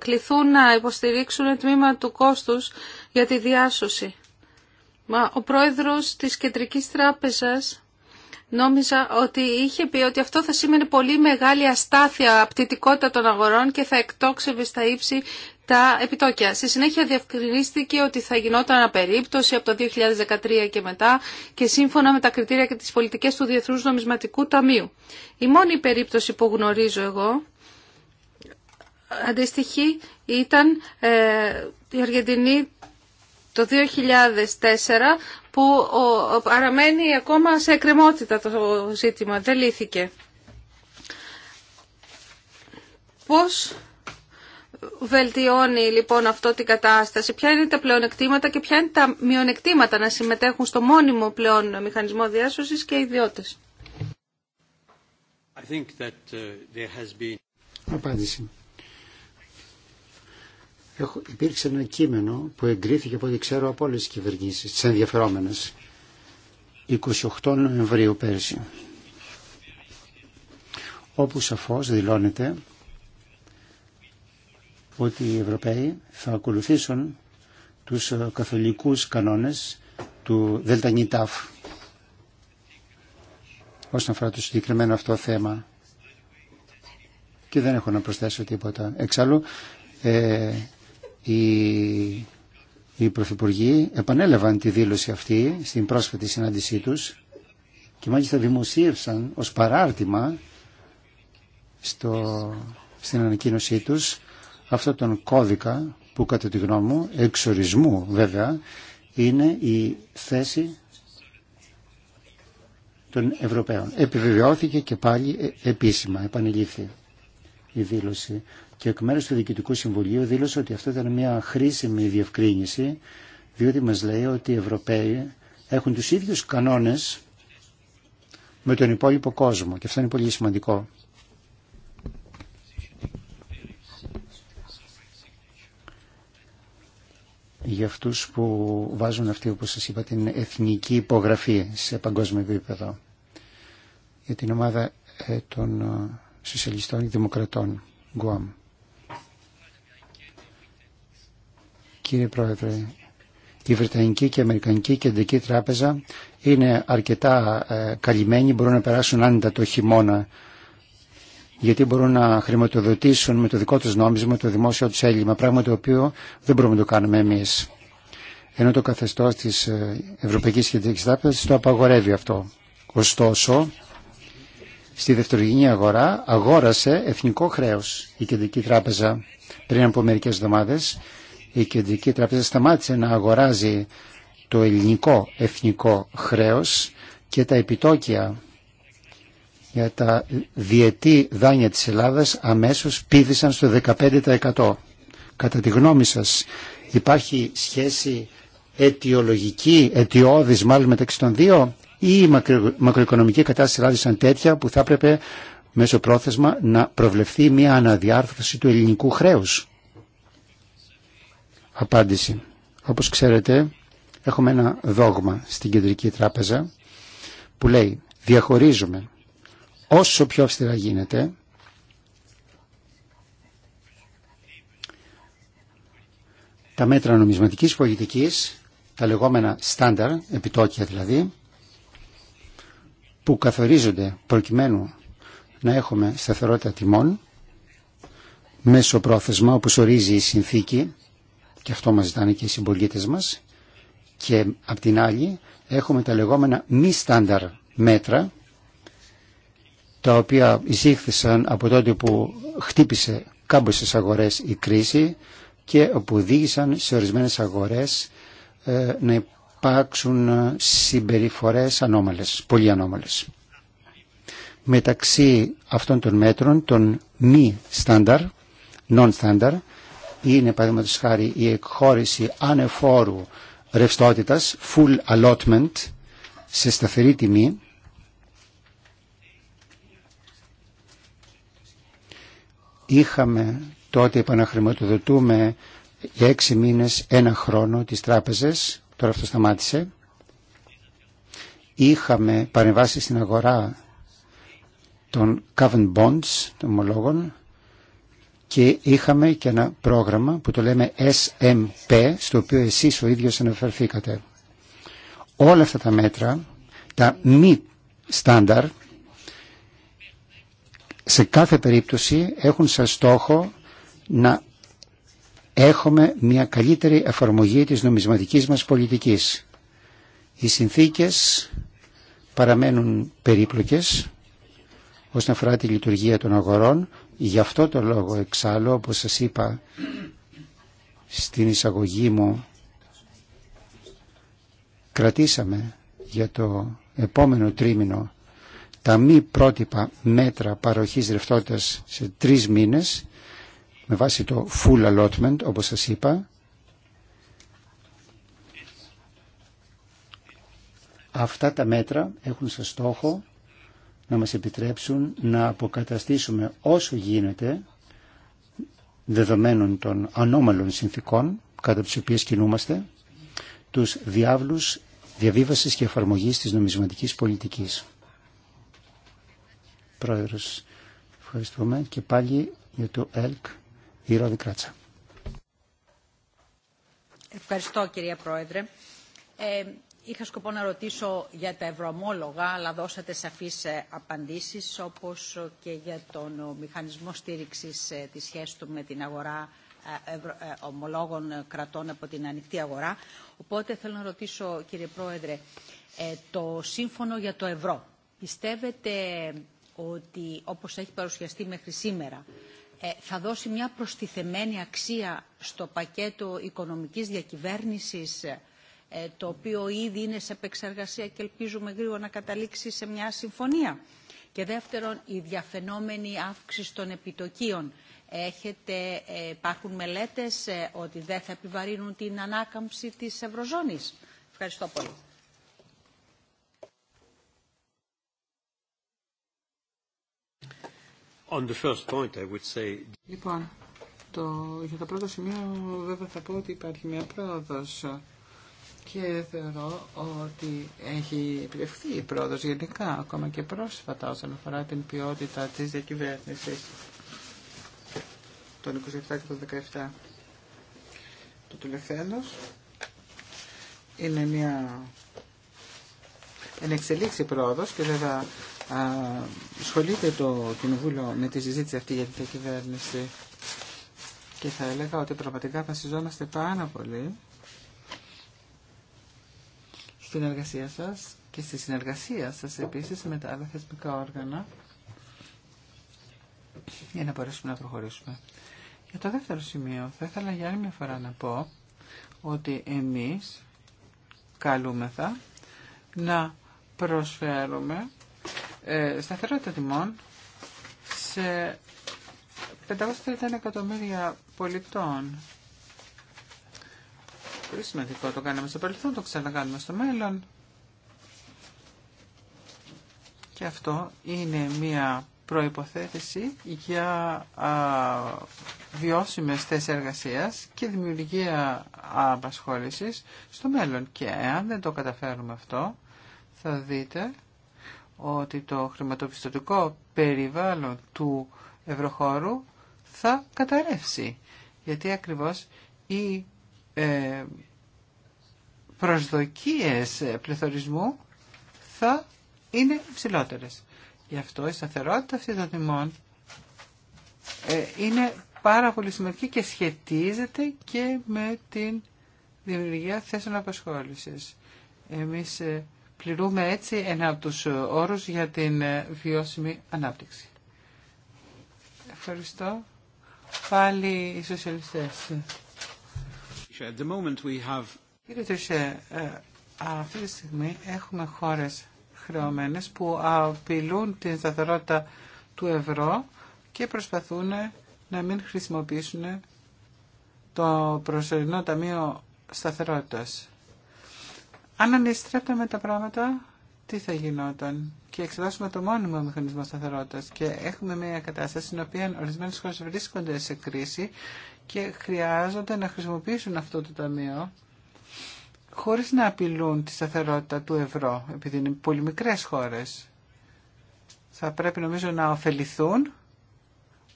κληθούν να υποστηρίξουν τμήμα του κόστους για τη διάσωση. Μα ο πρόεδρος της Κεντρικής Τράπεζας νόμιζα ότι είχε πει ότι αυτό θα σήμαινε πολύ μεγάλη αστάθεια, απτητικότητα των αγορών και θα εκτόξευε στα ύψη τα επιτόκια. Στη συνέχεια διευκρινίστηκε ότι θα γινόταν απερίπτωση από το 2013 και μετά και σύμφωνα με τα κριτήρια και τις πολιτικές του Διεθνούς Νομισματικού Ταμείου. Η μόνη περίπτωση που γνωρίζω εγώ αντίστοιχη ήταν ε, η Αργεντινή το 2004 που παραμένει ακόμα σε εκκρεμότητα το ζήτημα, δεν λύθηκε. Πώς βελτιώνει λοιπόν αυτό την κατάσταση, ποια είναι τα πλεονεκτήματα και ποια είναι τα μειονεκτήματα να συμμετέχουν στο μόνιμο πλέον μηχανισμό διάσωσης και ιδιώτες. I uh, Απάντηση. Έχω, υπήρξε ένα κείμενο που εγκρίθηκε από ό,τι ξέρω από όλες τις κυβερνήσεις, τις ενδιαφερόμενες, 28 Νοεμβρίου πέρσι, όπου σαφώς δηλώνεται ότι οι Ευρωπαίοι θα ακολουθήσουν τους ε, καθολικούς κανόνες του ΔΝΤΑΦ όσον αφορά το συγκεκριμένο αυτό θέμα. Και δεν έχω να προσθέσω τίποτα. Εξάλλου, ε, οι, οι Πρωθυπουργοί επανέλαβαν τη δήλωση αυτή στην πρόσφατη συνάντησή τους και μάλιστα δημοσίευσαν ως παράρτημα στο, στην ανακοίνωσή τους αυτό τον κώδικα που κατά τη γνώμη μου, εξορισμού βέβαια, είναι η θέση των Ευρωπαίων. Επιβεβαιώθηκε και πάλι ε, επίσημα, επανελήφθη η δήλωση. Και εκ μέρους του Διοικητικού Συμβουλίου δήλωσε ότι αυτό ήταν μια χρήσιμη διευκρίνηση, διότι μας λέει ότι οι Ευρωπαίοι έχουν τους ίδιους κανόνες με τον υπόλοιπο κόσμο. Και αυτό είναι πολύ σημαντικό. για αυτούς που βάζουν αυτή, όπως σας είπα, την εθνική υπογραφή σε παγκόσμιο επίπεδο για την ομάδα ε, των ε, σοσιαλιστών και δημοκρατών Γκουάμ. Κύριε Πρόεδρε, η Βρετανική και η Αμερικανική Κεντρική Τράπεζα είναι αρκετά ε, καλυμμένη, μπορούν να περάσουν άνετα το χειμώνα γιατί μπορούν να χρηματοδοτήσουν με το δικό τους νόμισμα το δημόσιο τους έλλειμμα, πράγμα το οποίο δεν μπορούμε να το κάνουμε εμείς. Ενώ το καθεστώς της ε, Ευρωπαϊκής Κεντρικής Τράπεζας το απαγορεύει αυτό. Ωστόσο, στη δευτερογενή αγορά αγόρασε εθνικό χρέος η Κεντρική Τράπεζα πριν από μερικές εβδομάδες. Η Κεντρική Τράπεζα σταμάτησε να αγοράζει το ελληνικό εθνικό χρέος και τα επιτόκια για τα διετή δάνεια της Ελλάδας αμέσως πήδησαν στο 15%. Κατά τη γνώμη σας υπάρχει σχέση αιτιολογική, αιτιώδης μάλλον μεταξύ των δύο ή η μακροοικονομική κατάσταση Ελλάδας ήταν τέτοια που θα έπρεπε μέσω πρόθεσμα να προβλεφθεί μια αναδιάρθρωση του ελληνικού χρέους. Απάντηση. Όπως ξέρετε έχουμε ένα δόγμα στην Κεντρική Τράπεζα που λέει διαχωρίζουμε όσο πιο αυστηρά γίνεται τα μέτρα νομισματικής πολιτικής, τα λεγόμενα στάνταρ, επιτόκια δηλαδή, που καθορίζονται προκειμένου να έχουμε σταθερότητα τιμών, μέσω πρόθεσμα όπως ορίζει η συνθήκη, και αυτό μας ζητάνε και οι συμπολίτε μας, και απ' την άλλη έχουμε τα λεγόμενα μη στάνταρ μέτρα, τα οποία εισήχθησαν από τότε που χτύπησε στις αγορές η κρίση και που οδήγησαν σε ορισμένες αγορές ε, να υπάρξουν συμπεριφορές ανώμαλες, πολύ ανώμαλες. Μεταξύ αυτών των μέτρων, των μη στάνταρ, non στάνταρ, είναι παραδείγματο χάρη η εκχώρηση ανεφόρου ρευστότητας, full allotment, σε σταθερή τιμή, είχαμε τότε επαναχρηματοδοτούμε για έξι μήνες ένα χρόνο τις τράπεζες, τώρα αυτό σταμάτησε. Είχαμε παρεμβάσει στην αγορά των coven bonds, των ομολόγων, και είχαμε και ένα πρόγραμμα που το λέμε SMP, στο οποίο εσείς ο ίδιος αναφερθήκατε. Όλα αυτά τα μέτρα, τα μη στάνταρ, σε κάθε περίπτωση έχουν σαν στόχο να έχουμε μια καλύτερη εφαρμογή της νομισματικής μας πολιτικής. Οι συνθήκες παραμένουν περίπλοκες όσον αφορά τη λειτουργία των αγορών. Γι' αυτό το λόγο εξάλλου, όπως σας είπα στην εισαγωγή μου, κρατήσαμε για το επόμενο τρίμηνο τα μη πρότυπα μέτρα παροχής ρευτότητας σε τρεις μήνες με βάση το full allotment όπως σας είπα αυτά τα μέτρα έχουν σε στόχο να μας επιτρέψουν να αποκαταστήσουμε όσο γίνεται δεδομένων των ανώμαλων συνθήκων κατά τις οποίες κινούμαστε τους διάβλους διαβίβασης και εφαρμογής της νομισματικής πολιτικής. Πρόεδρος. Ευχαριστούμε και πάλι για το ΕΛΚ η Ρόδη Κράτσα. Ευχαριστώ κυρία Πρόεδρε. Ε, είχα σκοπό να ρωτήσω για τα ευρωομόλογα, αλλά δώσατε σαφείς ε, απαντήσεις, όπως και για τον μηχανισμό στήριξης ε, της σχέσης του με την αγορά ε, ομολόγων κρατών από την ανοιχτή αγορά. Οπότε θέλω να ρωτήσω, κύριε Πρόεδρε, το σύμφωνο για το ευρώ. Πιστεύετε ότι όπως έχει παρουσιαστεί μέχρι σήμερα ε, θα δώσει μια προστιθεμένη αξία στο πακέτο οικονομικής διακυβέρνησης ε, το οποίο ήδη είναι σε επεξεργασία και ελπίζουμε γρήγορα να καταλήξει σε μια συμφωνία. Και δεύτερον, η διαφαινόμενη αύξηση των επιτοκίων. Έχετε, ε, υπάρχουν μελέτες ότι δεν θα επιβαρύνουν την ανάκαμψη της Ευρωζώνης. Ευχαριστώ πολύ. Λοιπόν, το, για το πρώτο σημείο βέβαια θα πω ότι υπάρχει μια πρόοδος και θεωρώ ότι έχει επιτευχθεί η πρόοδος γενικά, ακόμα και πρόσφατα όσον αφορά την ποιότητα της διακυβέρνησης των 27 και των 17. Το τελευταίο. είναι μια ενεξελίξη πρόοδος και βέβαια σχολείται το Κοινοβούλιο με τη συζήτηση αυτή για την διακυβέρνηση και θα έλεγα ότι πραγματικά βασιζόμαστε πάρα πολύ στην εργασία σας και στη συνεργασία σας επίσης με τα άλλα θεσμικά όργανα για να μπορέσουμε να προχωρήσουμε. Για το δεύτερο σημείο θα ήθελα για άλλη μια φορά να πω ότι εμείς καλούμεθα να προσφέρουμε ε, σταθερότητα τιμών σε 531 εκατομμύρια πολιτών. Πολύ σημαντικό το κάναμε στο παρελθόν, το ξανακάνουμε στο μέλλον. Και αυτό είναι μια προϋποθέτηση για α, βιώσιμες θέσεις εργασίας και δημιουργία απασχόλησης στο μέλλον. Και αν δεν το καταφέρουμε αυτό, θα δείτε ότι το χρηματοπιστωτικό περιβάλλον του ευρωχώρου θα καταρρεύσει. Γιατί ακριβώς οι ε, προσδοκίες πληθωρισμού θα είναι υψηλότερες. Γι' αυτό η σταθερότητα αυτή των τιμών ε, είναι πάρα πολύ σημαντική και σχετίζεται και με την δημιουργία θέσεων απασχόλησης. Εμείς ε, πληρούμε έτσι ένα από τους όρους για την βιώσιμη ανάπτυξη. Ευχαριστώ. Πάλι οι σοσιαλιστές. Κύριε Τρισέ, ε, αυτή τη στιγμή έχουμε χώρες χρεωμένες που απειλούν την σταθερότητα του ευρώ και προσπαθούν να μην χρησιμοποιήσουν το προσωρινό ταμείο σταθερότητας. Αν ανιστρέπταμε τα πράγματα, τι θα γινόταν και εξετάσουμε το μόνιμο μηχανισμό σταθερότητα. Και έχουμε μια κατάσταση στην οποία ορισμένε χώρε βρίσκονται σε κρίση και χρειάζονται να χρησιμοποιήσουν αυτό το ταμείο χωρίς να απειλούν τη σταθερότητα του ευρώ, επειδή είναι πολύ μικρές χώρες. Θα πρέπει νομίζω να ωφεληθούν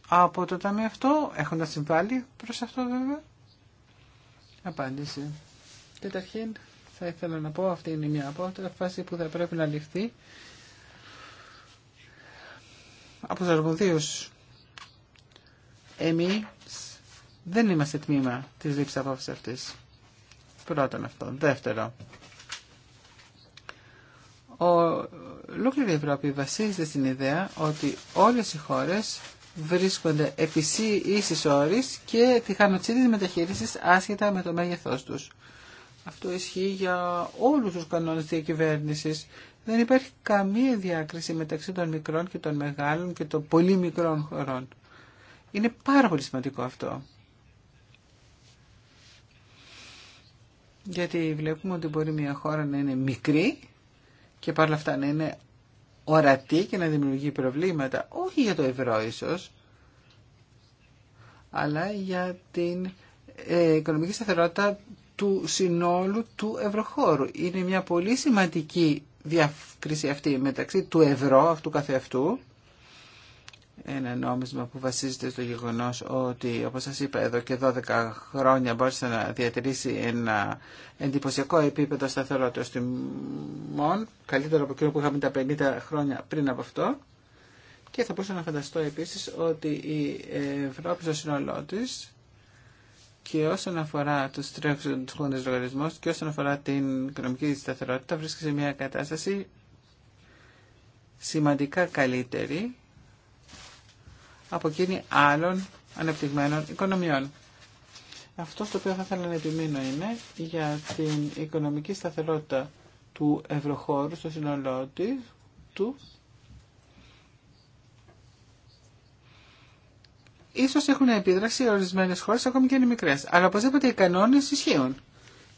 από το ταμείο αυτό, έχοντα συμβάλει προ αυτό βέβαια. Απάντηση. Καταρχήν, θα ήθελα να πω, αυτή είναι μια απόφαση που θα πρέπει να ληφθεί από τους αρμοδίους. Εμείς δεν είμαστε τμήμα της λήψης απόφασης αυτής. Πρώτον αυτό. Δεύτερο. Ο Λούκληρη Ευρώπη βασίζεται στην ιδέα ότι όλες οι χώρες βρίσκονται επί ίσης όρης και τη χανοτσίδης μεταχείρισης άσχετα με το μέγεθός τους. Αυτό ισχύει για όλους τους κανόνες διακυβέρνησης. Δεν υπάρχει καμία διάκριση μεταξύ των μικρών και των μεγάλων και των πολύ μικρών χωρών. Είναι πάρα πολύ σημαντικό αυτό. Γιατί βλέπουμε ότι μπορεί μια χώρα να είναι μικρή και παρ' αυτά να είναι ορατή και να δημιουργεί προβλήματα. Όχι για το ευρώ ίσως, αλλά για την ε, οικονομική σταθερότητα του συνόλου του ευρωχώρου. Είναι μια πολύ σημαντική διάκριση αυτή μεταξύ του ευρώ αυτού καθεαυτού ένα νόμισμα που βασίζεται στο γεγονός ότι, όπως σας είπα, εδώ και 12 χρόνια μπόρεσε να διατηρήσει ένα εντυπωσιακό επίπεδο σταθερότητας τιμών, καλύτερο από εκείνο που είχαμε τα 50 χρόνια πριν από αυτό. Και θα μπορούσα να φανταστώ επίσης ότι η Ευρώπη στο σύνολό της και όσον αφορά τους τρέχοντες λογαριασμούς και όσον αφορά την οικονομική σταθερότητα βρίσκεται σε μια κατάσταση σημαντικά καλύτερη από εκείνη άλλων ανεπτυγμένων οικονομιών. Αυτό στο οποίο θα ήθελα να επιμείνω είναι για την οικονομική σταθερότητα του ευρωχώρου στο σύνολό του ίσως έχουν επίδραση ορισμένε χώρε ακόμη και είναι μικρέ. Αλλά οπωσδήποτε οι κανόνε ισχύουν.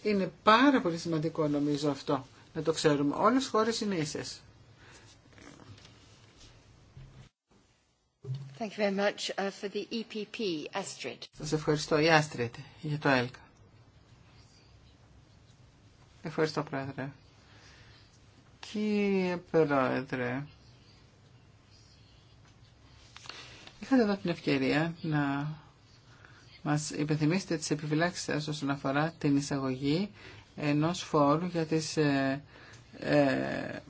Είναι πάρα πολύ σημαντικό νομίζω αυτό να το ξέρουμε. όλε οι χώρε είναι ίσε. Σα uh, e Σας ευχαριστώ, η Άστριτ, για το ΕΛΚΑ. Ευχαριστώ, Πρόεδρε. Κύριε Πρόεδρε, Είχατε εδώ την ευκαιρία να μας υπενθυμίσετε τις επιφυλάξεις σας όσον αφορά την εισαγωγή ενός φόρου για τις ε, ε,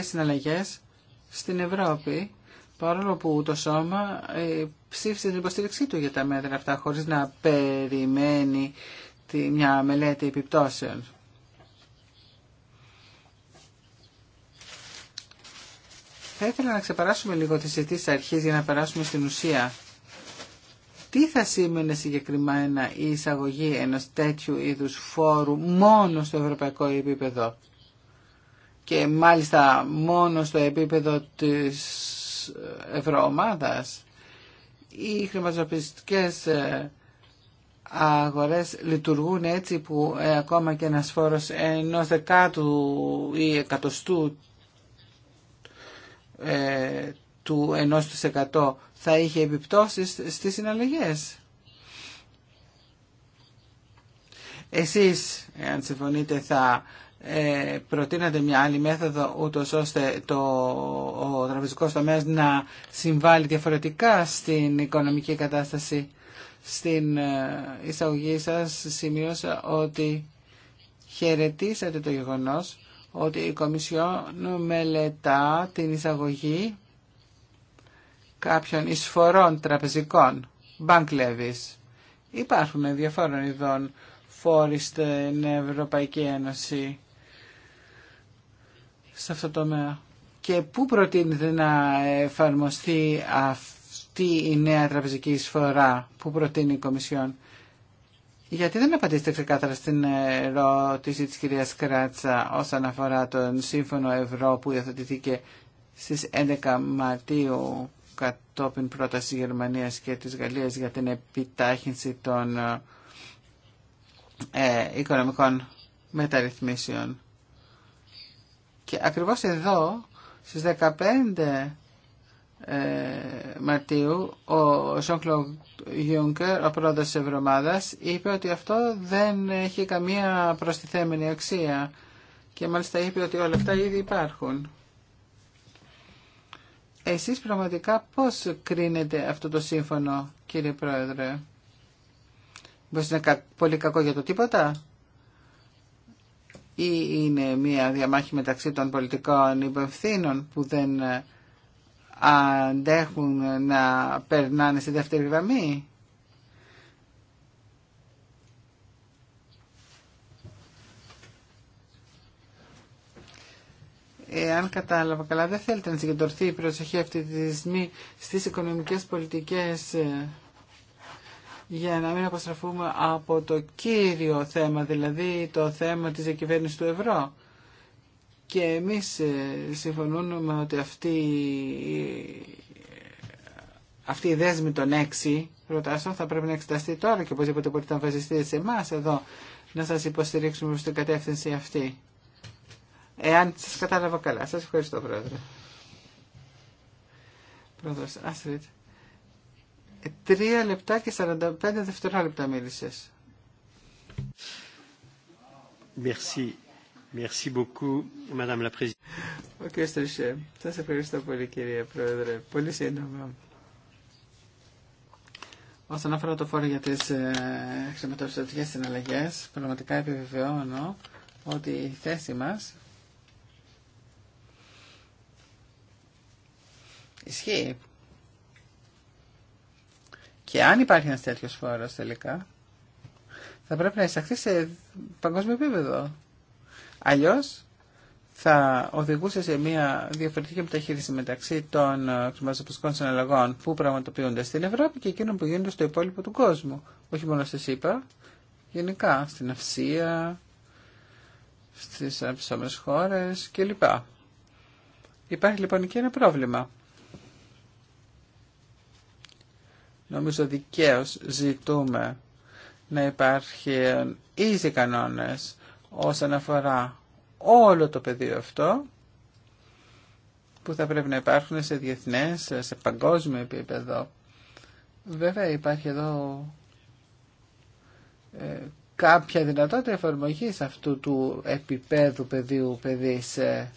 συναλλαγές στην Ευρώπη παρόλο που το σώμα ε, ψήφισε την υποστήριξή του για τα μέτρα αυτά χωρίς να περιμένει τη, μια μελέτη επιπτώσεων. Θα ήθελα να ξεπεράσουμε λίγο τις αιτήσεις αρχής για να περάσουμε στην ουσία. Τι θα σήμαινε συγκεκριμένα η εισαγωγή ενός τέτοιου είδους φόρου μόνο στο ευρωπαϊκό επίπεδο και μάλιστα μόνο στο επίπεδο της ευρωομάδας. Οι χρηματοπιστικές ε, αγορές λειτουργούν έτσι που ε, ακόμα και ένας φόρος ενός δεκάτου ή εκατοστού ε, του 1% θα είχε επιπτώσεις στις συναλλαγές. Εσείς, αν συμφωνείτε, θα ε, προτείνατε μια άλλη μέθοδο ούτως ώστε το, ο τραπεζικός τομέας να συμβάλλει διαφορετικά στην οικονομική κατάσταση. Στην ε, εισαγωγή σας σημείωσα ότι χαιρετήσατε το γεγονός ότι η Κομισιόν μελετά την εισαγωγή κάποιων εισφορών τραπεζικών, bank levies. Υπάρχουν διαφόρων ειδών φόροι στην Ευρωπαϊκή Ένωση σε αυτό το τομέα. Και πού προτείνεται να εφαρμοστεί αυτή η νέα τραπεζική εισφορά που προτείνει η Κομισιόν. Γιατί δεν απαντήσετε ξεκάθαρα στην ερώτηση της κυρίας Κράτσα όσον αφορά τον Σύμφωνο Ευρώ που υιοθετηθήκε στις 11 Μαρτίου κατόπιν πρόταση Γερμανίας και της Γαλλίας για την επιτάχυνση των ε, οικονομικών μεταρρυθμίσεων. Και ακριβώς εδώ στις 15 ε, Μαρτίου ο Σόκλο Γιούγκερ, ο πρόεδρος της Ευρωμάδας, είπε ότι αυτό δεν έχει καμία προστιθέμενη αξία και μάλιστα είπε ότι όλα αυτά ήδη υπάρχουν. Εσείς πραγματικά πώς κρίνετε αυτό το σύμφωνο, κύριε Πρόεδρε. Μπορείς να είναι πολύ κακό για το τίποτα ή είναι μια διαμάχη μεταξύ των πολιτικών υπευθύνων που δεν ε, αντέχουν να περνάνε στη δεύτερη γραμμή. εάν κατάλαβα καλά, δεν θέλετε να συγκεντρωθεί η προσοχή αυτή τη στιγμή στις οικονομικές πολιτικές ε, για να μην αποστραφούμε από το κύριο θέμα, δηλαδή το θέμα της διακυβέρνησης του ευρώ. Και εμείς ε, συμφωνούμε ότι αυτή, αυτή η δέσμη των έξι προτάσεων θα πρέπει να εξεταστεί τώρα και οπωσδήποτε μπορείτε να βασιστείτε σε εμά εδώ να σας υποστηρίξουμε στην κατεύθυνση αυτή. Εάν σας κατάλαβα καλά. Σας ευχαριστώ πρόεδρε. Πρόεδρος Άστριτ. Ε, τρία λεπτά και 45 δευτερόλεπτα μίλησες. Merci ευχαριστώ πολύ κύριε Πρόεδρε. Πολύ σύντομα. Όσον αφορά το φόρο για τι ε, συναλλαγέ, πραγματικά επιβεβαιώνω ότι η θέση μα. ισχύει. Και αν υπάρχει ένα τέτοιο φόρο τελικά, θα πρέπει να εισαχθεί σε παγκόσμιο επίπεδο. Αλλιώς θα οδηγούσε σε μια διαφορετική μεταχείριση μεταξύ των ε, στον συναλλαγών που πραγματοποιούνται στην Ευρώπη και εκείνων που γίνονται στο υπόλοιπο του κόσμου. Όχι μόνο στη ΣΥΠΑ, γενικά στην Αυσία, στις αυσόμενες χώρες κλπ. Υπάρχει λοιπόν και ένα πρόβλημα. Νομίζω δικαίως ζητούμε να υπάρχουν ίσοι κανόνες όσον αφορά όλο το πεδίο αυτό που θα πρέπει να υπάρχουν σε διεθνές, σε παγκόσμιο επίπεδο. Βέβαια υπάρχει εδώ ε, κάποια δυνατότητα εφαρμογής αυτού του επίπεδου πεδίου παιδί σε,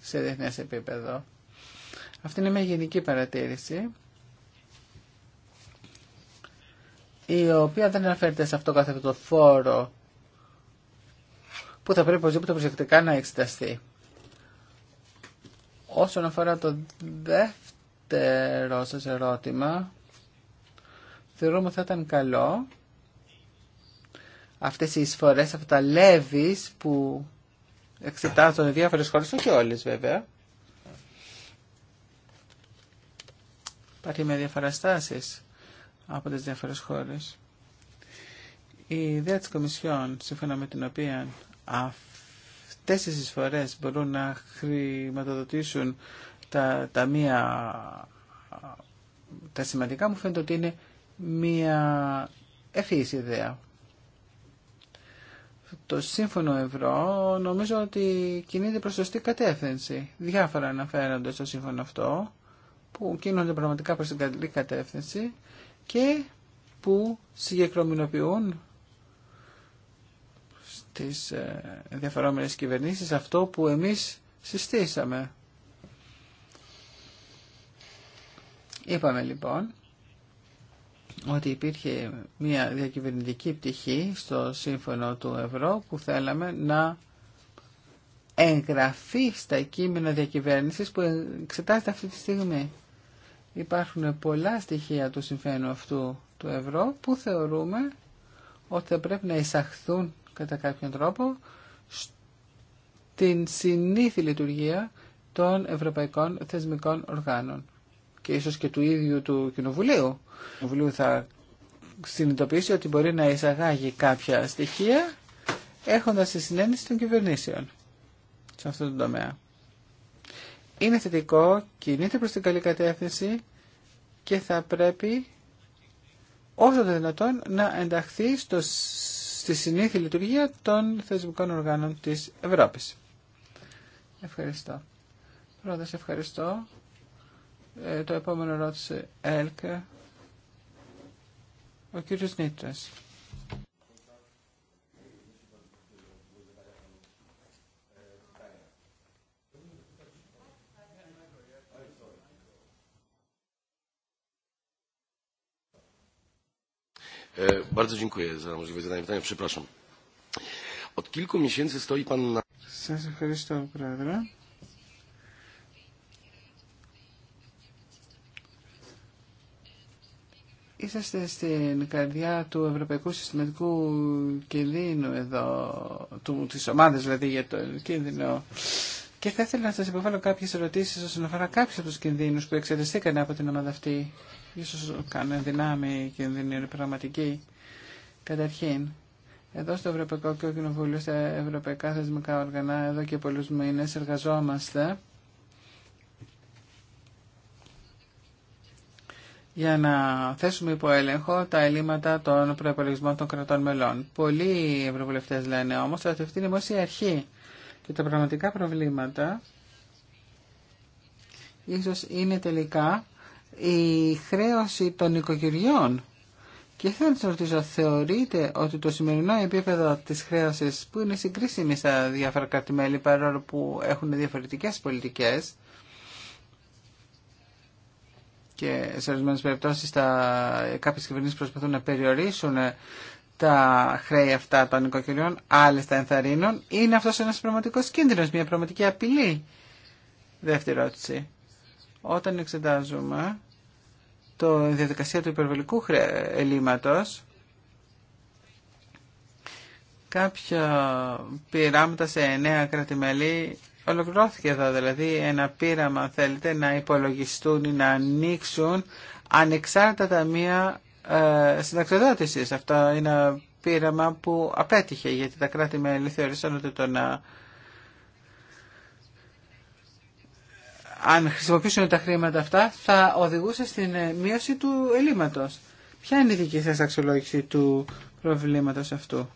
σε διεθνές επίπεδο. Αυτή είναι μια γενική παρατήρηση η οποία δεν αναφέρεται σε αυτό καθ' το φόρο που θα πρέπει οπωσδήποτε προσεκτικά να εξεταστεί. Όσον αφορά το δεύτερο σας ερώτημα, θεωρούμε ότι θα ήταν καλό αυτές οι εισφορές, αυτά τα λέβη που εξετάζονται διάφορες χώρες, όχι όλες βέβαια. Υπάρχει διαφορά διαφοραστάσεις από τις διάφορες χώρες. Η ιδέα της Κομισιόν, σύμφωνα με την οποία αυτές οι εισφορές μπορούν να χρηματοδοτήσουν τα, τα, μία, τα σημαντικά μου φαίνεται ότι είναι μία ευφύης ιδέα. Το σύμφωνο ευρώ νομίζω ότι κινείται προς σωστή κατεύθυνση. Διάφορα αναφέρονται στο σύμφωνο αυτό που κινούνται πραγματικά προς την καλή κατεύθυνση και που συγκεκριμενοποιούν τις ε, διαφερόμενες κυβερνήσεις αυτό που εμείς συστήσαμε. Είπαμε λοιπόν ότι υπήρχε μια διακυβερνητική πτυχή στο σύμφωνο του ευρώ που θέλαμε να εγγραφεί στα κείμενα διακυβέρνησης που εξετάζεται αυτή τη στιγμή. Υπάρχουν πολλά στοιχεία του συμφένου αυτού του ευρώ που θεωρούμε ότι θα πρέπει να εισαχθούν κατά κάποιον τρόπο στην συνήθη λειτουργία των ευρωπαϊκών θεσμικών οργάνων και ίσως και του ίδιου του Κοινοβουλίου. Το Κοινοβουλίου θα συνειδητοποιήσει ότι μπορεί να εισαγάγει κάποια στοιχεία έχοντας τη συνέντευξη των κυβερνήσεων σε αυτό το τομέα. Είναι θετικό, κινείται προς την καλή κατεύθυνση και θα πρέπει όσο το δυνατόν να ενταχθεί στο στη συνήθη λειτουργία των θεσμικών οργάνων της Ευρώπης. Ευχαριστώ. Πρώτα σε ευχαριστώ. Ε, το επόμενο ρώτησε ΕΛΚ. Ο κύριος Νίτρας. E, bardzo dziękuję za możliwość zadania pytania. Przepraszam. Od kilku miesięcy stoi pan na... Είσαστε στην καρδιά του Ευρωπαϊκού Συστηματικού Κινδύνου εδώ, του, της ομάδας δηλαδή για το κίνδυνο και θα ήθελα να σα υποβάλω κάποιε ερωτήσει όσον αφορά κάποιου από του κινδύνου που εξαιρεστήκαν από την ομάδα αυτή. Ίσως κάνουν δυνάμει κινδύνοι, πραγματικοί. Καταρχήν, εδώ στο Ευρωπαϊκό Κοινοβούλιο, στα ευρωπαϊκά θεσμικά όργανα, εδώ και πολλού μήνε εργαζόμαστε για να θέσουμε υπό έλεγχο τα ελλείμματα των προπολογισμών των κρατών μελών. Πολλοί ευρωβουλευτέ λένε όμω, ότι αυτή είναι η αρχή και τα πραγματικά προβλήματα ίσως είναι τελικά η χρέωση των οικογενειών. Και θα να σας ρωτήσω, θεωρείτε ότι το σημερινό επίπεδο της χρέωσης που είναι συγκρίσιμη στα διάφορα κρατημέλη παρόλο που έχουν διαφορετικές πολιτικές και σε ορισμένε περιπτώσει κάποιε κυβερνήσει προσπαθούν να περιορίσουν τα χρέη αυτά των οικοκυριών, άλλες τα ενθαρρύνουν. Είναι αυτός ένα πραγματικό κίνδυνος, μια πραγματική απειλή. Δεύτερη ερώτηση. Όταν εξετάζουμε το διαδικασία του υπερβολικού ελλείμματος, κάποια πειράματα σε εννέα κράτη-μελή... ολοκληρώθηκε εδώ. Δηλαδή ένα πείραμα θέλετε να υπολογιστούν ή να ανοίξουν ανεξάρτητα μία ε, Αυτό είναι ένα πείραμα που απέτυχε γιατί τα κράτη-μέλη θεωρήσαν ότι το να αν χρησιμοποιήσουν τα χρήματα αυτά θα οδηγούσε στην ε, μείωση του ελλείμματος. Ποια είναι η δική σας αξιολόγηση του προβλήματος αυτού,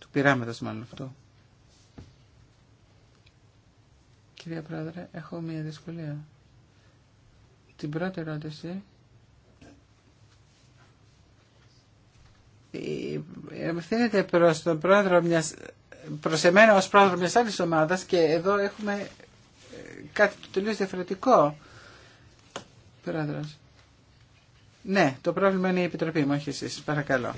του πειράματος μάλλον αυτού. Κυρία Πρόεδρε, έχω μία δυσκολία. Την πρώτη ερώτηση ευθύνεται προς τον πρόεδρο μια, προς εμένα ως πρόεδρο μιας άλλη ομάδας και εδώ έχουμε ε, κάτι το τελείως διαφορετικό πρόεδρος ναι, το πρόβλημα είναι η Επιτροπή μου, όχι εσείς. Παρακαλώ.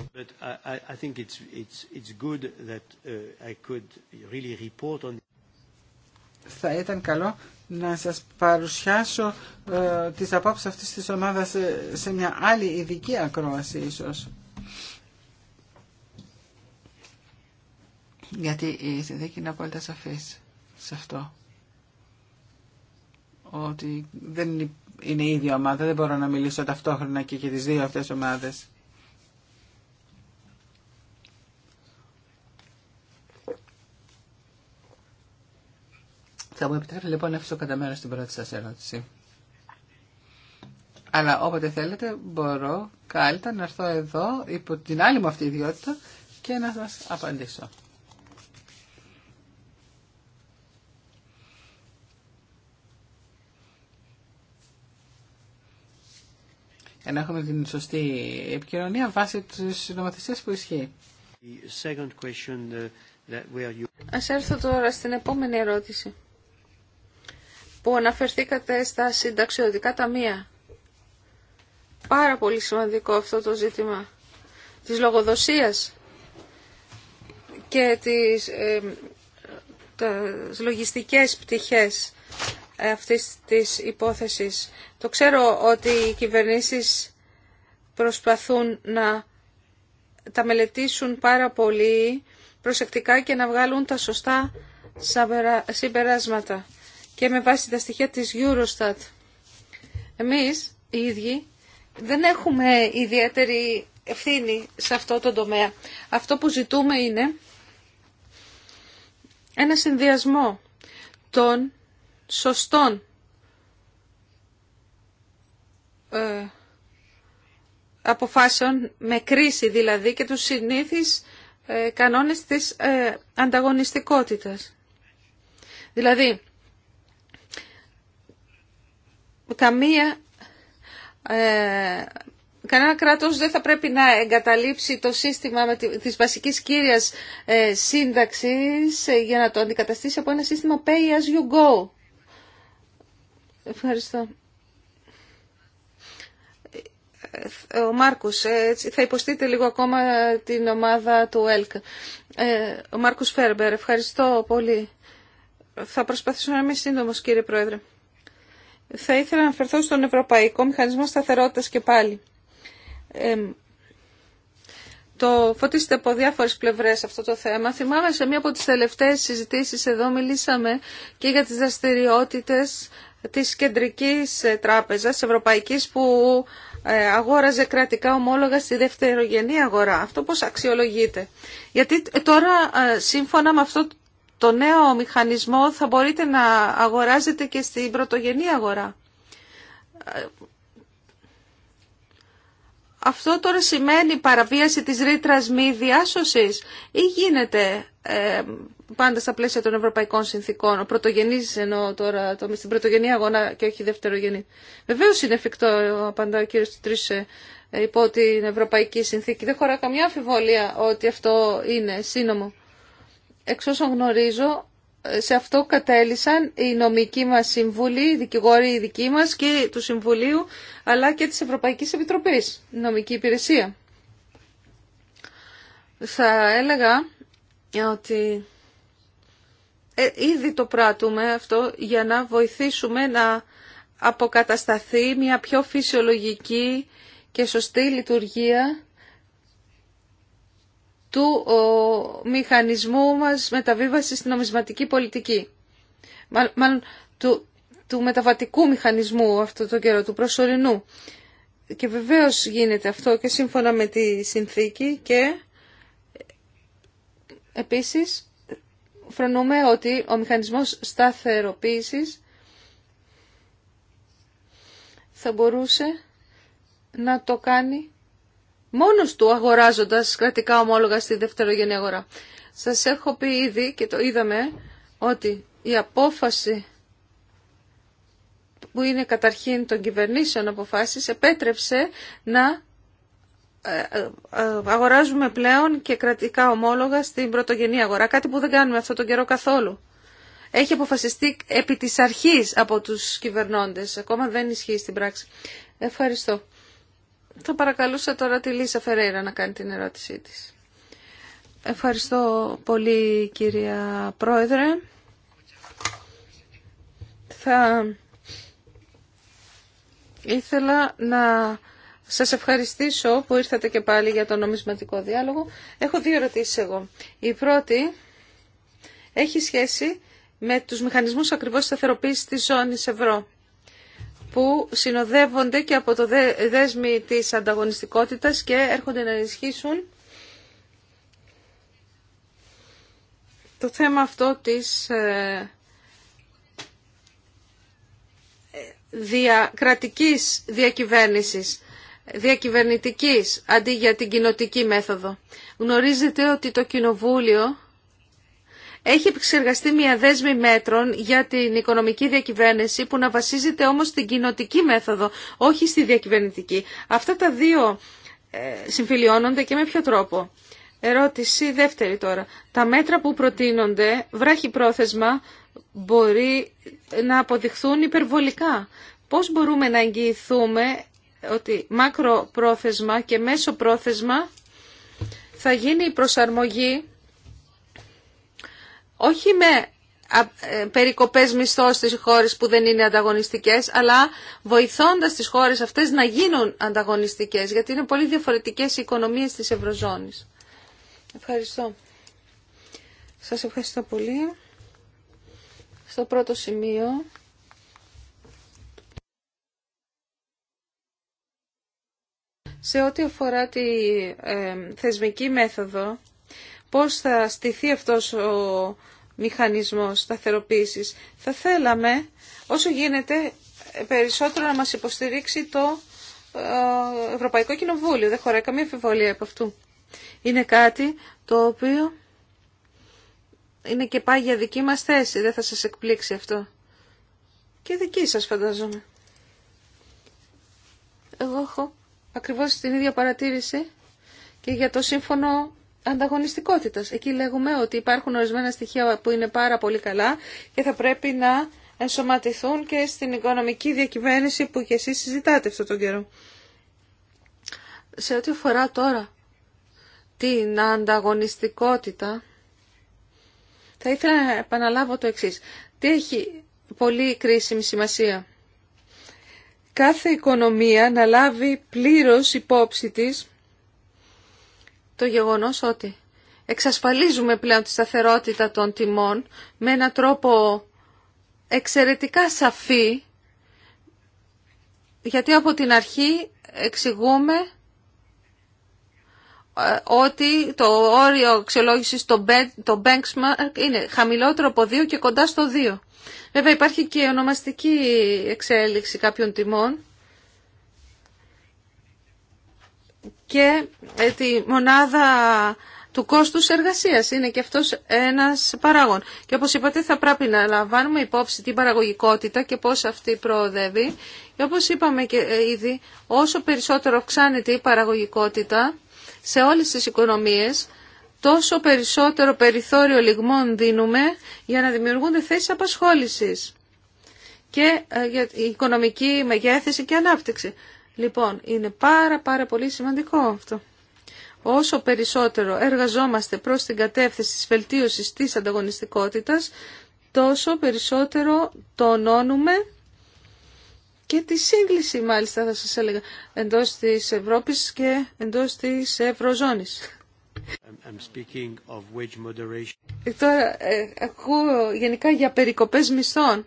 Θα ήταν καλό να σας παρουσιάσω ε, τις απόψεις αυτής της ομάδας σε, σε μια άλλη ειδική ακρόαση ίσως. Γιατί η συνθήκη είναι απόλυτα σαφή σε αυτό. Ότι δεν είναι η ίδια ομάδα, δεν μπορώ να μιλήσω ταυτόχρονα και για τις δύο αυτές ομάδε. Θα μου επιτρέψετε λοιπόν να αφήσω κατά μέρο την πρώτη σα ερώτηση. Αλλά όποτε θέλετε μπορώ κάλλιτα να έρθω εδώ υπό την άλλη μου αυτή ιδιότητα και να σας απαντήσω. να έχουμε την σωστή επικοινωνία βάσει της νομοθεσίας που ισχύει. Uh, Α έρθω τώρα στην επόμενη ερώτηση που αναφερθήκατε στα συνταξιωτικά ταμεία. Πάρα πολύ σημαντικό αυτό το ζήτημα της λογοδοσίας και της ε, ε τις λογιστικές πτυχές αυτής της υπόθεσης. Το ξέρω ότι οι κυβερνήσεις προσπαθούν να τα μελετήσουν πάρα πολύ προσεκτικά και να βγάλουν τα σωστά συμπεράσματα και με βάση τα στοιχεία της Eurostat. Εμείς οι ίδιοι δεν έχουμε ιδιαίτερη ευθύνη σε αυτό το τομέα. Αυτό που ζητούμε είναι ένα συνδυασμό των σωστών ε, αποφάσεων με κρίση δηλαδή και τους συνήθεις ε, κανόνες της ε, ανταγωνιστικότητας. Δηλαδή, καμία, κανένα κράτος δεν θα πρέπει να εγκαταλείψει το σύστημα με της βασικής κύριας σύνταξης για να το αντικαταστήσει από ένα σύστημα pay as you go. Ευχαριστώ. Ε, ο Μάρκους, ε, θα υποστείτε λίγο ακόμα την ομάδα του ΕΛΚ. Ε, ο Μάρκος Φέρμπερ, ευχαριστώ πολύ. Θα προσπαθήσω να είμαι σύντομο, κύριε Πρόεδρε. Θα ήθελα να αναφερθώ στον Ευρωπαϊκό Μηχανισμό Σταθερότητας και πάλι. Το φωτίστε από διάφορες πλευρές αυτό το θέμα. Θυμάμαι σε μία από τις τελευταίες συζητήσεις εδώ μιλήσαμε και για τις δραστηριότητες της Κεντρικής ε, Τράπεζας Ευρωπαϊκής που ε, αγόραζε κρατικά ομόλογα στη δευτερογενή αγορά. Αυτό πώς αξιολογείται. Γιατί ε, τώρα σύμφωνα με αυτό το νέο μηχανισμό θα μπορείτε να αγοράζετε και στην πρωτογενή αγορά. Αυτό τώρα σημαίνει παραβίαση της ρήτρα μη διάσωσης ή γίνεται πάντα στα πλαίσια των ευρωπαϊκών συνθήκων. Ο πρωτογενή εννοώ τώρα, το, στην πρωτογενή αγώνα και όχι δευτερογενή. Βεβαίω είναι εφικτό, απαντά ο κύριο Τρίσε, ε, υπό την ευρωπαϊκή συνθήκη. Δεν χωρά καμιά αμφιβολία ότι αυτό είναι σύνομο. Εξ όσων γνωρίζω, ε, σε αυτό κατέλησαν οι νομικοί μας σύμβουλοι, οι δικηγόροι οι δικοί μας και του Συμβουλίου, αλλά και της Ευρωπαϊκής Επιτροπής, νομική υπηρεσία. Θα έλεγα ότι ε, ήδη το πράττουμε αυτό για να βοηθήσουμε να αποκατασταθεί μια πιο φυσιολογική και σωστή λειτουργία του μηχανισμού μας μεταβίβασης στην νομισματική πολιτική. Μάλλον του, μεταβατικού μηχανισμού αυτό το καιρό, του προσωρινού. Και βεβαίως γίνεται αυτό και σύμφωνα με τη συνθήκη και επίσης φρονούμε ότι ο μηχανισμός σταθεροποίησης θα μπορούσε να το κάνει μόνος του αγοράζοντας κρατικά ομόλογα στη δευτερογενή αγορά. Σας έχω πει ήδη και το είδαμε ότι η απόφαση που είναι καταρχήν των κυβερνήσεων αποφάσεις επέτρεψε να ε, ε, αγοράζουμε πλέον και κρατικά ομόλογα στην πρωτογενή αγορά, κάτι που δεν κάνουμε αυτόν τον καιρό καθόλου. Έχει αποφασιστεί επί της αρχής από τους κυβερνώντες, ακόμα δεν ισχύει στην πράξη. Ευχαριστώ. Θα παρακαλούσα τώρα τη Λίσα Φερέιρα να κάνει την ερώτησή της. Ευχαριστώ πολύ κυρία Πρόεδρε. Θα ήθελα να σας ευχαριστήσω που ήρθατε και πάλι για το νομισματικό διάλογο. Έχω δύο ερωτήσει εγώ. Η πρώτη έχει σχέση με τους μηχανισμούς ακριβώς σταθεροποίησης της ζώνης ευρώ που συνοδεύονται και από το δέσμι της ανταγωνιστικότητας και έρχονται να ενισχύσουν το θέμα αυτό της ε, διακρατικής διακυβέρνησης διακυβερνητικής αντί για την κοινοτική μέθοδο. Γνωρίζετε ότι το Κοινοβούλιο έχει επεξεργαστεί μια δέσμη μέτρων για την οικονομική διακυβέρνηση που να βασίζεται όμως στην κοινοτική μέθοδο, όχι στη διακυβερνητική. Αυτά τα δύο ε, συμφιλιώνονται και με ποιο τρόπο. Ερώτηση δεύτερη τώρα. Τα μέτρα που προτείνονται, βράχει πρόθεσμα, μπορεί να αποδειχθούν υπερβολικά. Πώς μπορούμε να εγγυηθούμε ότι μακροπρόθεσμα και μέσο πρόθεσμα θα γίνει η προσαρμογή όχι με ε, περικοπές μισθό στις χώρες που δεν είναι ανταγωνιστικές, αλλά βοηθώντας τις χώρες αυτές να γίνουν ανταγωνιστικές, γιατί είναι πολύ διαφορετικές οι οικονομίες της Ευρωζώνης. Ευχαριστώ. Σας ευχαριστώ πολύ. Στο πρώτο σημείο Σε ό,τι αφορά τη ε, θεσμική μέθοδο, πώς θα στηθεί αυτός ο μηχανισμός σταθεροποίησης. Θα θέλαμε, όσο γίνεται, περισσότερο να μας υποστηρίξει το ε, Ευρωπαϊκό Κοινοβούλιο. Δεν χωράει καμία αμφιβολία από αυτού. Είναι κάτι το οποίο είναι και πάει για δική μας θέση. Δεν θα σας εκπλήξει αυτό. Και δική σας φαντάζομαι. Εγώ έχω ακριβώς την ίδια παρατήρηση και για το σύμφωνο ανταγωνιστικότητας. Εκεί λέγουμε ότι υπάρχουν ορισμένα στοιχεία που είναι πάρα πολύ καλά και θα πρέπει να ενσωματηθούν και στην οικονομική διακυβέρνηση που και εσείς συζητάτε αυτόν τον καιρό. Σε ό,τι αφορά τώρα την ανταγωνιστικότητα, θα ήθελα να επαναλάβω το εξής. Τι έχει πολύ κρίσιμη σημασία κάθε οικονομία να λάβει πλήρως υπόψη της το γεγονός ότι εξασφαλίζουμε πλέον τη σταθερότητα των τιμών με έναν τρόπο εξαιρετικά σαφή, γιατί από την αρχή εξηγούμε ε, ότι το όριο αξιολόγησης το benchmark είναι χαμηλότερο από 2 και κοντά στο 2. Βέβαια υπάρχει και ονομαστική εξέλιξη κάποιων τιμών και ε, τη μονάδα του κόστους εργασίας. Είναι και αυτός ένας παράγον. Και όπως είπατε, θα πρέπει να λαμβάνουμε υπόψη την παραγωγικότητα και πώς αυτή προοδεύει. Και όπω είπαμε και ε, ήδη, όσο περισσότερο αυξάνεται η παραγωγικότητα, σε όλες τις οικονομίες, τόσο περισσότερο περιθώριο λιγμών δίνουμε για να δημιουργούνται θέσεις απασχόλησης και ε, για οικονομική μεγέθυνση και ανάπτυξη. Λοιπόν, είναι πάρα πάρα πολύ σημαντικό αυτό. Όσο περισσότερο εργαζόμαστε προς την κατεύθυνση της βελτίωσης της ανταγωνιστικότητας, τόσο περισσότερο τονώνουμε και τη σύγκληση μάλιστα θα σας έλεγα εντός της Ευρώπης και εντός της Ευρωζώνης. I'm ε, ε, ακούω γενικά για περικοπές μισθών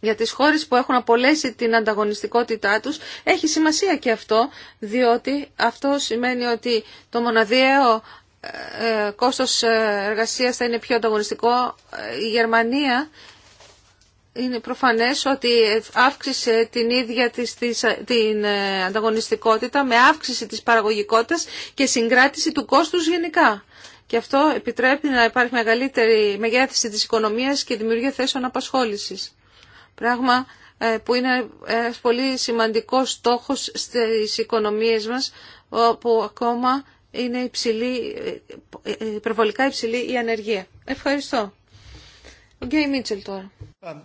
για τις χώρες που έχουν απολέσει την ανταγωνιστικότητά τους. Έχει σημασία και αυτό, διότι αυτό σημαίνει ότι το μοναδιαίο ε, ε κόστος εργασίας θα είναι πιο ανταγωνιστικό. Η Γερμανία είναι προφανές ότι αύξησε την ίδια της, την ε, ανταγωνιστικότητα με αύξηση της παραγωγικότητας και συγκράτηση του κόστους γενικά. Και αυτό επιτρέπει να υπάρχει μεγαλύτερη μεγέθυνση της οικονομίας και δημιουργία θέσεων απασχόλησης. Πράγμα ε, που είναι ένα πολύ σημαντικός στόχος στις οικονομίες μας, όπου ακόμα είναι υψηλή, ε, υπερβολικά υψηλή η ανεργία. Ευχαριστώ. Ο Γκέι Μίτσελ τώρα. Um,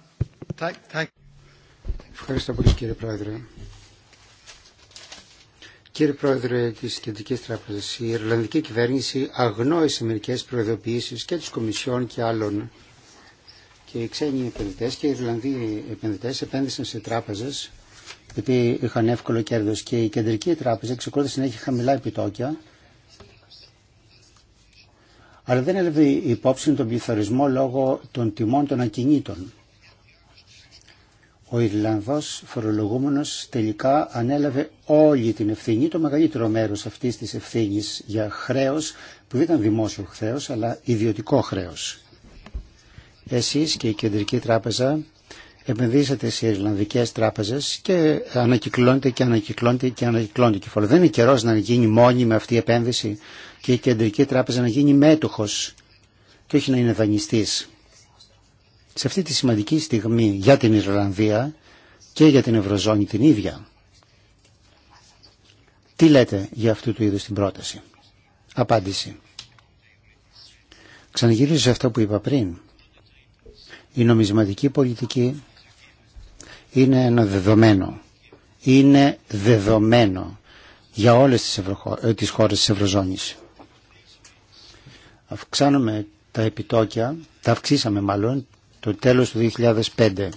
Ευχαριστώ πολύ κύριε Πρόεδρε. Κύριε Πρόεδρε τη Κεντρική Τράπεζα, η Ιρλανδική κυβέρνηση αγνόησε μερικέ προειδοποιήσει και τη Κομισιόν και άλλων. Και οι ξένοι επενδυτέ και οι Ιρλανδοί επενδυτέ επένδυσαν σε τράπεζε, επειδή είχαν εύκολο κέρδο. Και η Κεντρική Τράπεζα εξακολούθησε να έχει χαμηλά επιτόκια, αλλά δεν έλαβε υπόψη τον πληθωρισμό λόγω των τιμών των ακινήτων. Ο Ιρλανδός φορολογούμενος τελικά ανέλαβε όλη την ευθύνη, το μεγαλύτερο μέρος αυτής της ευθύνης για χρέος που δεν ήταν δημόσιο χρέος αλλά ιδιωτικό χρέος. Εσείς και η Κεντρική Τράπεζα επενδύσατε σε Ιρλανδικές τράπεζες και ανακυκλώνεται και ανακυκλώνεται και ανακυκλώνεται κεφάλαιο. Δεν είναι καιρός να γίνει μόνιμη αυτή η επένδυση και η Κεντρική Τράπεζα να γίνει μέτοχος και όχι να είναι δανειστής σε αυτή τη σημαντική στιγμή για την Ιρλανδία και για την Ευρωζώνη την ίδια. Τι λέτε για αυτού του είδους την πρόταση. Απάντηση. Ξαναγυρίζω σε αυτό που είπα πριν. Η νομισματική πολιτική είναι ένα δεδομένο. Είναι δεδομένο για όλες τις, ε, τις χώρες της Ευρωζώνης. Αυξάνουμε τα επιτόκια, τα αυξήσαμε μάλλον το τέλος του 2005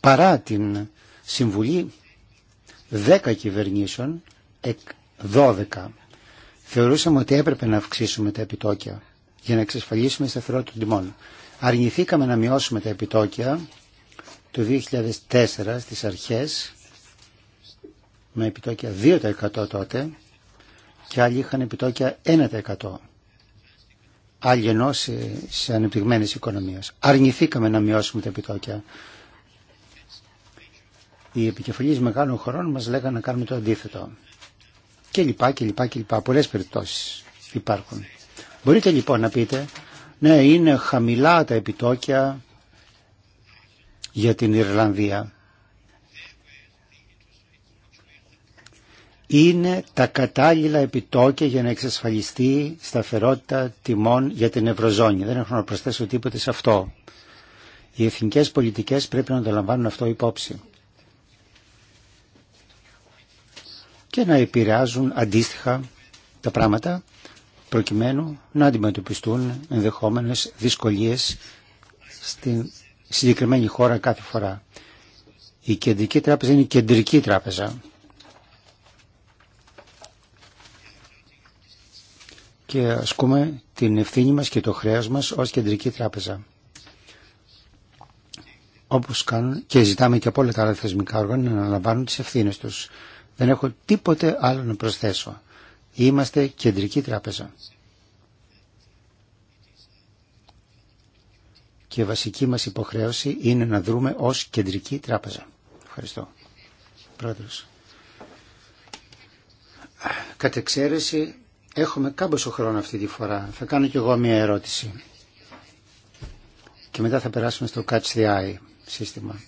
παρά την συμβουλή 10 κυβερνήσεων 12 θεωρούσαμε ότι έπρεπε να αυξήσουμε τα επιτόκια για να εξασφαλίσουμε σταθερότητα των τιμών. Αρνηθήκαμε να μειώσουμε τα επιτόκια το 2004 στις αρχές με επιτόκια 2% τότε και άλλοι είχαν επιτόκια 1% αλλιενό σε, σε ανεπτυγμένε οικονομίε. Αρνηθήκαμε να μειώσουμε τα επιτόκια. Οι επικεφαλεί μεγάλων χωρών μας λέγανε να κάνουμε το αντίθετο. Και λοιπά και λοιπά και λοιπά. Πολλές περιπτώσεις υπάρχουν. Μπορείτε λοιπόν να πείτε, ναι είναι χαμηλά τα επιτόκια για την Ιρλανδία. είναι τα κατάλληλα επιτόκια για να εξασφαλιστεί σταθερότητα τιμών για την Ευρωζώνη. Δεν έχω να προσθέσω τίποτε σε αυτό. Οι εθνικές πολιτικές πρέπει να το λαμβάνουν αυτό υπόψη. Και να επηρεάζουν αντίστοιχα τα πράγματα προκειμένου να αντιμετωπιστούν ενδεχόμενες δυσκολίες στην συγκεκριμένη χώρα κάθε φορά. Η Κεντρική Τράπεζα είναι η κεντρική τράπεζα και ασκούμε την ευθύνη μας και το χρέος μας ως κεντρική τράπεζα. Όπως κάνουν και ζητάμε και από όλα τα άλλα θεσμικά όργανα να αναλαμβάνουν τις ευθύνες τους. Δεν έχω τίποτε άλλο να προσθέσω. Είμαστε κεντρική τράπεζα. Και βασική μας υποχρέωση είναι να δρούμε ως κεντρική τράπεζα. Ευχαριστώ. Πρόεδρος. Κατ' Έχουμε κάμποσο χρόνο αυτή τη φορά. Θα κάνω κι εγώ μία ερώτηση. Και μετά θα περάσουμε στο Catch the Eye σύστημα.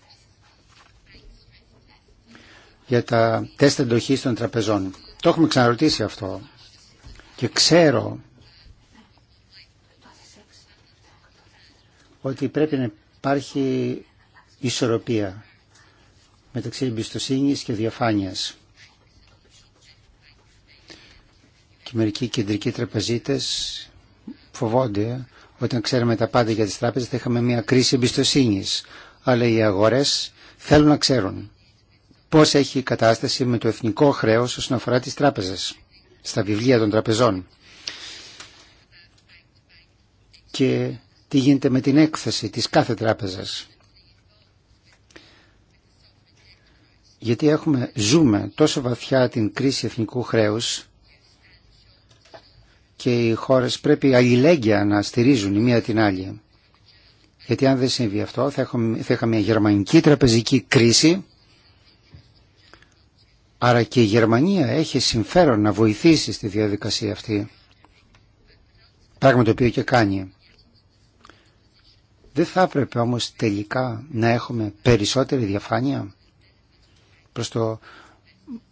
Για τα τεστ εντοχή των τραπεζών. Το έχουμε ξαναρωτήσει αυτό. Και ξέρω ότι πρέπει να υπάρχει ισορροπία μεταξύ εμπιστοσύνη και διαφάνειας. και μερικοί κεντρικοί τραπεζίτες φοβόνται όταν ξέραμε τα πάντα για τις τράπεζες θα είχαμε μια κρίση εμπιστοσύνη. Αλλά οι αγορές θέλουν να ξέρουν πώς έχει η κατάσταση με το εθνικό χρέος όσον αφορά τις τράπεζες στα βιβλία των τραπεζών και τι γίνεται με την έκθεση της κάθε τράπεζας. Γιατί έχουμε, ζούμε τόσο βαθιά την κρίση εθνικού χρέους και οι χώρες πρέπει αλληλέγγυα να στηρίζουν η μία την άλλη. Γιατί αν δεν συμβεί αυτό θα, είχαμε μια γερμανική τραπεζική κρίση άρα και η Γερμανία έχει συμφέρον να βοηθήσει στη διαδικασία αυτή πράγμα το οποίο και κάνει. Δεν θα έπρεπε όμως τελικά να έχουμε περισσότερη διαφάνεια προς το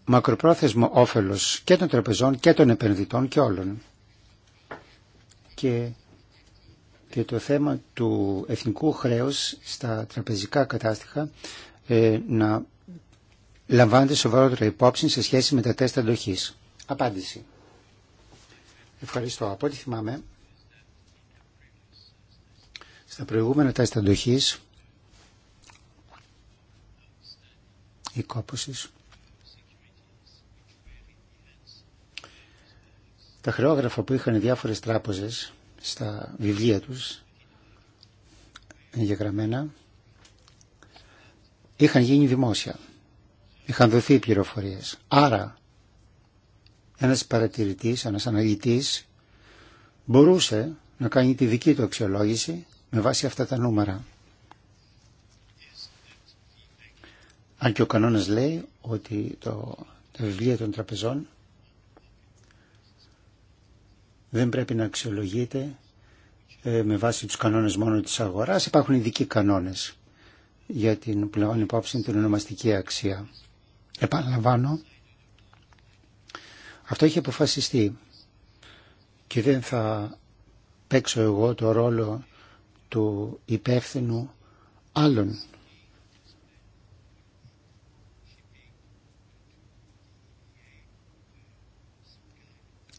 μακροπρόθεσμο όφελος και των τραπεζών και των επενδυτών και όλων και το θέμα του εθνικού χρέους στα τραπεζικά κατάστοιχα ε, να λαμβάνεται σοβαρότερα υπόψη σε σχέση με τα τεστ αντοχής. Απάντηση. Ευχαριστώ. Από ό,τι θυμάμαι, στα προηγούμενα τεστ αντοχής ή κόπωσης, Τα χρεόγραφα που είχαν οι διάφορες τράπεζες στα βιβλία τους εγγεγραμμένα είχαν γίνει δημόσια. Είχαν δοθεί οι Άρα ένας παρατηρητής, ένας αναλυτής μπορούσε να κάνει τη δική του αξιολόγηση με βάση αυτά τα νούμερα. Αν και ο κανόνας λέει ότι το, τα βιβλία των τραπεζών δεν πρέπει να αξιολογείται ε, με βάση τους κανόνες μόνο της αγοράς. Υπάρχουν ειδικοί κανόνες για την πλέον υπόψη την ονομαστική αξία. Επαναλαμβάνω, αυτό έχει αποφασιστεί και δεν θα παίξω εγώ το ρόλο του υπεύθυνου άλλων.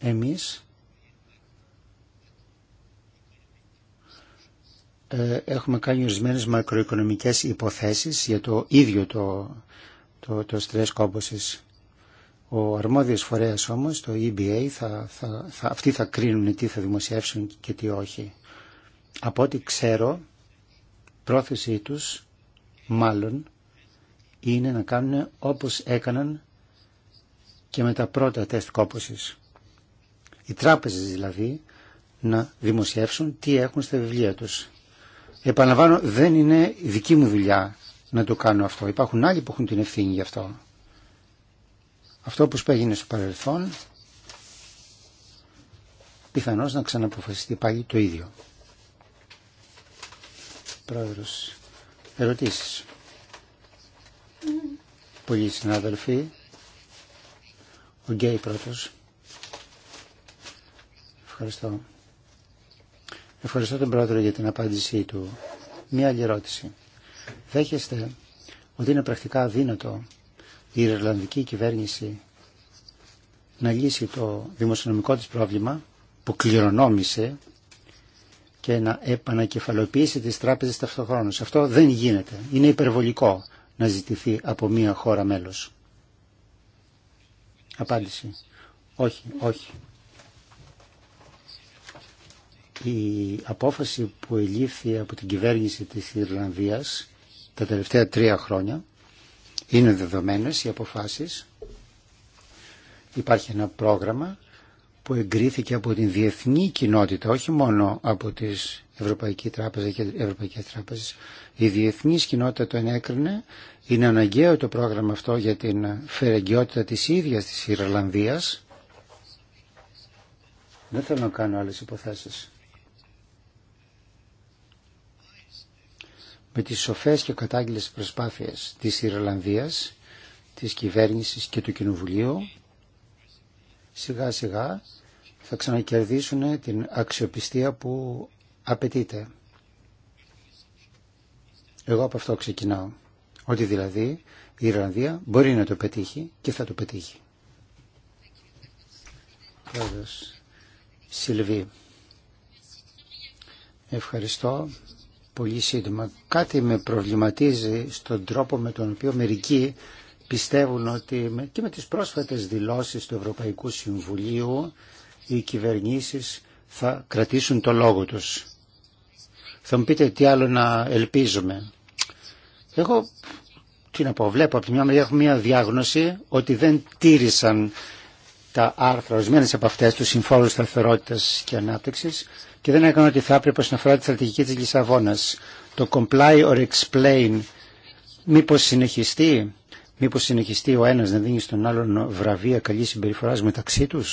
Εμείς Ε, έχουμε κάνει ορισμένε μακροοικονομικές υποθέσεις για το ίδιο το, το, το στρες κόμποσης. Ο αρμόδιος φορέας όμως, το EBA, θα, θα, θα, αυτοί θα κρίνουν τι θα δημοσιεύσουν και τι όχι. Από ό,τι ξέρω, πρόθεσή τους, μάλλον, είναι να κάνουν όπως έκαναν και με τα πρώτα τεστ κόπωσης. Οι τράπεζες δηλαδή να δημοσιεύσουν τι έχουν στα βιβλία τους. Επαναλαμβάνω, δεν είναι δική μου δουλειά να το κάνω αυτό. Υπάρχουν άλλοι που έχουν την ευθύνη γι' αυτό. Αυτό που έγινε στο παρελθόν, πιθανώς να ξαναποφασιστεί πάλι το ίδιο. Πρόεδρος, ερωτήσεις. Mm. Πολλοί συνάδελφοι, ο Γκέι πρώτος. Ευχαριστώ. Ευχαριστώ τον πρόεδρο για την απάντησή του. Μία άλλη ερώτηση. Δέχεστε ότι είναι πρακτικά αδύνατο η Ιρλανδική κυβέρνηση να λύσει το δημοσιονομικό της πρόβλημα που κληρονόμησε και να επανακεφαλοποιήσει τις τράπεζες ταυτοχρόνως. Αυτό δεν γίνεται. Είναι υπερβολικό να ζητηθεί από μία χώρα μέλος. Απάντηση. Όχι, όχι η απόφαση που ελήφθη από την κυβέρνηση της Ιρλανδίας τα τελευταία τρία χρόνια είναι δεδομένες οι αποφάσεις. Υπάρχει ένα πρόγραμμα που εγκρίθηκε από την διεθνή κοινότητα, όχι μόνο από τις Ευρωπαϊκή Τράπεζα και Ευρωπαϊκές Τράπεζες. Η διεθνή κοινότητα το ενέκρινε. Είναι αναγκαίο το πρόγραμμα αυτό για την φερεγγιότητα της ίδιας της Ιρλανδίας. Δεν θέλω να κάνω άλλες υποθέσεις. με τις σοφές και κατάγγελες προσπάθειες της Ιρλανδίας, της κυβέρνησης και του Κοινοβουλίου, σιγά σιγά θα ξανακερδίσουν την αξιοπιστία που απαιτείται. Εγώ από αυτό ξεκινάω. Ότι δηλαδή η Ιρλανδία μπορεί να το πετύχει και θα το πετύχει. Πρόεδρος Σιλβί. Ευχαριστώ πολύ σύντομα. Κάτι με προβληματίζει στον τρόπο με τον οποίο μερικοί πιστεύουν ότι και με τις πρόσφατες δηλώσεις του Ευρωπαϊκού Συμβουλίου οι κυβερνήσεις θα κρατήσουν το λόγο τους. Θα μου πείτε τι άλλο να ελπίζουμε. Εγώ τι να πω, βλέπω από τη μια μεριά έχω μια διάγνωση ότι δεν τήρησαν τα άρθρα, ορισμένε από αυτέ του Συμφόρου Σταθερότητα και Ανάπτυξη και δεν έκανε ότι θα έπρεπε όσον αφορά τη στρατηγική τη Λισαβόνα. Το comply or explain, μήπω συνεχιστεί, μήπω συνεχιστεί ο ένα να δίνει στον άλλον βραβεία καλή συμπεριφορά μεταξύ του.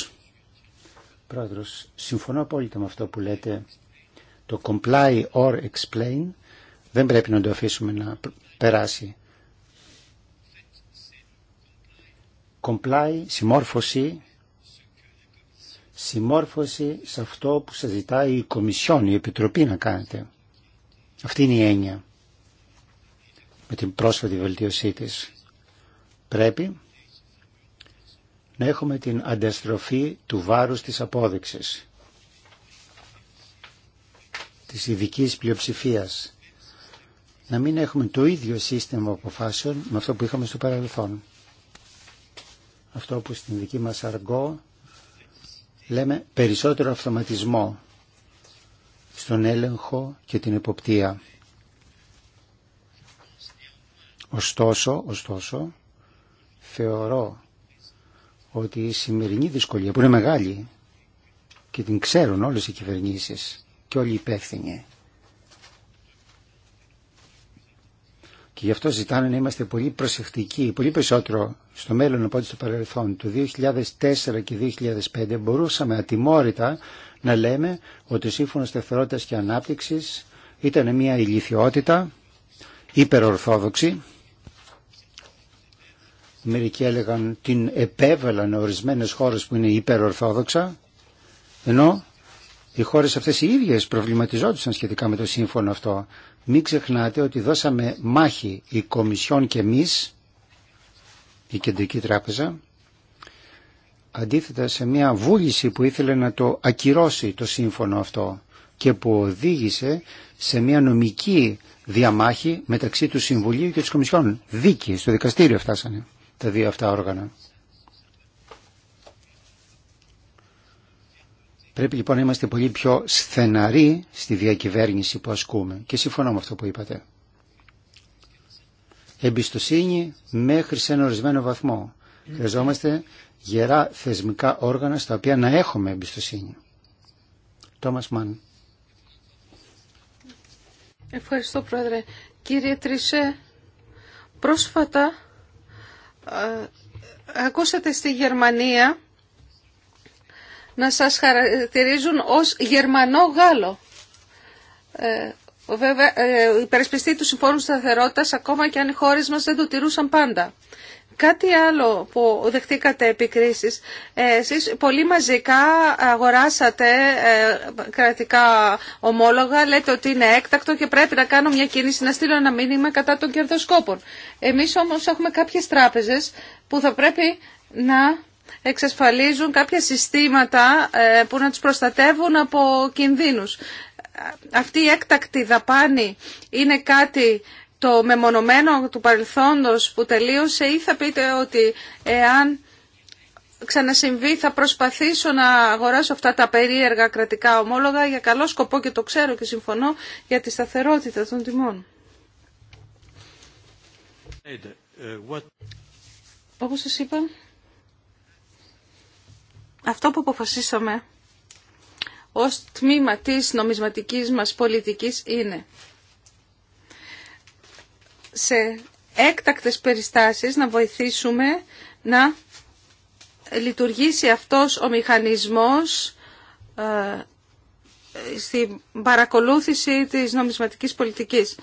Πρόεδρο, συμφωνώ απόλυτα με αυτό που λέτε. Το comply or explain δεν πρέπει να το αφήσουμε να περάσει. Comply, συμμόρφωση, συμμόρφωση σε αυτό που σας ζητάει η Κομισιόν, η Επιτροπή να κάνετε. Αυτή είναι η έννοια με την πρόσφατη βελτίωσή της. Πρέπει να έχουμε την αντιστροφή του βάρους της απόδειξης, της ειδική πλειοψηφία. Να μην έχουμε το ίδιο σύστημα αποφάσεων με αυτό που είχαμε στο παρελθόν. Αυτό που στην δική μας αργό λέμε περισσότερο αυτοματισμό στον έλεγχο και την εποπτεία. Ωστόσο, ωστόσο, θεωρώ ότι η σημερινή δυσκολία που είναι μεγάλη και την ξέρουν όλες οι κυβερνήσεις και όλοι οι υπεύθυνοι Και γι' αυτό ζητάνε να είμαστε πολύ προσεκτικοί, πολύ περισσότερο στο μέλλον από ό,τι στο παρελθόν. Το 2004 και 2005 μπορούσαμε ατιμόρυτα να λέμε ότι ο Σύμφωνος Σταθερότητας και Ανάπτυξης ήταν μια ηλικιότητα, υπερορθόδοξη. Μερικοί έλεγαν την επέβαλαν ορισμένες χώρες που είναι υπερορθόδοξα, ενώ οι χώρες αυτές οι ίδιες προβληματιζόντουσαν σχετικά με το σύμφωνο αυτό. Μην ξεχνάτε ότι δώσαμε μάχη η Κομισιόν και εμείς, η Κεντρική Τράπεζα, αντίθετα σε μια βούληση που ήθελε να το ακυρώσει το σύμφωνο αυτό και που οδήγησε σε μια νομική διαμάχη μεταξύ του Συμβουλίου και της Κομισιόν. Δίκη, στο δικαστήριο φτάσανε τα δύο αυτά όργανα. Πρέπει λοιπόν να είμαστε πολύ πιο στεναροί στη διακυβέρνηση που ασκούμε και συμφωνώ με αυτό που είπατε. Εμπιστοσύνη μέχρι σε ένα ορισμένο βαθμό. Χρειαζόμαστε γερά θεσμικά όργανα στα οποία να έχουμε εμπιστοσύνη. Τόμας Μάν. Ευχαριστώ Πρόεδρε. Κύριε Τρισέ, πρόσφατα ε, ακούσατε στη Γερμανία να σας χαρακτηρίζουν ως Γερμανό-Γάλλο. Ε, βέβαια, ε, οι του συμφώνου σταθερότητα, ακόμα και αν οι χώρε μα δεν το τηρούσαν πάντα. Κάτι άλλο που δεχτήκατε επί κρίσης. Ε, εσείς πολύ μαζικά αγοράσατε ε, κρατικά ομόλογα, λέτε ότι είναι έκτακτο και πρέπει να κάνω μια κίνηση να στείλω ένα μήνυμα κατά των κερδοσκόπων. Εμείς όμως έχουμε κάποιες τράπεζες που θα πρέπει να εξασφαλίζουν κάποια συστήματα ε, που να τους προστατεύουν από κινδύνους. Αυτή η έκτακτη δαπάνη είναι κάτι το μεμονωμένο του παρελθόντος που τελείωσε ή θα πείτε ότι εάν ξανασυμβεί θα προσπαθήσω να αγοράσω αυτά τα περίεργα κρατικά ομόλογα για καλό σκοπό και το ξέρω και συμφωνώ για τη σταθερότητα των τιμών. Uh, Όπως σας είπα, αυτό που αποφασίσαμε ως τμήμα της νομισματικής μας πολιτικής είναι σε έκτακτες περιστάσεις να βοηθήσουμε να λειτουργήσει αυτός ο μηχανισμός ε, στην παρακολούθηση της νομισματικής πολιτικής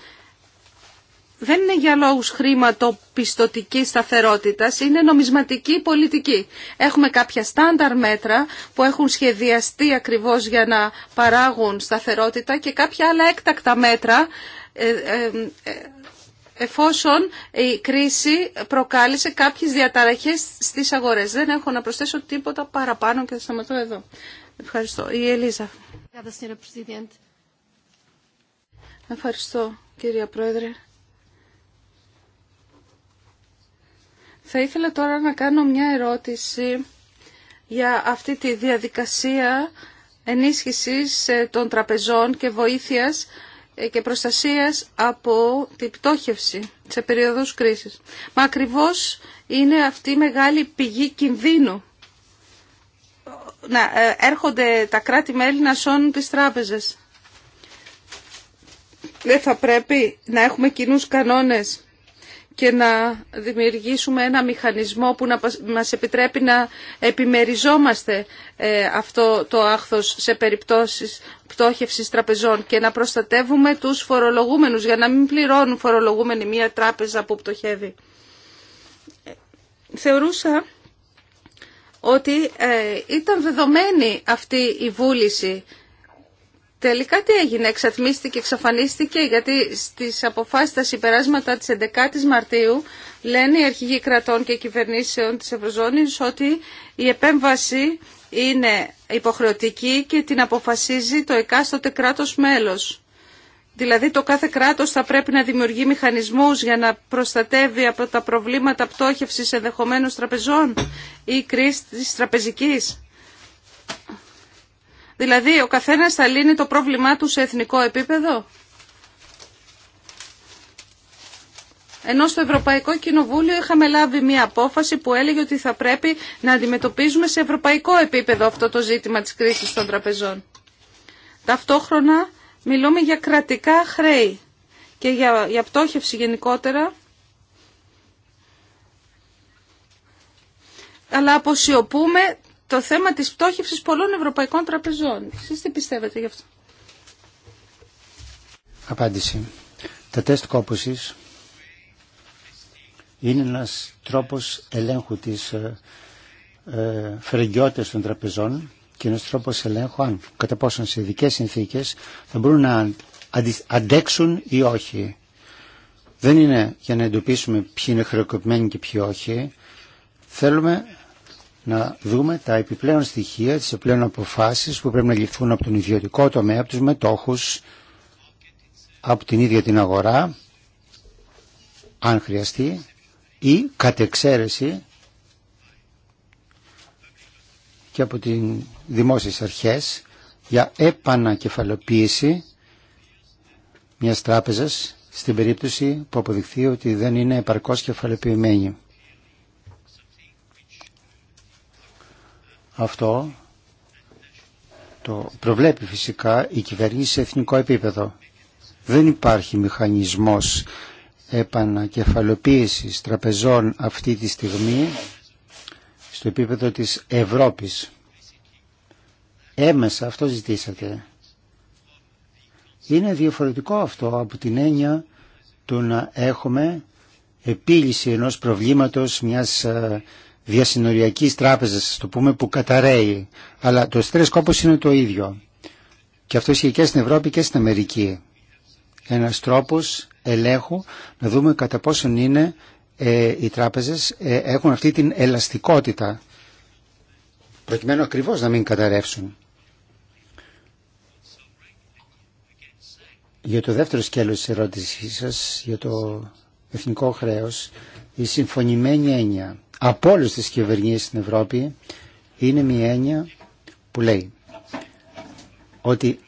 δεν είναι για λόγους χρηματοπιστωτικής σταθερότητας, είναι νομισματική πολιτική. Έχουμε κάποια στάνταρ μέτρα που έχουν σχεδιαστεί ακριβώς για να παράγουν σταθερότητα και κάποια άλλα έκτακτα μέτρα ε, ε, ε, εφόσον η κρίση προκάλεσε κάποιες διαταραχές στις αγορές. Δεν έχω να προσθέσω τίποτα παραπάνω και θα σταματώ εδώ. Ευχαριστώ. Η Ελίζα. Ευχαριστώ, κυρία Πρόεδρε. Θα ήθελα τώρα να κάνω μια ερώτηση για αυτή τη διαδικασία ενίσχυσης ε, των τραπεζών και βοήθειας ε, και προστασίας από την πτώχευση σε περίοδους κρίσης. Μα ακριβώς είναι αυτή η μεγάλη πηγή κινδύνου να ε, έρχονται τα κράτη-μέλη να σώνουν τις τράπεζες. Δεν θα πρέπει να έχουμε κοινούς κανόνες και να δημιουργήσουμε ένα μηχανισμό που να μας επιτρέπει να επιμεριζόμαστε ε, αυτό το άχθος σε περιπτώσεις πτώχευσης τραπεζών και να προστατεύουμε τους φορολογούμενους για να μην πληρώνουν φορολογούμενοι μία τράπεζα που πτωχεύει. Θεωρούσα ότι ε, ήταν δεδομένη αυτή η βούληση Τελικά τι έγινε, Εξαθμίστηκε, εξαφανίστηκε, γιατί στις αποφάσεις, τα συμπεράσματα της 11ης Μαρτίου λένε οι αρχηγοί κρατών και κυβερνήσεων της Ευρωζώνης ότι η επέμβαση είναι υποχρεωτική και την αποφασίζει το εκάστοτε κράτος μέλος. Δηλαδή το κάθε κράτος θα πρέπει να δημιουργεί μηχανισμούς για να προστατεύει από τα προβλήματα πτώχευσης ενδεχομένως τραπεζών ή κρίσης τραπεζικής. Δηλαδή ο καθένας θα λύνει το πρόβλημά του σε εθνικό επίπεδο. Ενώ στο Ευρωπαϊκό Κοινοβούλιο είχαμε λάβει μία απόφαση που έλεγε ότι θα πρέπει να αντιμετωπίζουμε σε ευρωπαϊκό επίπεδο αυτό το ζήτημα της κρίσης των τραπεζών. Ταυτόχρονα μιλούμε για κρατικά χρέη και για, για πτώχευση γενικότερα. Αλλά αποσιωπούμε το θέμα της πτώχευσης πολλών ευρωπαϊκών τραπεζών. Εσείς τι πιστεύετε γι' αυτό. Απάντηση. Τα τεστ κόπωσης είναι ένας τρόπος ελέγχου της ε, ε των τραπεζών και ένας τρόπος ελέγχου αν κατά πόσον σε ειδικέ συνθήκες θα μπορούν να αντέξουν ή όχι. Δεν είναι για να εντοπίσουμε ποιοι είναι χρεοκοπημένοι και ποιοι όχι. Θέλουμε να δούμε τα επιπλέον στοιχεία, τις επιπλέον αποφάσεις που πρέπει να ληφθούν από τον ιδιωτικό τομέα, από τους μετόχους, από την ίδια την αγορά, αν χρειαστεί, ή εξαίρεση και από την δημόσιες αρχές για επανακεφαλοποίηση μιας τράπεζας στην περίπτωση που αποδειχθεί ότι δεν είναι επαρκώς κεφαλοποιημένη. Αυτό το προβλέπει φυσικά η κυβέρνηση σε εθνικό επίπεδο. Δεν υπάρχει μηχανισμός επανακεφαλοποίησης τραπεζών αυτή τη στιγμή στο επίπεδο της Ευρώπης. Έμεσα αυτό ζητήσατε. Είναι διαφορετικό αυτό από την έννοια του να έχουμε επίλυση ενός προβλήματος μιας ε, τράπεζα, α το πούμε, που καταραίει. Αλλά το εστρέ κόπο είναι το ίδιο. Και αυτό ισχύει και στην Ευρώπη και στην Αμερική. Ένα τρόπο ελέγχου να δούμε κατά πόσον είναι ε, οι τράπεζες ε, έχουν αυτή την ελαστικότητα προκειμένου ακριβώς να μην καταρρεύσουν. Για το δεύτερο σκέλος της ερώτησής σας, για το εθνικό χρέος, η συμφωνημένη έννοια από όλε τις κυβερνήσεις στην Ευρώπη είναι μια έννοια που λέει ότι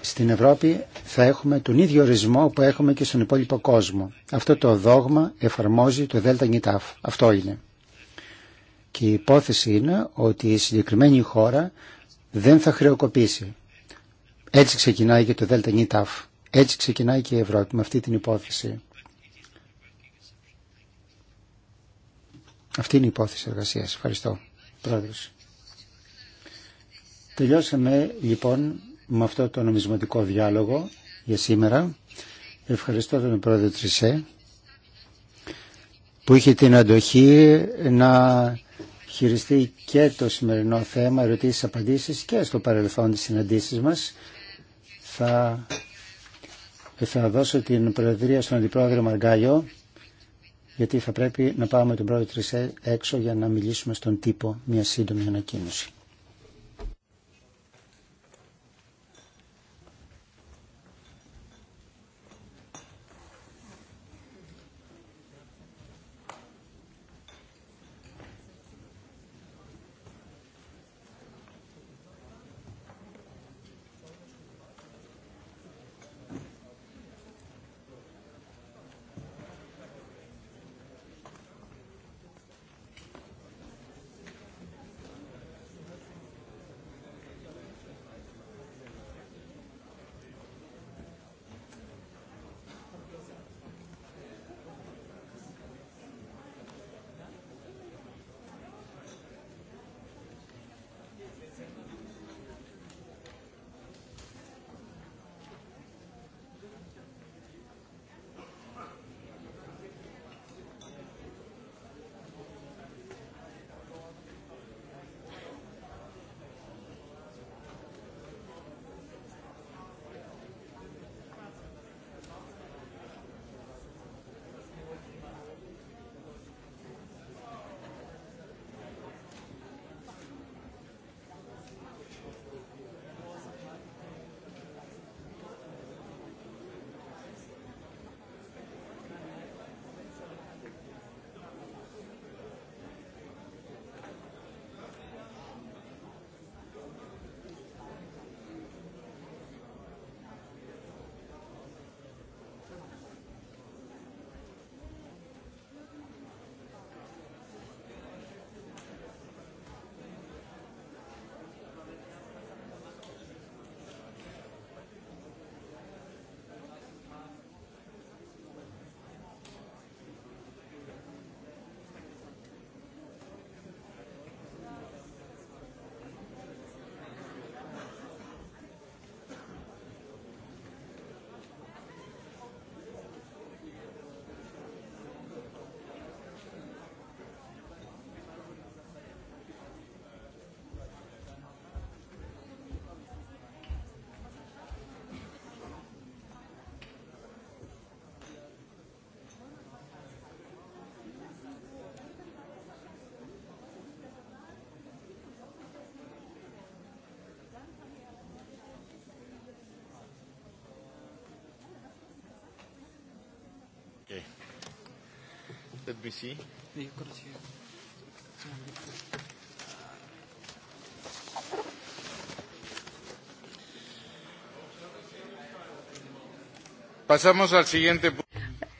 στην Ευρώπη θα έχουμε τον ίδιο ορισμό που έχουμε και στον υπόλοιπο κόσμο. Αυτό το δόγμα εφαρμόζει το ΔΝΤ. Αυτό είναι. Και η υπόθεση είναι ότι η συγκεκριμένη χώρα δεν θα χρεοκοπήσει. Έτσι ξεκινάει και το ΔΝΤ. Έτσι ξεκινάει και η Ευρώπη με αυτή την υπόθεση. Αυτή είναι η υπόθεση εργασία. Ευχαριστώ, πρόεδρο. Τελειώσαμε λοιπόν με αυτό το νομισματικό διάλογο για σήμερα. Ευχαριστώ τον Πρόεδρο Τρισέ που είχε την αντοχή να χειριστεί και το σημερινό θέμα, ερωτήσεις, απαντήσεις και στο παρελθόν της συναντήσεις μας. Θα, θα δώσω την Προεδρία στον Αντιπρόεδρο Μαργκάλιο γιατί θα πρέπει να πάμε τον πρόεδρο Τρισέ έξω για να μιλήσουμε στον τύπο μια σύντομη ανακοίνωση.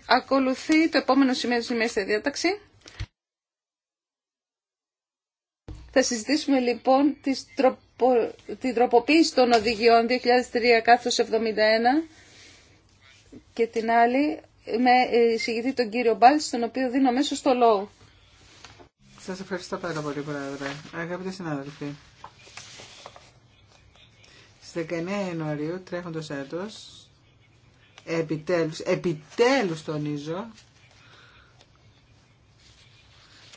Ακολουθεί το επόμενο σημείο της ημέρας διάταξη. Θα συζητήσουμε λοιπόν τις τροπο... την τροποποίηση των οδηγιών 2003 71 και την άλλη με ε, συγγητή τον κύριο Μπάλτ, στον οποίο δίνω μέσα στο λόγο. Σα ευχαριστώ πάρα πολύ, Πρόεδρε. Αγαπητοί συνάδελφοι, στι 19 Ιανουαρίου τρέχοντο έτο, επιτέλου, επιτέλου τονίζω,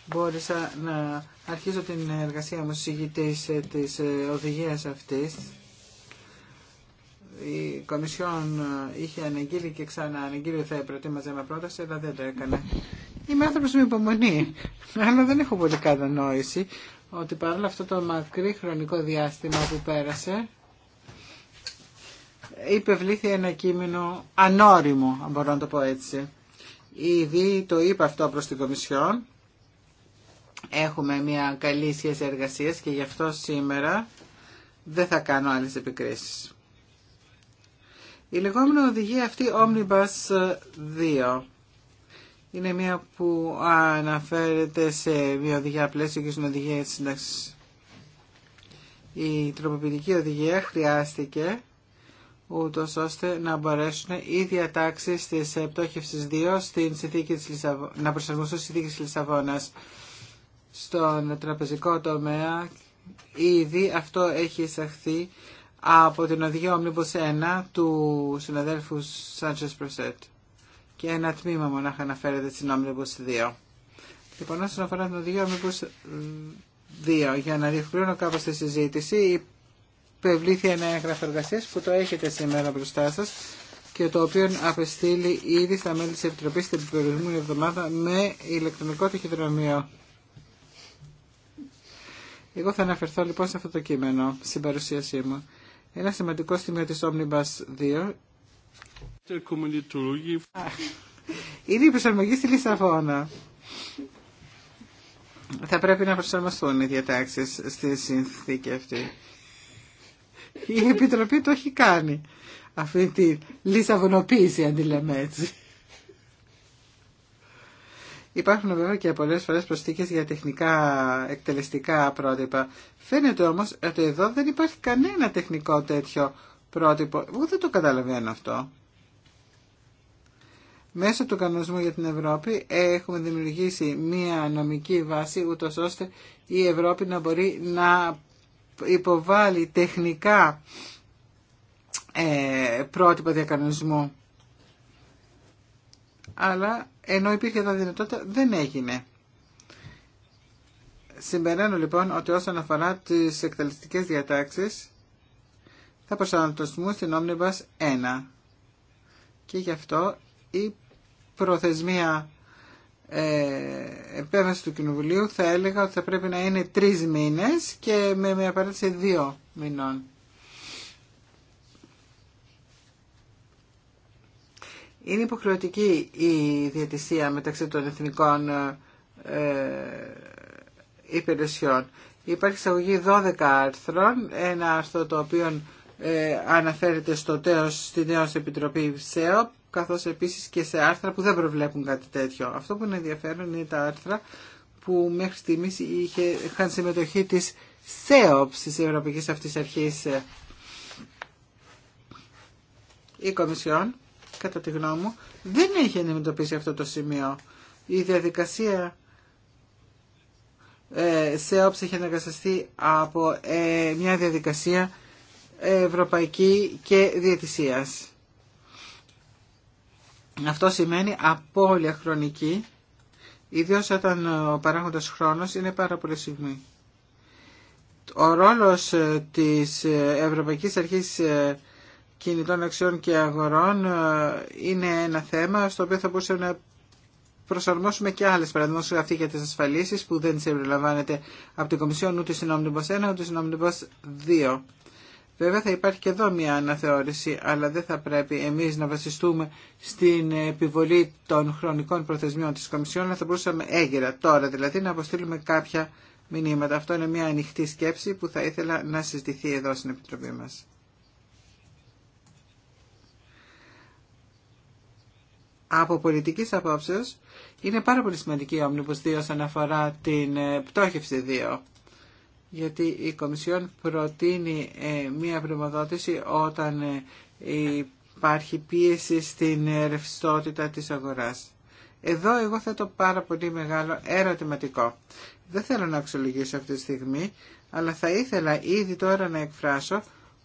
μπόρεσα να αρχίσω την εργασία μου συγγητής ε, της ε, οδηγίας αυτής η Κομισιόν ε, είχε αναγγείλει και ξανά αναγγείλει ότι θα προετοίμαζε ένα πρόταση, αλλά δεν το έκανε. Είμαι άνθρωπο με υπομονή, αλλά δεν έχω πολύ κατανόηση ότι παρόλο αυτό το μακρύ χρονικό διάστημα που πέρασε, υπευλήθη ένα κείμενο ανώριμο, αν μπορώ να το πω έτσι. Ήδη το είπα αυτό προς την Κομισιόν. Έχουμε μια καλή σχέση εργασίας και γι' αυτό σήμερα δεν θα κάνω άλλες επικρίσεις. Η λεγόμενη οδηγία αυτή Omnibus 2 ε, είναι μια που αναφέρεται σε μια οδηγία πλαίσιο και στην οδηγία της συντάξης. Η τροποποιητική οδηγία χρειάστηκε ούτω ώστε να μπορέσουν οι διατάξει τη πτώχευση 2 στην συνθήκη της να προσαρμοστούν στη συνθήκη τη Λισαβόνα. Στον τραπεζικό τομέα ήδη αυτό έχει εισαχθεί από την οδηγία Omnibus 1 του συναδέλφου Sanchez Προσέτ και ένα τμήμα μονάχα αναφέρεται στην Omnibus 2. Λοιπόν, όσον αφορά την οδηγία Omnibus 2, για να διευκρινώ κάπω τη συζήτηση, υπευλήθη ένα έγγραφο εργασία που το έχετε σήμερα μπροστά σα και το οποίο απεστείλει ήδη στα μέλη τη επιτροπή την προηγούμενη εβδομάδα με ηλεκτρονικό ταχυδρομείο. Εγώ θα αναφερθώ λοιπόν σε αυτό το κείμενο στην παρουσίασή μου. Ένα σημαντικό σημείο της Omnibus 2 είναι η προσαρμογή στη Λισαβόνα. Θα πρέπει να προσαρμοστούν οι διατάξεις στη συνθήκη αυτή. Η Επιτροπή το έχει κάνει αυτή τη λισαβονοποίηση, αν τη λέμε έτσι. Υπάρχουν βέβαια και πολλέ φορέ προσθήκε για τεχνικά εκτελεστικά πρότυπα. Φαίνεται όμω ότι εδώ δεν υπάρχει κανένα τεχνικό τέτοιο πρότυπο. Εγώ δεν το καταλαβαίνω αυτό. Μέσω του κανονισμού για την Ευρώπη έχουμε δημιουργήσει μία νομική βάση ούτω ώστε η Ευρώπη να μπορεί να υποβάλει τεχνικά ε, πρότυπα διακανονισμού. Αλλά ενώ υπήρχε τα δυνατότητα δεν έγινε. Συμπεραίνω λοιπόν ότι όσον αφορά τις εκτελεστικές διατάξεις θα προσανατολισμούν στην Omnibus 1 και γι' αυτό η προθεσμία ε, επέμβαση του Κοινοβουλίου θα έλεγα ότι θα πρέπει να είναι τρεις μήνες και με μια παράτηση δύο μηνών. Είναι υποχρεωτική η διατησία μεταξύ των εθνικών ε, ε, υπηρεσιών. Υπάρχει εισαγωγή 12 άρθρων, ένα άρθρο το οποίο ε, αναφέρεται στο τέος, στη νέο επιτροπή ΣΕΟΠ, καθώς επίσης και σε άρθρα που δεν προβλέπουν κάτι τέτοιο. Αυτό που είναι ενδιαφέρον είναι τα άρθρα που μέχρι στιγμής είχε, είχαν συμμετοχή της ΣΕΟΠ της Ευρωπαϊκής Αυτής Αρχής η Κομισιόν κατά τη γνώμη μου, δεν έχει αντιμετωπίσει αυτό το σημείο. Η διαδικασία ε, σε όψη έχει αναγκαστεί από ε, μια διαδικασία ευρωπαϊκή και διαιτησίας. Αυτό σημαίνει απώλεια χρονική, ιδίως όταν ο παράγοντας χρόνος είναι πάρα πολύ στιγμή. Ο ρόλος ε, της Ευρωπαϊκής Αρχής κινητών αξιών και αγορών ε, είναι ένα θέμα στο οποίο θα μπορούσαμε να προσαρμόσουμε και άλλε παραδείγματο αυτή για τι ασφαλίσει που δεν συμπεριλαμβάνεται από την Κομισιόν ούτε στην 1 ούτε στην 2. Βέβαια θα υπάρχει και εδώ μια αναθεώρηση, αλλά δεν θα πρέπει εμεί να βασιστούμε στην επιβολή των χρονικών προθεσμιών τη Κομισιόν, αλλά θα μπορούσαμε έγκαιρα τώρα δηλαδή να αποστείλουμε κάποια μηνύματα. Αυτό είναι μια ανοιχτή σκέψη που θα ήθελα να συζητηθεί εδώ στην Επιτροπή μας. από πολιτική απόψεω είναι πάρα πολύ σημαντική η Omnibus 2 όσον αφορά την ε, πτώχευση 2. Γιατί η Κομισιόν προτείνει ε, μία πρημοδότηση όταν ε, υπάρχει πίεση στην ρευστότητα της αγοράς. Εδώ εγώ θα το πάρα πολύ μεγάλο ερωτηματικό. Δεν θέλω να αξιολογήσω αυτή τη στιγμή, αλλά θα ήθελα ήδη τώρα να εκφράσω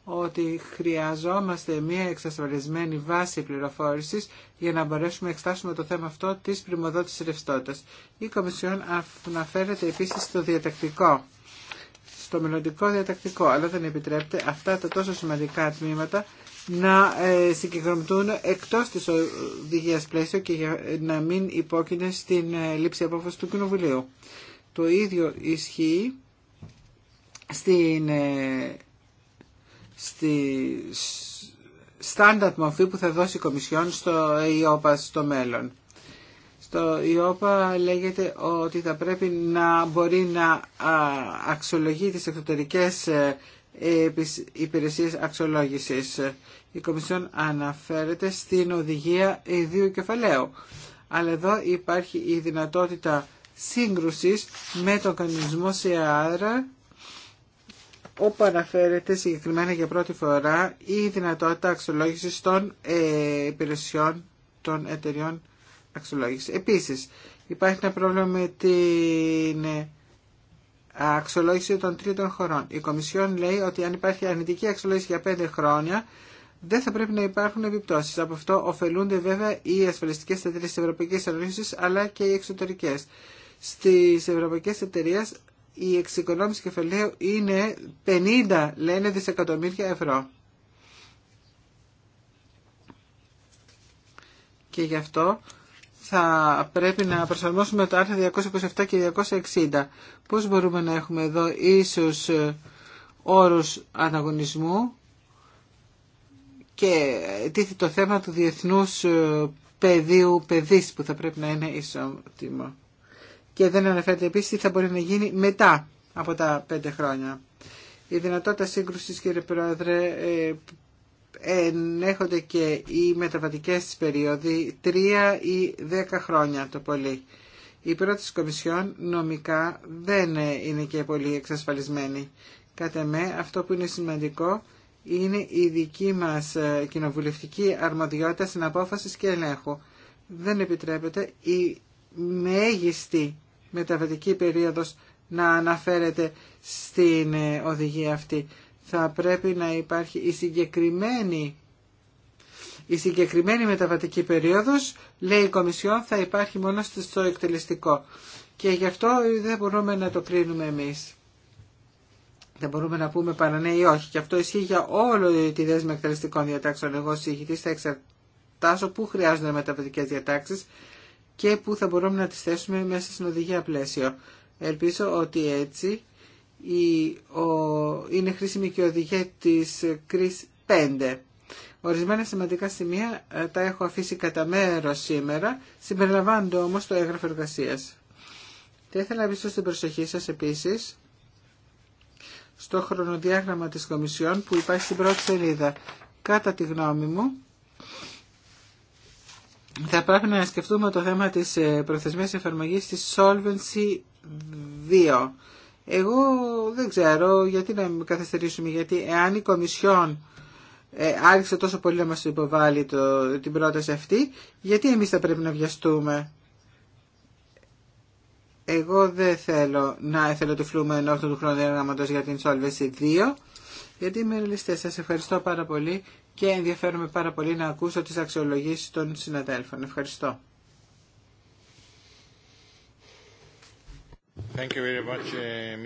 ότι χρειαζόμαστε μια εξασφαλισμένη βάση πληροφόρηση για να μπορέσουμε να εξτάσουμε το θέμα αυτό της πρημοδότηση ρευστότητα. Η Κομισιόν αναφέρεται επίσης στο διατακτικό, στο μελλοντικό διατακτικό, αλλά δεν επιτρέπεται αυτά τα τόσο σημαντικά τμήματα να ε, συγκεκριμενούν εκτός της οδηγία πλαίσιο και να μην υπόκεινε στην ε, λήψη απόφαση του Κοινοβουλίου. Το ίδιο ισχύει στην ε, στη στάνταρ μορφή που θα δώσει η Κομισιόν στο ΙΟΠΑ στο μέλλον. Στο ΙΟΠΑ λέγεται ότι θα πρέπει να μπορεί να αξιολογεί τις εξωτερικές ε, υπηρεσίες αξιολόγησης. Η Κομισιόν αναφέρεται στην οδηγία ιδίου κεφαλαίου. Αλλά εδώ υπάρχει η δυνατότητα σύγκρουσης με τον κανονισμό σε όπου αναφέρεται συγκεκριμένα για πρώτη φορά η δυνατότητα αξιολόγησης των ε, υπηρεσιών των εταιριών αξιολόγησης. Επίσης, υπάρχει ένα πρόβλημα με την ε, αξιολόγηση των τρίτων χωρών. Η Κομισιόν λέει ότι αν υπάρχει αρνητική αξιολόγηση για πέντε χρόνια, δεν θα πρέπει να υπάρχουν επιπτώσει. Από αυτό ωφελούνται βέβαια οι ασφαλιστικέ εταιρείε τη Ευρωπαϊκή Ένωση αλλά και οι εξωτερικέ. Στι ευρωπαϊκέ εταιρείε η εξοικονόμηση κεφαλαίου είναι 50, λένε, δισεκατομμύρια ευρώ. Και γι' αυτό θα πρέπει να προσαρμόσουμε το άρθρο 227 και 260. Πώς μπορούμε να έχουμε εδώ ίσους ε, όρους ανταγωνισμού και τίθεται το θέμα του διεθνούς ε, πεδίου παιδής που θα πρέπει να είναι ισότιμο και δεν αναφέρεται επίσης τι θα μπορεί να γίνει μετά από τα πέντε χρόνια. Η δυνατότητα σύγκρουση, κύριε Πρόεδρε, ε, ενέχονται και οι μεταβατικές περίοδοι τρία ή δέκα χρόνια το πολύ. Η πρόταση Κομισιόν νομικά δεν είναι και πολύ εξασφαλισμένη. Κατά με αυτό που είναι σημαντικό είναι η πρωτης ε, κοινοβουλευτική αρμοδιότητα στην απόφαση και ελέγχου. Δεν επιτρέπεται η μέγιστη μεταβατική περίοδος να αναφέρεται στην ε, οδηγία αυτή. Θα πρέπει να υπάρχει η συγκεκριμένη, η συγκεκριμένη μεταβατική περίοδος, λέει η Κομισιόν, θα υπάρχει μόνο στο εκτελεστικό. Και γι' αυτό δεν μπορούμε να το κρίνουμε εμείς. Δεν μπορούμε να πούμε παρά ναι ή όχι. Και αυτό ισχύει για όλο τη δέσμη εκτελεστικών διατάξεων. Εγώ συγχυτής θα εξετάσω πού χρειάζονται μεταβατικές διατάξεις και που θα μπορούμε να τις θέσουμε μέσα στην οδηγία πλαίσιο. Ελπίζω ότι έτσι η, ο, είναι χρήσιμη και η οδηγία της κρίς 5. Ορισμένα σημαντικά σημεία ε, τα έχω αφήσει κατά μέρο σήμερα, συμπεριλαμβάνονται όμως το έγγραφο εργασία. Θα ήθελα να πείσω στην προσοχή σας επίσης στο χρονοδιάγραμμα της Κομισιόν που υπάρχει στην πρώτη σελίδα. Κατά τη γνώμη μου, θα πρέπει να σκεφτούμε το θέμα της ε, προθεσμίας εφαρμογής της Solvency 2. Εγώ δεν ξέρω γιατί να με καθυστερήσουμε, γιατί εάν η Κομισιόν ε, άρχισε τόσο πολύ να μας υποβάλει την πρόταση αυτή, γιατί εμείς θα πρέπει να βιαστούμε. Εγώ δεν θέλω να εθελοτυφλούμε ενώ του χρόνου για την Solvency 2, γιατί είμαι ρελιστές. Σας ευχαριστώ πάρα πολύ και ενδιαφέρομαι πάρα πολύ να ακούσω τις αξιολογήσεις των συναδέλφων. Ευχαριστώ. Uh, uh,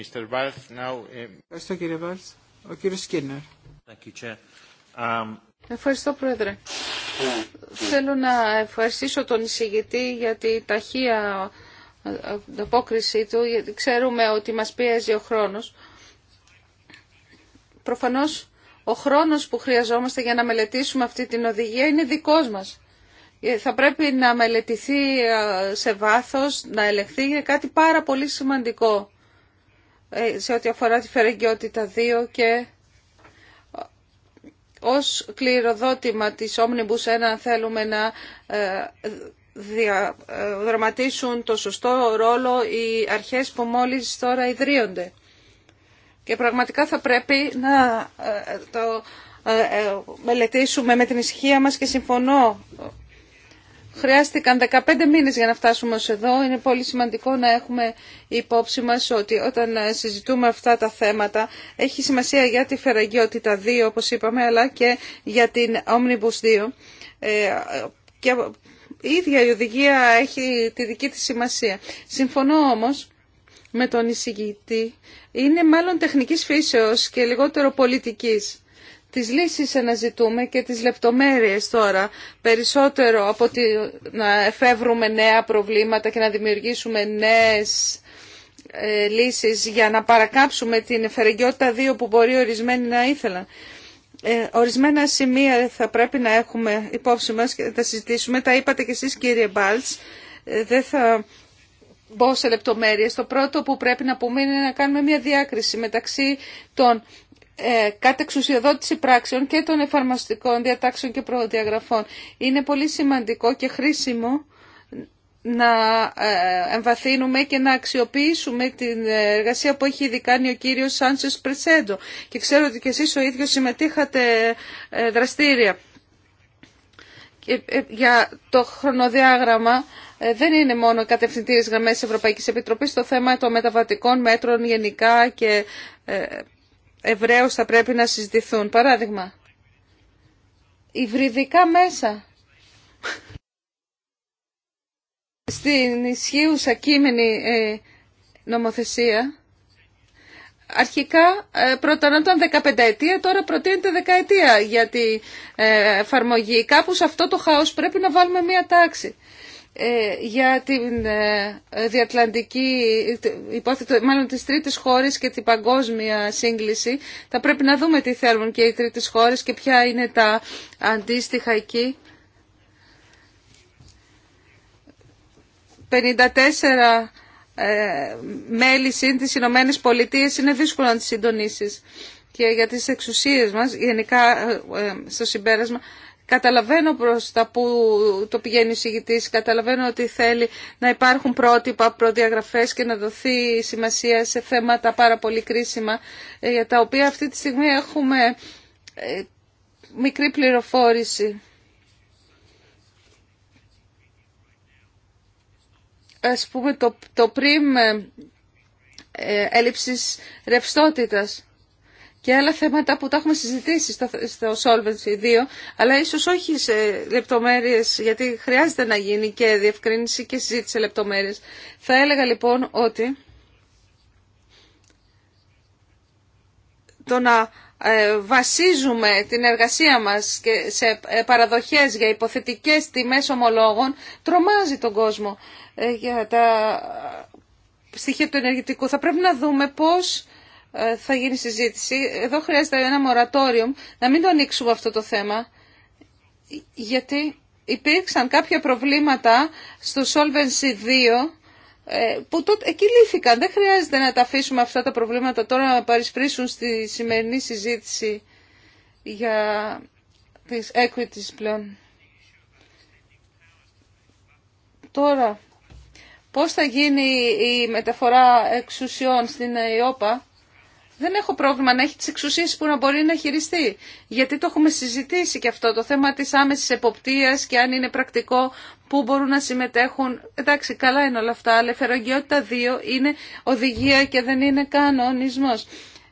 Ευχαριστώ κύριε Βάλτ. Ο κύριος Σκίνερ. Um, Ευχαριστώ Πρόεδρε. Θέλω να ευχαριστήσω τον εισηγητή για τη ταχεία απόκριση του, γιατί ξέρουμε ότι μας πιέζει ο χρόνος. Προφανώς ο χρόνος που χρειαζόμαστε για να μελετήσουμε αυτή την οδηγία είναι δικός μας. Ε, θα πρέπει να μελετηθεί ε, σε βάθος, να ελεγχθεί Είναι κάτι πάρα πολύ σημαντικό ε, σε ό,τι αφορά τη φερεγγιότητα 2 και ως κληροδότημα της Omnibus 1 θέλουμε να διαδραματίσουν το σωστό ρόλο οι αρχές που μόλις τώρα ιδρύονται. Και πραγματικά θα πρέπει να ε, το ε, ε, μελετήσουμε με την ησυχία μας και συμφωνώ. Χρειάστηκαν 15 μήνες για να φτάσουμε ως εδώ. Είναι πολύ σημαντικό να έχουμε υπόψη μας ότι όταν συζητούμε αυτά τα θέματα έχει σημασία για τη φεραγγιότητα 2 όπως είπαμε αλλά και για την Omnibus 2. και η ίδια η οδηγία έχει τη δική της σημασία. Συμφωνώ όμως με τον εισηγητή είναι μάλλον τεχνικής φύσεως και λιγότερο πολιτικής. Τις λύσεις αναζητούμε και τις λεπτομέρειες τώρα, περισσότερο από ότι να εφεύρουμε νέα προβλήματα και να δημιουργήσουμε νέες ε, λύσεις για να παρακάψουμε την εφεργιότητα δύο που μπορεί ορισμένοι να ήθελαν. Ε, ορισμένα σημεία θα πρέπει να έχουμε υπόψη μας και θα συζητήσουμε. Τα είπατε και εσείς κύριε Μπάλτς. Ε, δεν θα μπω Το πρώτο που πρέπει να πούμε είναι να κάνουμε μια διάκριση μεταξύ των ε, πράξεων και των εφαρμοστικών διατάξεων και προδιαγραφών. Είναι πολύ σημαντικό και χρήσιμο να ε, εμβαθύνουμε και να αξιοποιήσουμε την εργασία που έχει ήδη κάνει ο κύριος Σάντσες Πρεσέντο. Και ξέρω ότι και εσείς ο ίδιος συμμετείχατε ε, δραστήρια. Ε, για το χρονοδιάγραμμα ε, δεν είναι μόνο κατευθυντήριες γραμμές της Ευρωπαϊκής Επιτροπής. Το θέμα των μεταβατικών μέτρων γενικά και ε, ευρέως θα πρέπει να συζητηθούν. Παράδειγμα, υβριδικά μέσα. Στην ισχύουσα κείμενη ε, νομοθεσία, αρχικά προτανόταν 15 ετία, τώρα προτείνεται δεκαετία για τη εφαρμογή. Κάπου σε αυτό το χάος πρέπει να βάλουμε μία τάξη. Ε, για την ε, διατλαντική υπόθετο, μάλλον τις τρίτες χώρες και την παγκόσμια σύγκληση. Θα πρέπει να δούμε τι θέλουν και οι τρίτες χώρες και ποια είναι τα αντίστοιχα εκεί. 54 ε, μέλη συν τις Ηνωμένες Πολιτείες είναι δύσκολο να τις συντονίσεις. Και για τις εξουσίες μας, γενικά στο συμπέρασμα, Καταλαβαίνω προς τα που το πηγαίνει η καταλαβαίνω ότι θέλει να υπάρχουν πρότυπα, προδιαγραφές και να δοθεί σημασία σε θέματα πάρα πολύ κρίσιμα, ε, για τα οποία αυτή τη στιγμή έχουμε ε, μικρή πληροφόρηση. Ας πούμε το, το πριμ ε, ρευστότητας και άλλα θέματα που τα έχουμε συζητήσει στο, στο Solvency 2, αλλά ίσως όχι σε λεπτομέρειες, γιατί χρειάζεται να γίνει και διευκρίνηση και συζήτηση σε λεπτομέρειες. Θα έλεγα λοιπόν ότι το να ε, βασίζουμε την εργασία μας και σε ε, παραδοχές για υποθετικές τιμές ομολόγων τρομάζει τον κόσμο ε, για τα στοιχεία του ενεργητικού. Θα πρέπει να δούμε πώς ε, θα γίνει συζήτηση. Εδώ χρειάζεται ένα μορατόριο να μην το ανοίξουμε αυτό το θέμα, γιατί υπήρξαν κάποια προβλήματα στο Solvency 2, ε, που τότε εκεί λύθηκαν. Δεν χρειάζεται να τα αφήσουμε αυτά τα προβλήματα τώρα να παρισπρίσουν στη σημερινή συζήτηση για τις equities πλέον. Τώρα, πώς θα γίνει η μεταφορά εξουσιών στην ΕΟΠΑ δεν έχω πρόβλημα να έχει τις εξουσίες που να μπορεί να χειριστεί. Γιατί το έχουμε συζητήσει και αυτό το θέμα της άμεσης εποπτείας και αν είναι πρακτικό που μπορούν να συμμετέχουν. Εντάξει, καλά είναι όλα αυτά, αλλά εφεραγγιότητα 2 είναι οδηγία και δεν είναι κανονισμός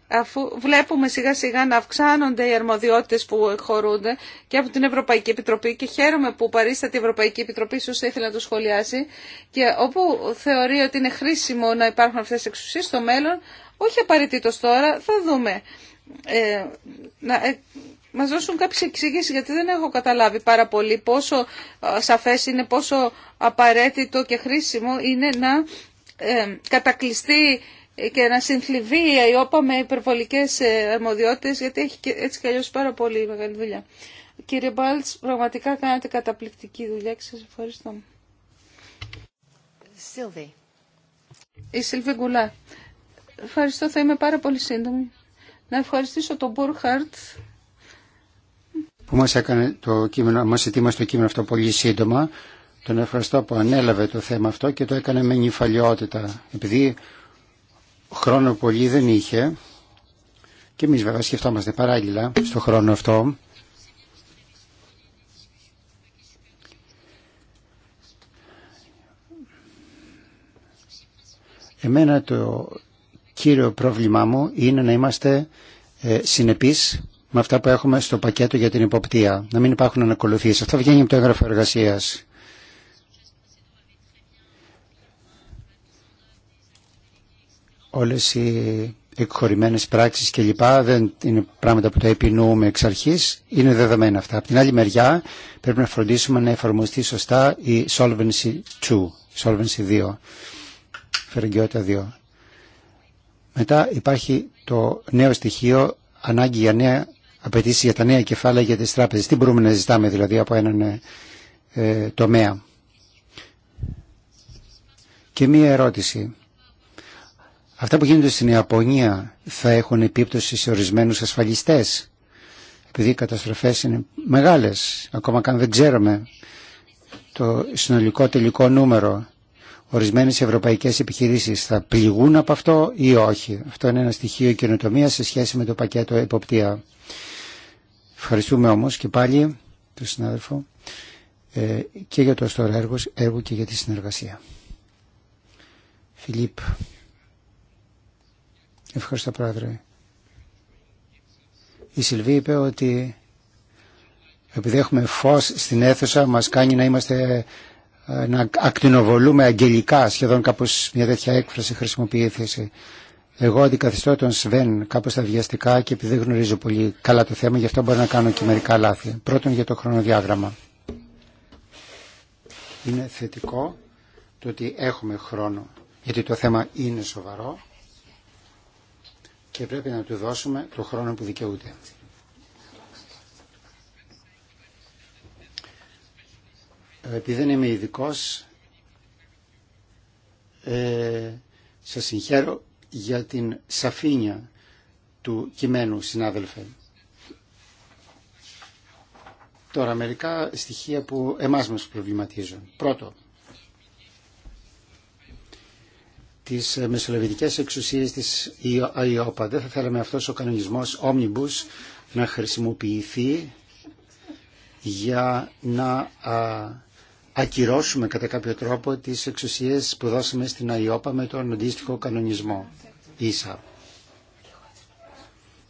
αφού βλέπουμε σιγά σιγά να αυξάνονται οι αρμοδιότητες που χωρούνται και από την Ευρωπαϊκή Επιτροπή και χαίρομαι που παρίσταται η Ευρωπαϊκή Επιτροπή, σου ήθελε να το σχολιάσει και όπου θεωρεί ότι είναι χρήσιμο να υπάρχουν αυτές τις εξουσίες στο μέλλον, όχι απαραίτητο τώρα, θα δούμε. Ε, να, ε, μας δώσουν κάποιες εξηγήσεις γιατί δεν έχω καταλάβει πάρα πολύ πόσο ε, σαφές είναι, πόσο απαραίτητο και χρήσιμο είναι να ε, κατακλειστεί και να συνθλιβεί η ΑΙΟΠΑ με υπερβολικές ε, αρμοδιότητες γιατί έχει έτσι κι πάρα πολύ μεγάλη δουλειά. Κύριε Μπάλτς, πραγματικά κάνατε καταπληκτική δουλειά και σας ευχαριστώ. Η Σιλβί Γκουλά. Ευχαριστώ, θα είμαι πάρα πολύ σύντομη. Να ευχαριστήσω τον Μπούρχαρτ. που μας έκανε το κείμενο, μας ετοίμασε το κείμενο αυτό πολύ σύντομα. Τον ευχαριστώ που ανέλαβε το θέμα αυτό και το έκανε με νυφαλιότητα. Επειδή Χρόνο πολύ δεν είχε και εμείς βέβαια σκεφτόμαστε παράλληλα στο χρόνο αυτό. Εμένα το κύριο πρόβλημά μου είναι να είμαστε ε, συνεπείς με αυτά που έχουμε στο πακέτο για την υποπτία. Να μην υπάρχουν ανακολουθίες. Αυτό βγαίνει από το έγγραφο εργασίας. όλες οι εκχωρημένες πράξεις λοιπά δεν είναι πράγματα που τα επινοούμε εξ αρχής, είναι δεδομένα αυτά. Από την άλλη μεριά πρέπει να φροντίσουμε να εφαρμοστεί σωστά η Solvency 2, Solvency 2, 2. Μετά υπάρχει το νέο στοιχείο, ανάγκη για νέα απαιτήσει για τα νέα κεφάλαια για τις τράπεζες. Τι μπορούμε να ζητάμε δηλαδή από έναν ε, τομέα. Και μία ερώτηση. Αυτά που γίνονται στην Ιαπωνία θα έχουν επίπτωση σε ορισμένους ασφαλιστές επειδή οι καταστροφές είναι μεγάλες ακόμα καν δεν ξέρουμε το συνολικό τελικό νούμερο ορισμένες ευρωπαϊκές επιχειρήσεις θα πληγούν από αυτό ή όχι. Αυτό είναι ένα στοιχείο καινοτομία σε σχέση με το πακέτο εποπτεία. Ευχαριστούμε όμω και πάλι τον συνάδελφο ε, και για το αστόρα έργο και για τη συνεργασία. Φιλίπ. Ευχαριστώ πρόεδρε. Η Σιλβή είπε ότι επειδή έχουμε φως στην αίθουσα μας κάνει να είμαστε ε, να ακτινοβολούμε αγγελικά σχεδόν κάπως μια τέτοια έκφραση χρησιμοποιήθηση. Εγώ αντικαθιστώ τον Σβέν κάπως βιαστικά και επειδή δεν γνωρίζω πολύ καλά το θέμα γι' αυτό μπορώ να κάνω και μερικά λάθη. Πρώτον για το χρονοδιάγραμμα. Είναι θετικό το ότι έχουμε χρόνο γιατί το θέμα είναι σοβαρό και πρέπει να του δώσουμε το χρόνο που δικαιούται. Επειδή δεν είμαι ειδικό, ε, σας συγχαίρω για την σαφήνεια του κειμένου, συνάδελφε. Τώρα, μερικά στοιχεία που εμάς μας προβληματίζουν. Πρώτο, τις μεσολαβητικές εξουσίες της ΙΟΠΑ. Δεν θα θέλαμε αυτός ο κανονισμός Omnibus να χρησιμοποιηθεί για να ακυρώσουμε κατά κάποιο τρόπο τις εξουσίες που δώσαμε στην ΑΙΟΠΑ με τον αντίστοιχο κανονισμό ίσα.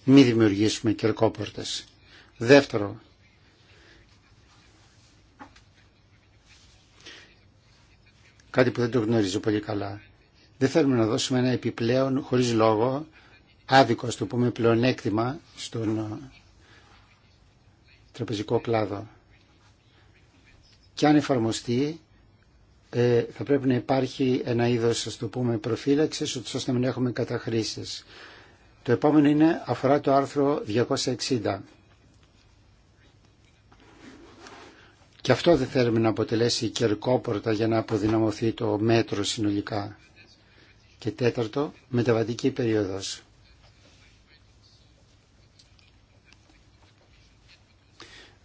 Μη δημιουργήσουμε κερκόπορτες. Δεύτερο, κάτι που δεν το γνωρίζω πολύ καλά. Δεν θέλουμε να δώσουμε ένα επιπλέον, χωρίς λόγο, άδικο, το πούμε, πλεονέκτημα στον ε, τραπεζικό κλάδο. Και αν εφαρμοστεί, ε, θα πρέπει να υπάρχει ένα είδος, ας το πούμε, προφύλαξης, ώστε να μην έχουμε καταχρήσεις. Το επόμενο είναι, αφορά το άρθρο 260. Και αυτό δεν θέλουμε να αποτελέσει κερκόπορτα για να αποδυναμωθεί το μέτρο συνολικά. Και τέταρτο, μεταβατική περίοδος.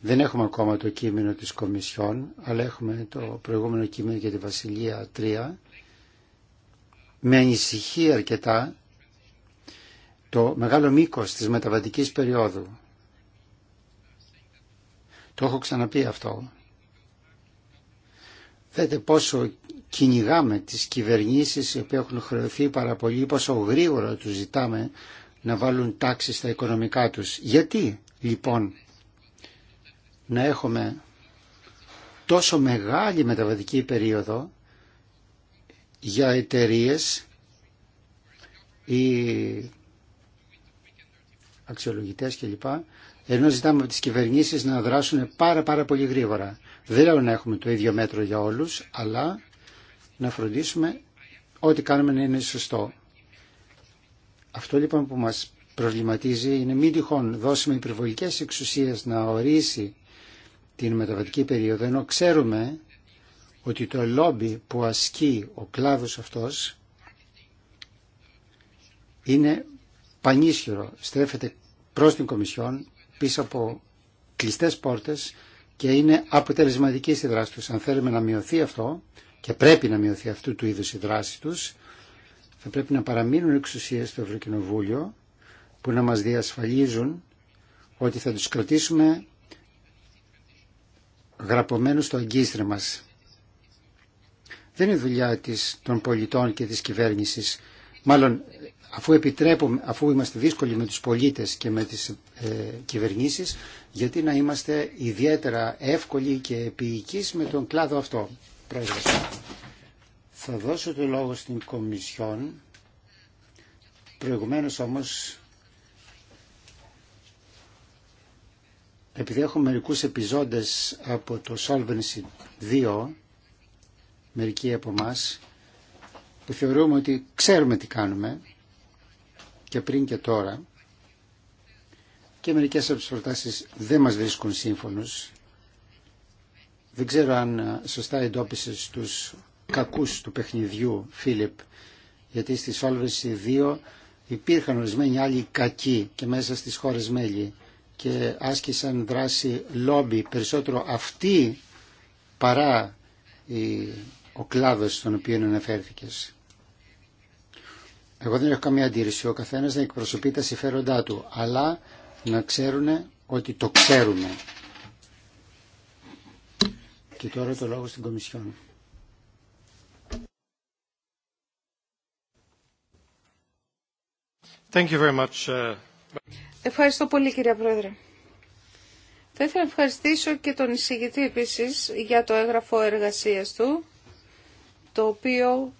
Δεν έχουμε ακόμα το κείμενο της Κομισιόν, αλλά έχουμε το προηγούμενο κείμενο για τη Βασιλεία 3. Με ανησυχεί αρκετά το μεγάλο μήκος της μεταβατικής περίοδου. Το έχω ξαναπεί αυτό. Θέτε πόσο κυνηγάμε τις κυβερνήσεις οι οποίες έχουν χρεωθεί πάρα πολύ πόσο γρήγορα τους ζητάμε να βάλουν τάξη στα οικονομικά τους. Γιατί λοιπόν να έχουμε τόσο μεγάλη μεταβατική περίοδο για εταιρείε ή αξιολογητές κλπ. Ενώ ζητάμε από τις κυβερνήσεις να δράσουν πάρα πάρα πολύ γρήγορα. Δεν λέω να έχουμε το ίδιο μέτρο για όλους, αλλά να φροντίσουμε ό,τι κάνουμε να είναι σωστό. Αυτό λοιπόν που μας προβληματίζει είναι μην τυχόν δώσουμε υπερβολικές εξουσίες να ορίσει την μεταβατική περίοδο, ενώ ξέρουμε ότι το λόμπι που ασκεί ο κλάδος αυτός είναι πανίσχυρο, στρέφεται προς την Κομισιόν πίσω από κλειστές πόρτες και είναι αποτελεσματική στη δράση τους. Αν θέλουμε να μειωθεί αυτό, και πρέπει να μειωθεί αυτού του είδους η δράση τους, θα πρέπει να παραμείνουν εξουσίες στο Ευρωκοινοβούλιο που να μας διασφαλίζουν ότι θα τους κρατήσουμε γραπωμένους στο αγκίστρε μας. Δεν είναι δουλειά της, των πολιτών και της κυβέρνησης. Μάλλον, αφού, επιτρέπουμε, αφού είμαστε δύσκολοι με τους πολίτες και με τις ε, κυβερνήσεις, γιατί να είμαστε ιδιαίτερα εύκολοι και επίοικείς με τον κλάδο αυτό. Θα δώσω το λόγο στην Κομισιόν. Προηγουμένως όμως, επειδή έχω μερικούς επιζώντες από το Solvency 2, μερικοί από εμά που θεωρούμε ότι ξέρουμε τι κάνουμε και πριν και τώρα και μερικές από τις δεν μας βρίσκουν σύμφωνος δεν ξέρω αν ε, σωστά εντόπισε τους κακούς του παιχνιδιού, Φίλιπ, γιατί στη Solvency 2 υπήρχαν ορισμένοι άλλοι κακοί και μέσα στι χώρες μέλη και άσκησαν δράση λόμπι περισσότερο αυτοί παρά ο κλάδος στον οποίο αναφέρθηκες. Εγώ δεν έχω καμία αντίρρηση. Ο καθένας να εκπροσωπεί τα συμφέροντά του, αλλά να ξέρουν ότι το ξέρουμε. Και τώρα το λόγο στην Κομισιόν. Thank you very much. Uh, Ευχαριστώ πολύ κυρία Πρόεδρε. Θα ήθελα να ευχαριστήσω και τον εισηγητή επίσης για το έγγραφο εργασίας του, το οποίο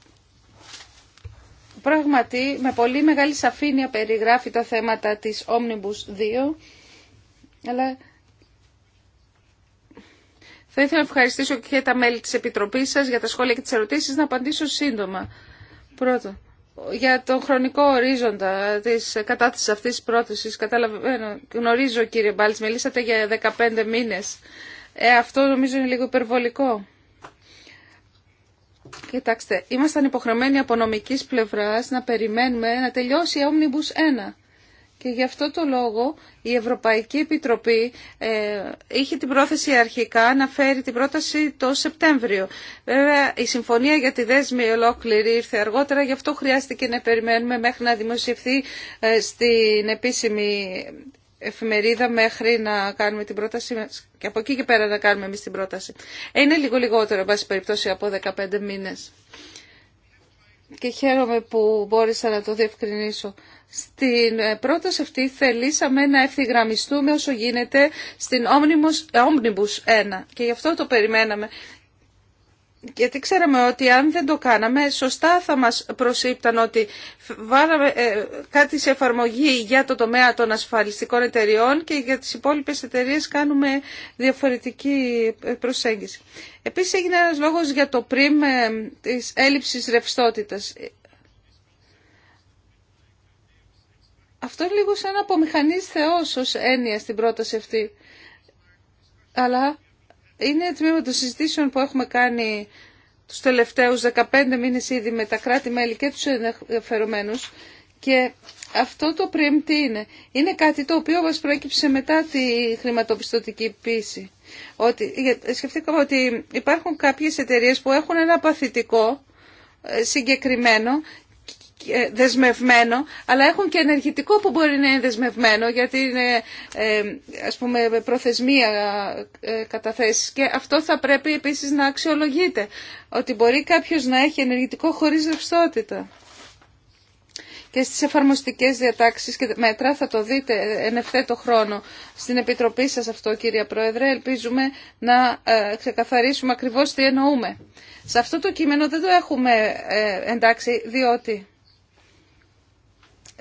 πράγματι με πολύ μεγάλη σαφήνεια περιγράφει τα θέματα της Omnibus 2, αλλά θα ήθελα να ευχαριστήσω και τα μέλη της Επιτροπής σας για τα σχόλια και τις ερωτήσεις να απαντήσω σύντομα. Πρώτο. για τον χρονικό ορίζοντα τη κατάθεση αυτή τη πρόθεση, καταλαβαίνω, γνωρίζω κύριε Μπάλτ, μιλήσατε για 15 μήνε. Ε, αυτό νομίζω είναι λίγο υπερβολικό. Κοιτάξτε, ήμασταν υποχρεωμένοι από νομική πλευρά να περιμένουμε να τελειώσει η Omnibus 1. Και γι' αυτό το λόγο η Ευρωπαϊκή Επιτροπή ε, είχε την πρόθεση αρχικά να φέρει την πρόταση το Σεπτέμβριο. Βέβαια η συμφωνία για τη δέσμη ολόκληρη ήρθε αργότερα, γι' αυτό χρειάστηκε να περιμένουμε μέχρι να δημοσιευθεί ε, στην επίσημη εφημερίδα μέχρι να κάνουμε την πρόταση και από εκεί και πέρα να κάνουμε εμείς την πρόταση. Ε, είναι λίγο λιγότερο, εν πάση περιπτώσει, από 15 μήνες και χαίρομαι που μπόρεσα να το διευκρινίσω. Στην ε, πρόταση αυτή θελήσαμε να ευθυγραμμιστούμε όσο γίνεται στην Omnibus 1 ε, και γι' αυτό το περιμέναμε γιατί ξέραμε ότι αν δεν το κάναμε, σωστά θα μας προσήπταν ότι βάλαμε ε, κάτι σε εφαρμογή για το τομέα των ασφαλιστικών εταιριών και για τις υπόλοιπες εταιρείε κάνουμε διαφορετική ε, προσέγγιση. Επίσης έγινε ένας λόγος για το πριμ ε, της έλλειψης ρευστότητας. Αυτό είναι λίγο σαν απομηχανής θεός ως έννοια στην πρόταση αυτή. Αλλά είναι τμήμα των συζητήσεων που έχουμε κάνει τους τελευταίους 15 μήνες ήδη με τα κράτη-μέλη και τους ενδιαφερομένους και αυτό το πριμ τι είναι. Είναι κάτι το οποίο μας προέκυψε μετά τη χρηματοπιστωτική πίση. Ότι, σκεφτήκαμε ότι υπάρχουν κάποιες εταιρείες που έχουν ένα παθητικό ε, συγκεκριμένο ε, δεσμευμένο, αλλά έχουν και ενεργητικό που μπορεί να είναι δεσμευμένο, γιατί είναι ε, ας πούμε προθεσμία ε, καταθέσεις και αυτό θα πρέπει επίσης να αξιολογείται, ότι μπορεί κάποιος να έχει ενεργητικό χωρίς ρευστότητα. Και στις εφαρμοστικές διατάξεις και μέτρα θα το δείτε εν ευθέτω χρόνο στην Επιτροπή σας αυτό κύριε Πρόεδρε. Ελπίζουμε να ξεκαθαρίσουμε ακριβώς τι εννοούμε. Σε αυτό το κείμενο δεν το έχουμε εντάξει διότι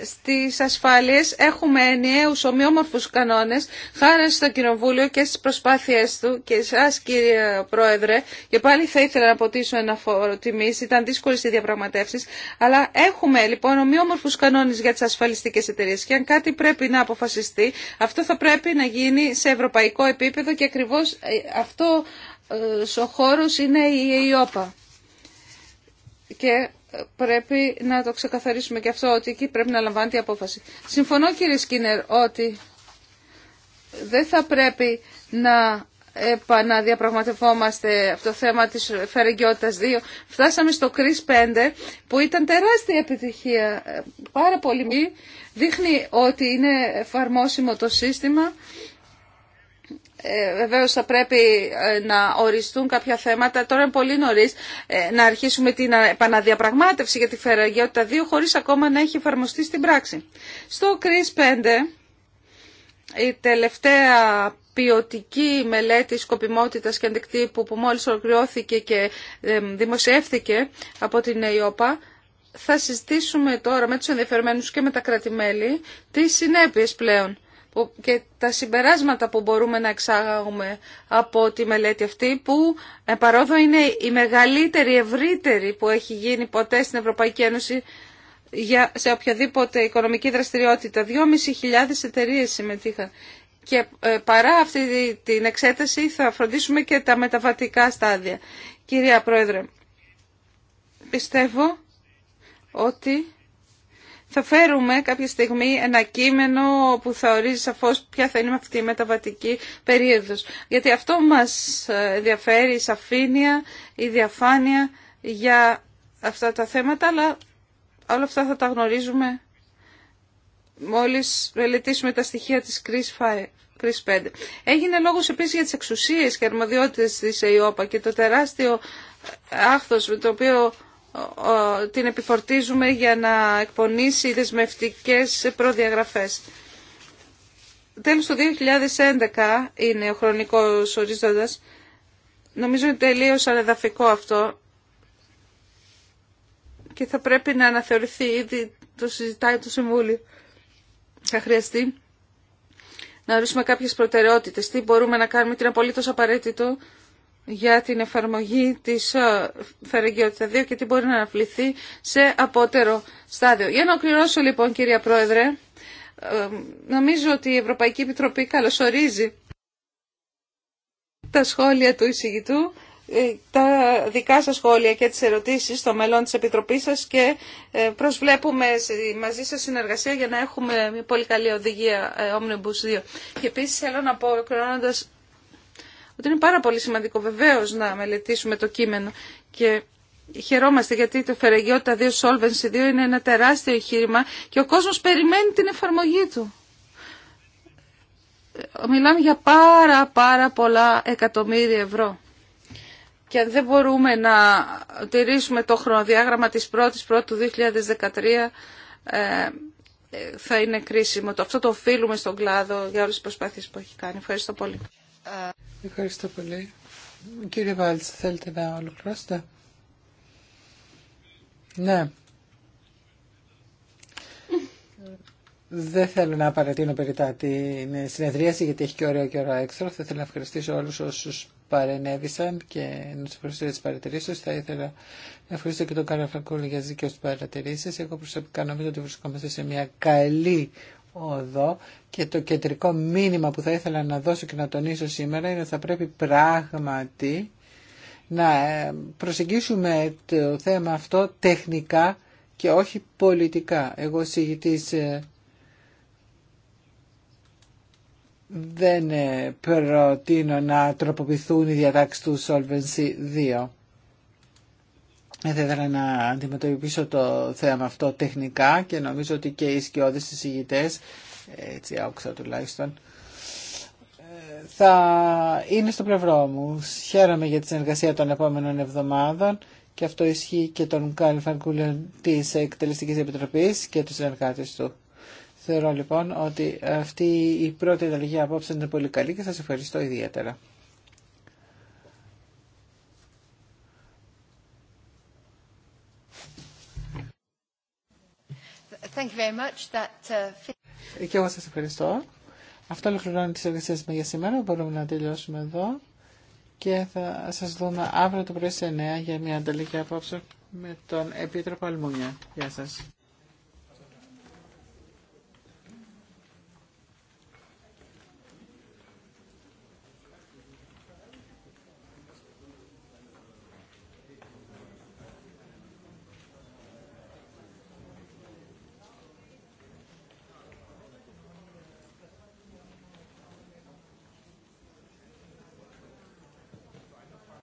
στις ασφάλειες έχουμε ενιαίους ομοιόμορφους κανόνες χάρη στο Κοινοβούλιο και στις προσπάθειές του και εσάς κύριε Πρόεδρε και πάλι θα ήθελα να ποτίσω ένα φόρο τιμής, ήταν δύσκολε οι διαπραγματεύσει, αλλά έχουμε λοιπόν ομοιόμορφους κανόνες για τις ασφαλιστικές εταιρείε, και αν κάτι πρέπει να αποφασιστεί αυτό θα πρέπει να γίνει σε ευρωπαϊκό επίπεδο και ακριβώς ε, αυτό ε, ο χώρος είναι η ΕΙΟΠΑ και πρέπει να το ξεκαθαρίσουμε και αυτό ότι εκεί πρέπει να λαμβάνεται η απόφαση. Συμφωνώ κύριε Σκίνερ ότι δεν θα πρέπει να επαναδιαπραγματευόμαστε αυτό το θέμα της φερεγγιότητας 2. Φτάσαμε στο κρίς 5 που ήταν τεράστια επιτυχία, ε, πάρα πολύ μη. Δείχνει ότι είναι εφαρμόσιμο το σύστημα ε, Βεβαίω θα πρέπει ε, να οριστούν κάποια θέματα. Τώρα είναι πολύ νωρί ε, να αρχίσουμε την επαναδιαπραγμάτευση για τη φεραγιότητα 2 χωρί ακόμα να έχει εφαρμοστεί στην πράξη. Στο ΚΡΙΣ 5, η τελευταία ποιοτική μελέτη σκοπιμότητας και αντικτύπου που μόλις ολοκληρώθηκε και δημοσιεύθηκε από την ΕΙΟΠΑ, θα συζητήσουμε τώρα με τους ενδιαφερμένους και με τα κρατημέλη τι συνέπειες πλέον και τα συμπεράσματα που μπορούμε να εξάγουμε από τη μελέτη αυτή που ε, παρόδο είναι η μεγαλύτερη, ευρύτερη που έχει γίνει ποτέ στην Ευρωπαϊκή Ένωση για, σε οποιαδήποτε οικονομική δραστηριότητα. 2.500 εταιρείε συμμετείχαν. Και ε, παρά αυτή την εξέταση θα φροντίσουμε και τα μεταβατικά στάδια. Κυρία Πρόεδρε, πιστεύω ότι θα φέρουμε κάποια στιγμή ένα κείμενο που θα ορίζει σαφώς ποια θα είναι αυτή η μεταβατική περίοδος. Γιατί αυτό μας ενδιαφέρει η σαφήνεια, η διαφάνεια για αυτά τα θέματα, αλλά όλα αυτά θα τα γνωρίζουμε μόλις μελετήσουμε τα στοιχεία της Κρίς 5. Έγινε λόγος επίσης για τις εξουσίες και αρμοδιότητες της ΕΙΟΠΑ και το τεράστιο άχθος με το οποίο την επιφορτίζουμε για να εκπονήσει δεσμευτικές προδιαγραφές. Τέλος του 2011 είναι ο χρονικός ορίζοντας. Νομίζω είναι τελείως ανεδαφικό αυτό και θα πρέπει να αναθεωρηθεί ήδη το συζητάει το Συμβούλιο. Θα χρειαστεί να ορίσουμε κάποιες προτεραιότητες. Τι μπορούμε να κάνουμε, τι είναι απολύτως απαραίτητο για την εφαρμογή της ε, Φεραγγιότητα 2 και τι μπορεί να αναπληθεί σε απότερο στάδιο. Για να οκληρώσω λοιπόν κυρία Πρόεδρε, ε, νομίζω ότι η Ευρωπαϊκή Επιτροπή καλωσορίζει τα σχόλια του εισηγητού, ε, τα δικά σας σχόλια και τις ερωτήσεις στο μέλλον της Επιτροπής σας και προσβλέπουμε μαζί σας συνεργασία για να έχουμε μια πολύ καλή οδηγία Omnibus 2. Και επίσης θέλω να πω, ότι είναι πάρα πολύ σημαντικό βεβαίως να μελετήσουμε το κείμενο και χαιρόμαστε γιατί το Φερεγιώτα 2 Solvency 2 είναι ένα τεράστιο εγχείρημα και ο κόσμος περιμένει την εφαρμογή του. Μιλάμε για πάρα πάρα πολλά εκατομμύρια ευρώ. Και αν δεν μπορούμε να τηρήσουμε το χρονοδιάγραμμα της 1 πρώτου 2013 ε, ε, θα είναι κρίσιμο. Αυτό το οφείλουμε στον κλάδο για όλες τις προσπάθειες που έχει κάνει. Ευχαριστώ πολύ. Ευχαριστώ πολύ. Κύριε Βάλτς, θέλετε να ολοκληρώσετε. Ναι. Δεν θέλω να παρατείνω περιτά την συνεδρίαση γιατί έχει και ωραίο και ωραίο έξω. Θα ήθελα να ευχαριστήσω όλους όσους παρενέβησαν και να τους ευχαριστήσω για τις παρατηρήσεις. Θα ήθελα να ευχαριστήσω και τον Καραφακούλη για τις δικές του παρατηρήσεις. Εγώ προσωπικά νομίζω ότι βρισκόμαστε σε μια καλή και το κεντρικό μήνυμα που θα ήθελα να δώσω και να τονίσω σήμερα είναι ότι θα πρέπει πράγματι να ε, προσεγγίσουμε το θέμα αυτό τεχνικά και όχι πολιτικά. Εγώ συγητής ε, δεν ε, προτείνω να τροποποιηθούν οι διατάξεις του Solvency 2. Δεν ήθελα να αντιμετωπίσω το θέμα αυτό τεχνικά και νομίζω ότι και οι σκιώδεις συζητητές, έτσι άκουσα τουλάχιστον, ε, θα είναι στο πλευρό μου. Χαίρομαι για τη συνεργασία των επόμενων εβδομάδων και αυτό ισχύει και τον Κάλ Φανκούλεν της Εκτελεστικής Επιτροπής και τους συνεργάτες του. Θεωρώ λοιπόν ότι αυτή η πρώτη εταιρεία απόψε είναι πολύ καλή και σας ευχαριστώ ιδιαίτερα. Thank uh, Και εγώ σας ευχαριστώ. Αυτό ολοκληρώνει τις εργασίες μας για σήμερα. Μπορούμε να τελειώσουμε εδώ. Και θα σας δούμε αύριο το πρωί σε 9 για μια ανταλλαγή απόψε με τον Επίτροπο Αλμούνια. Γεια σας.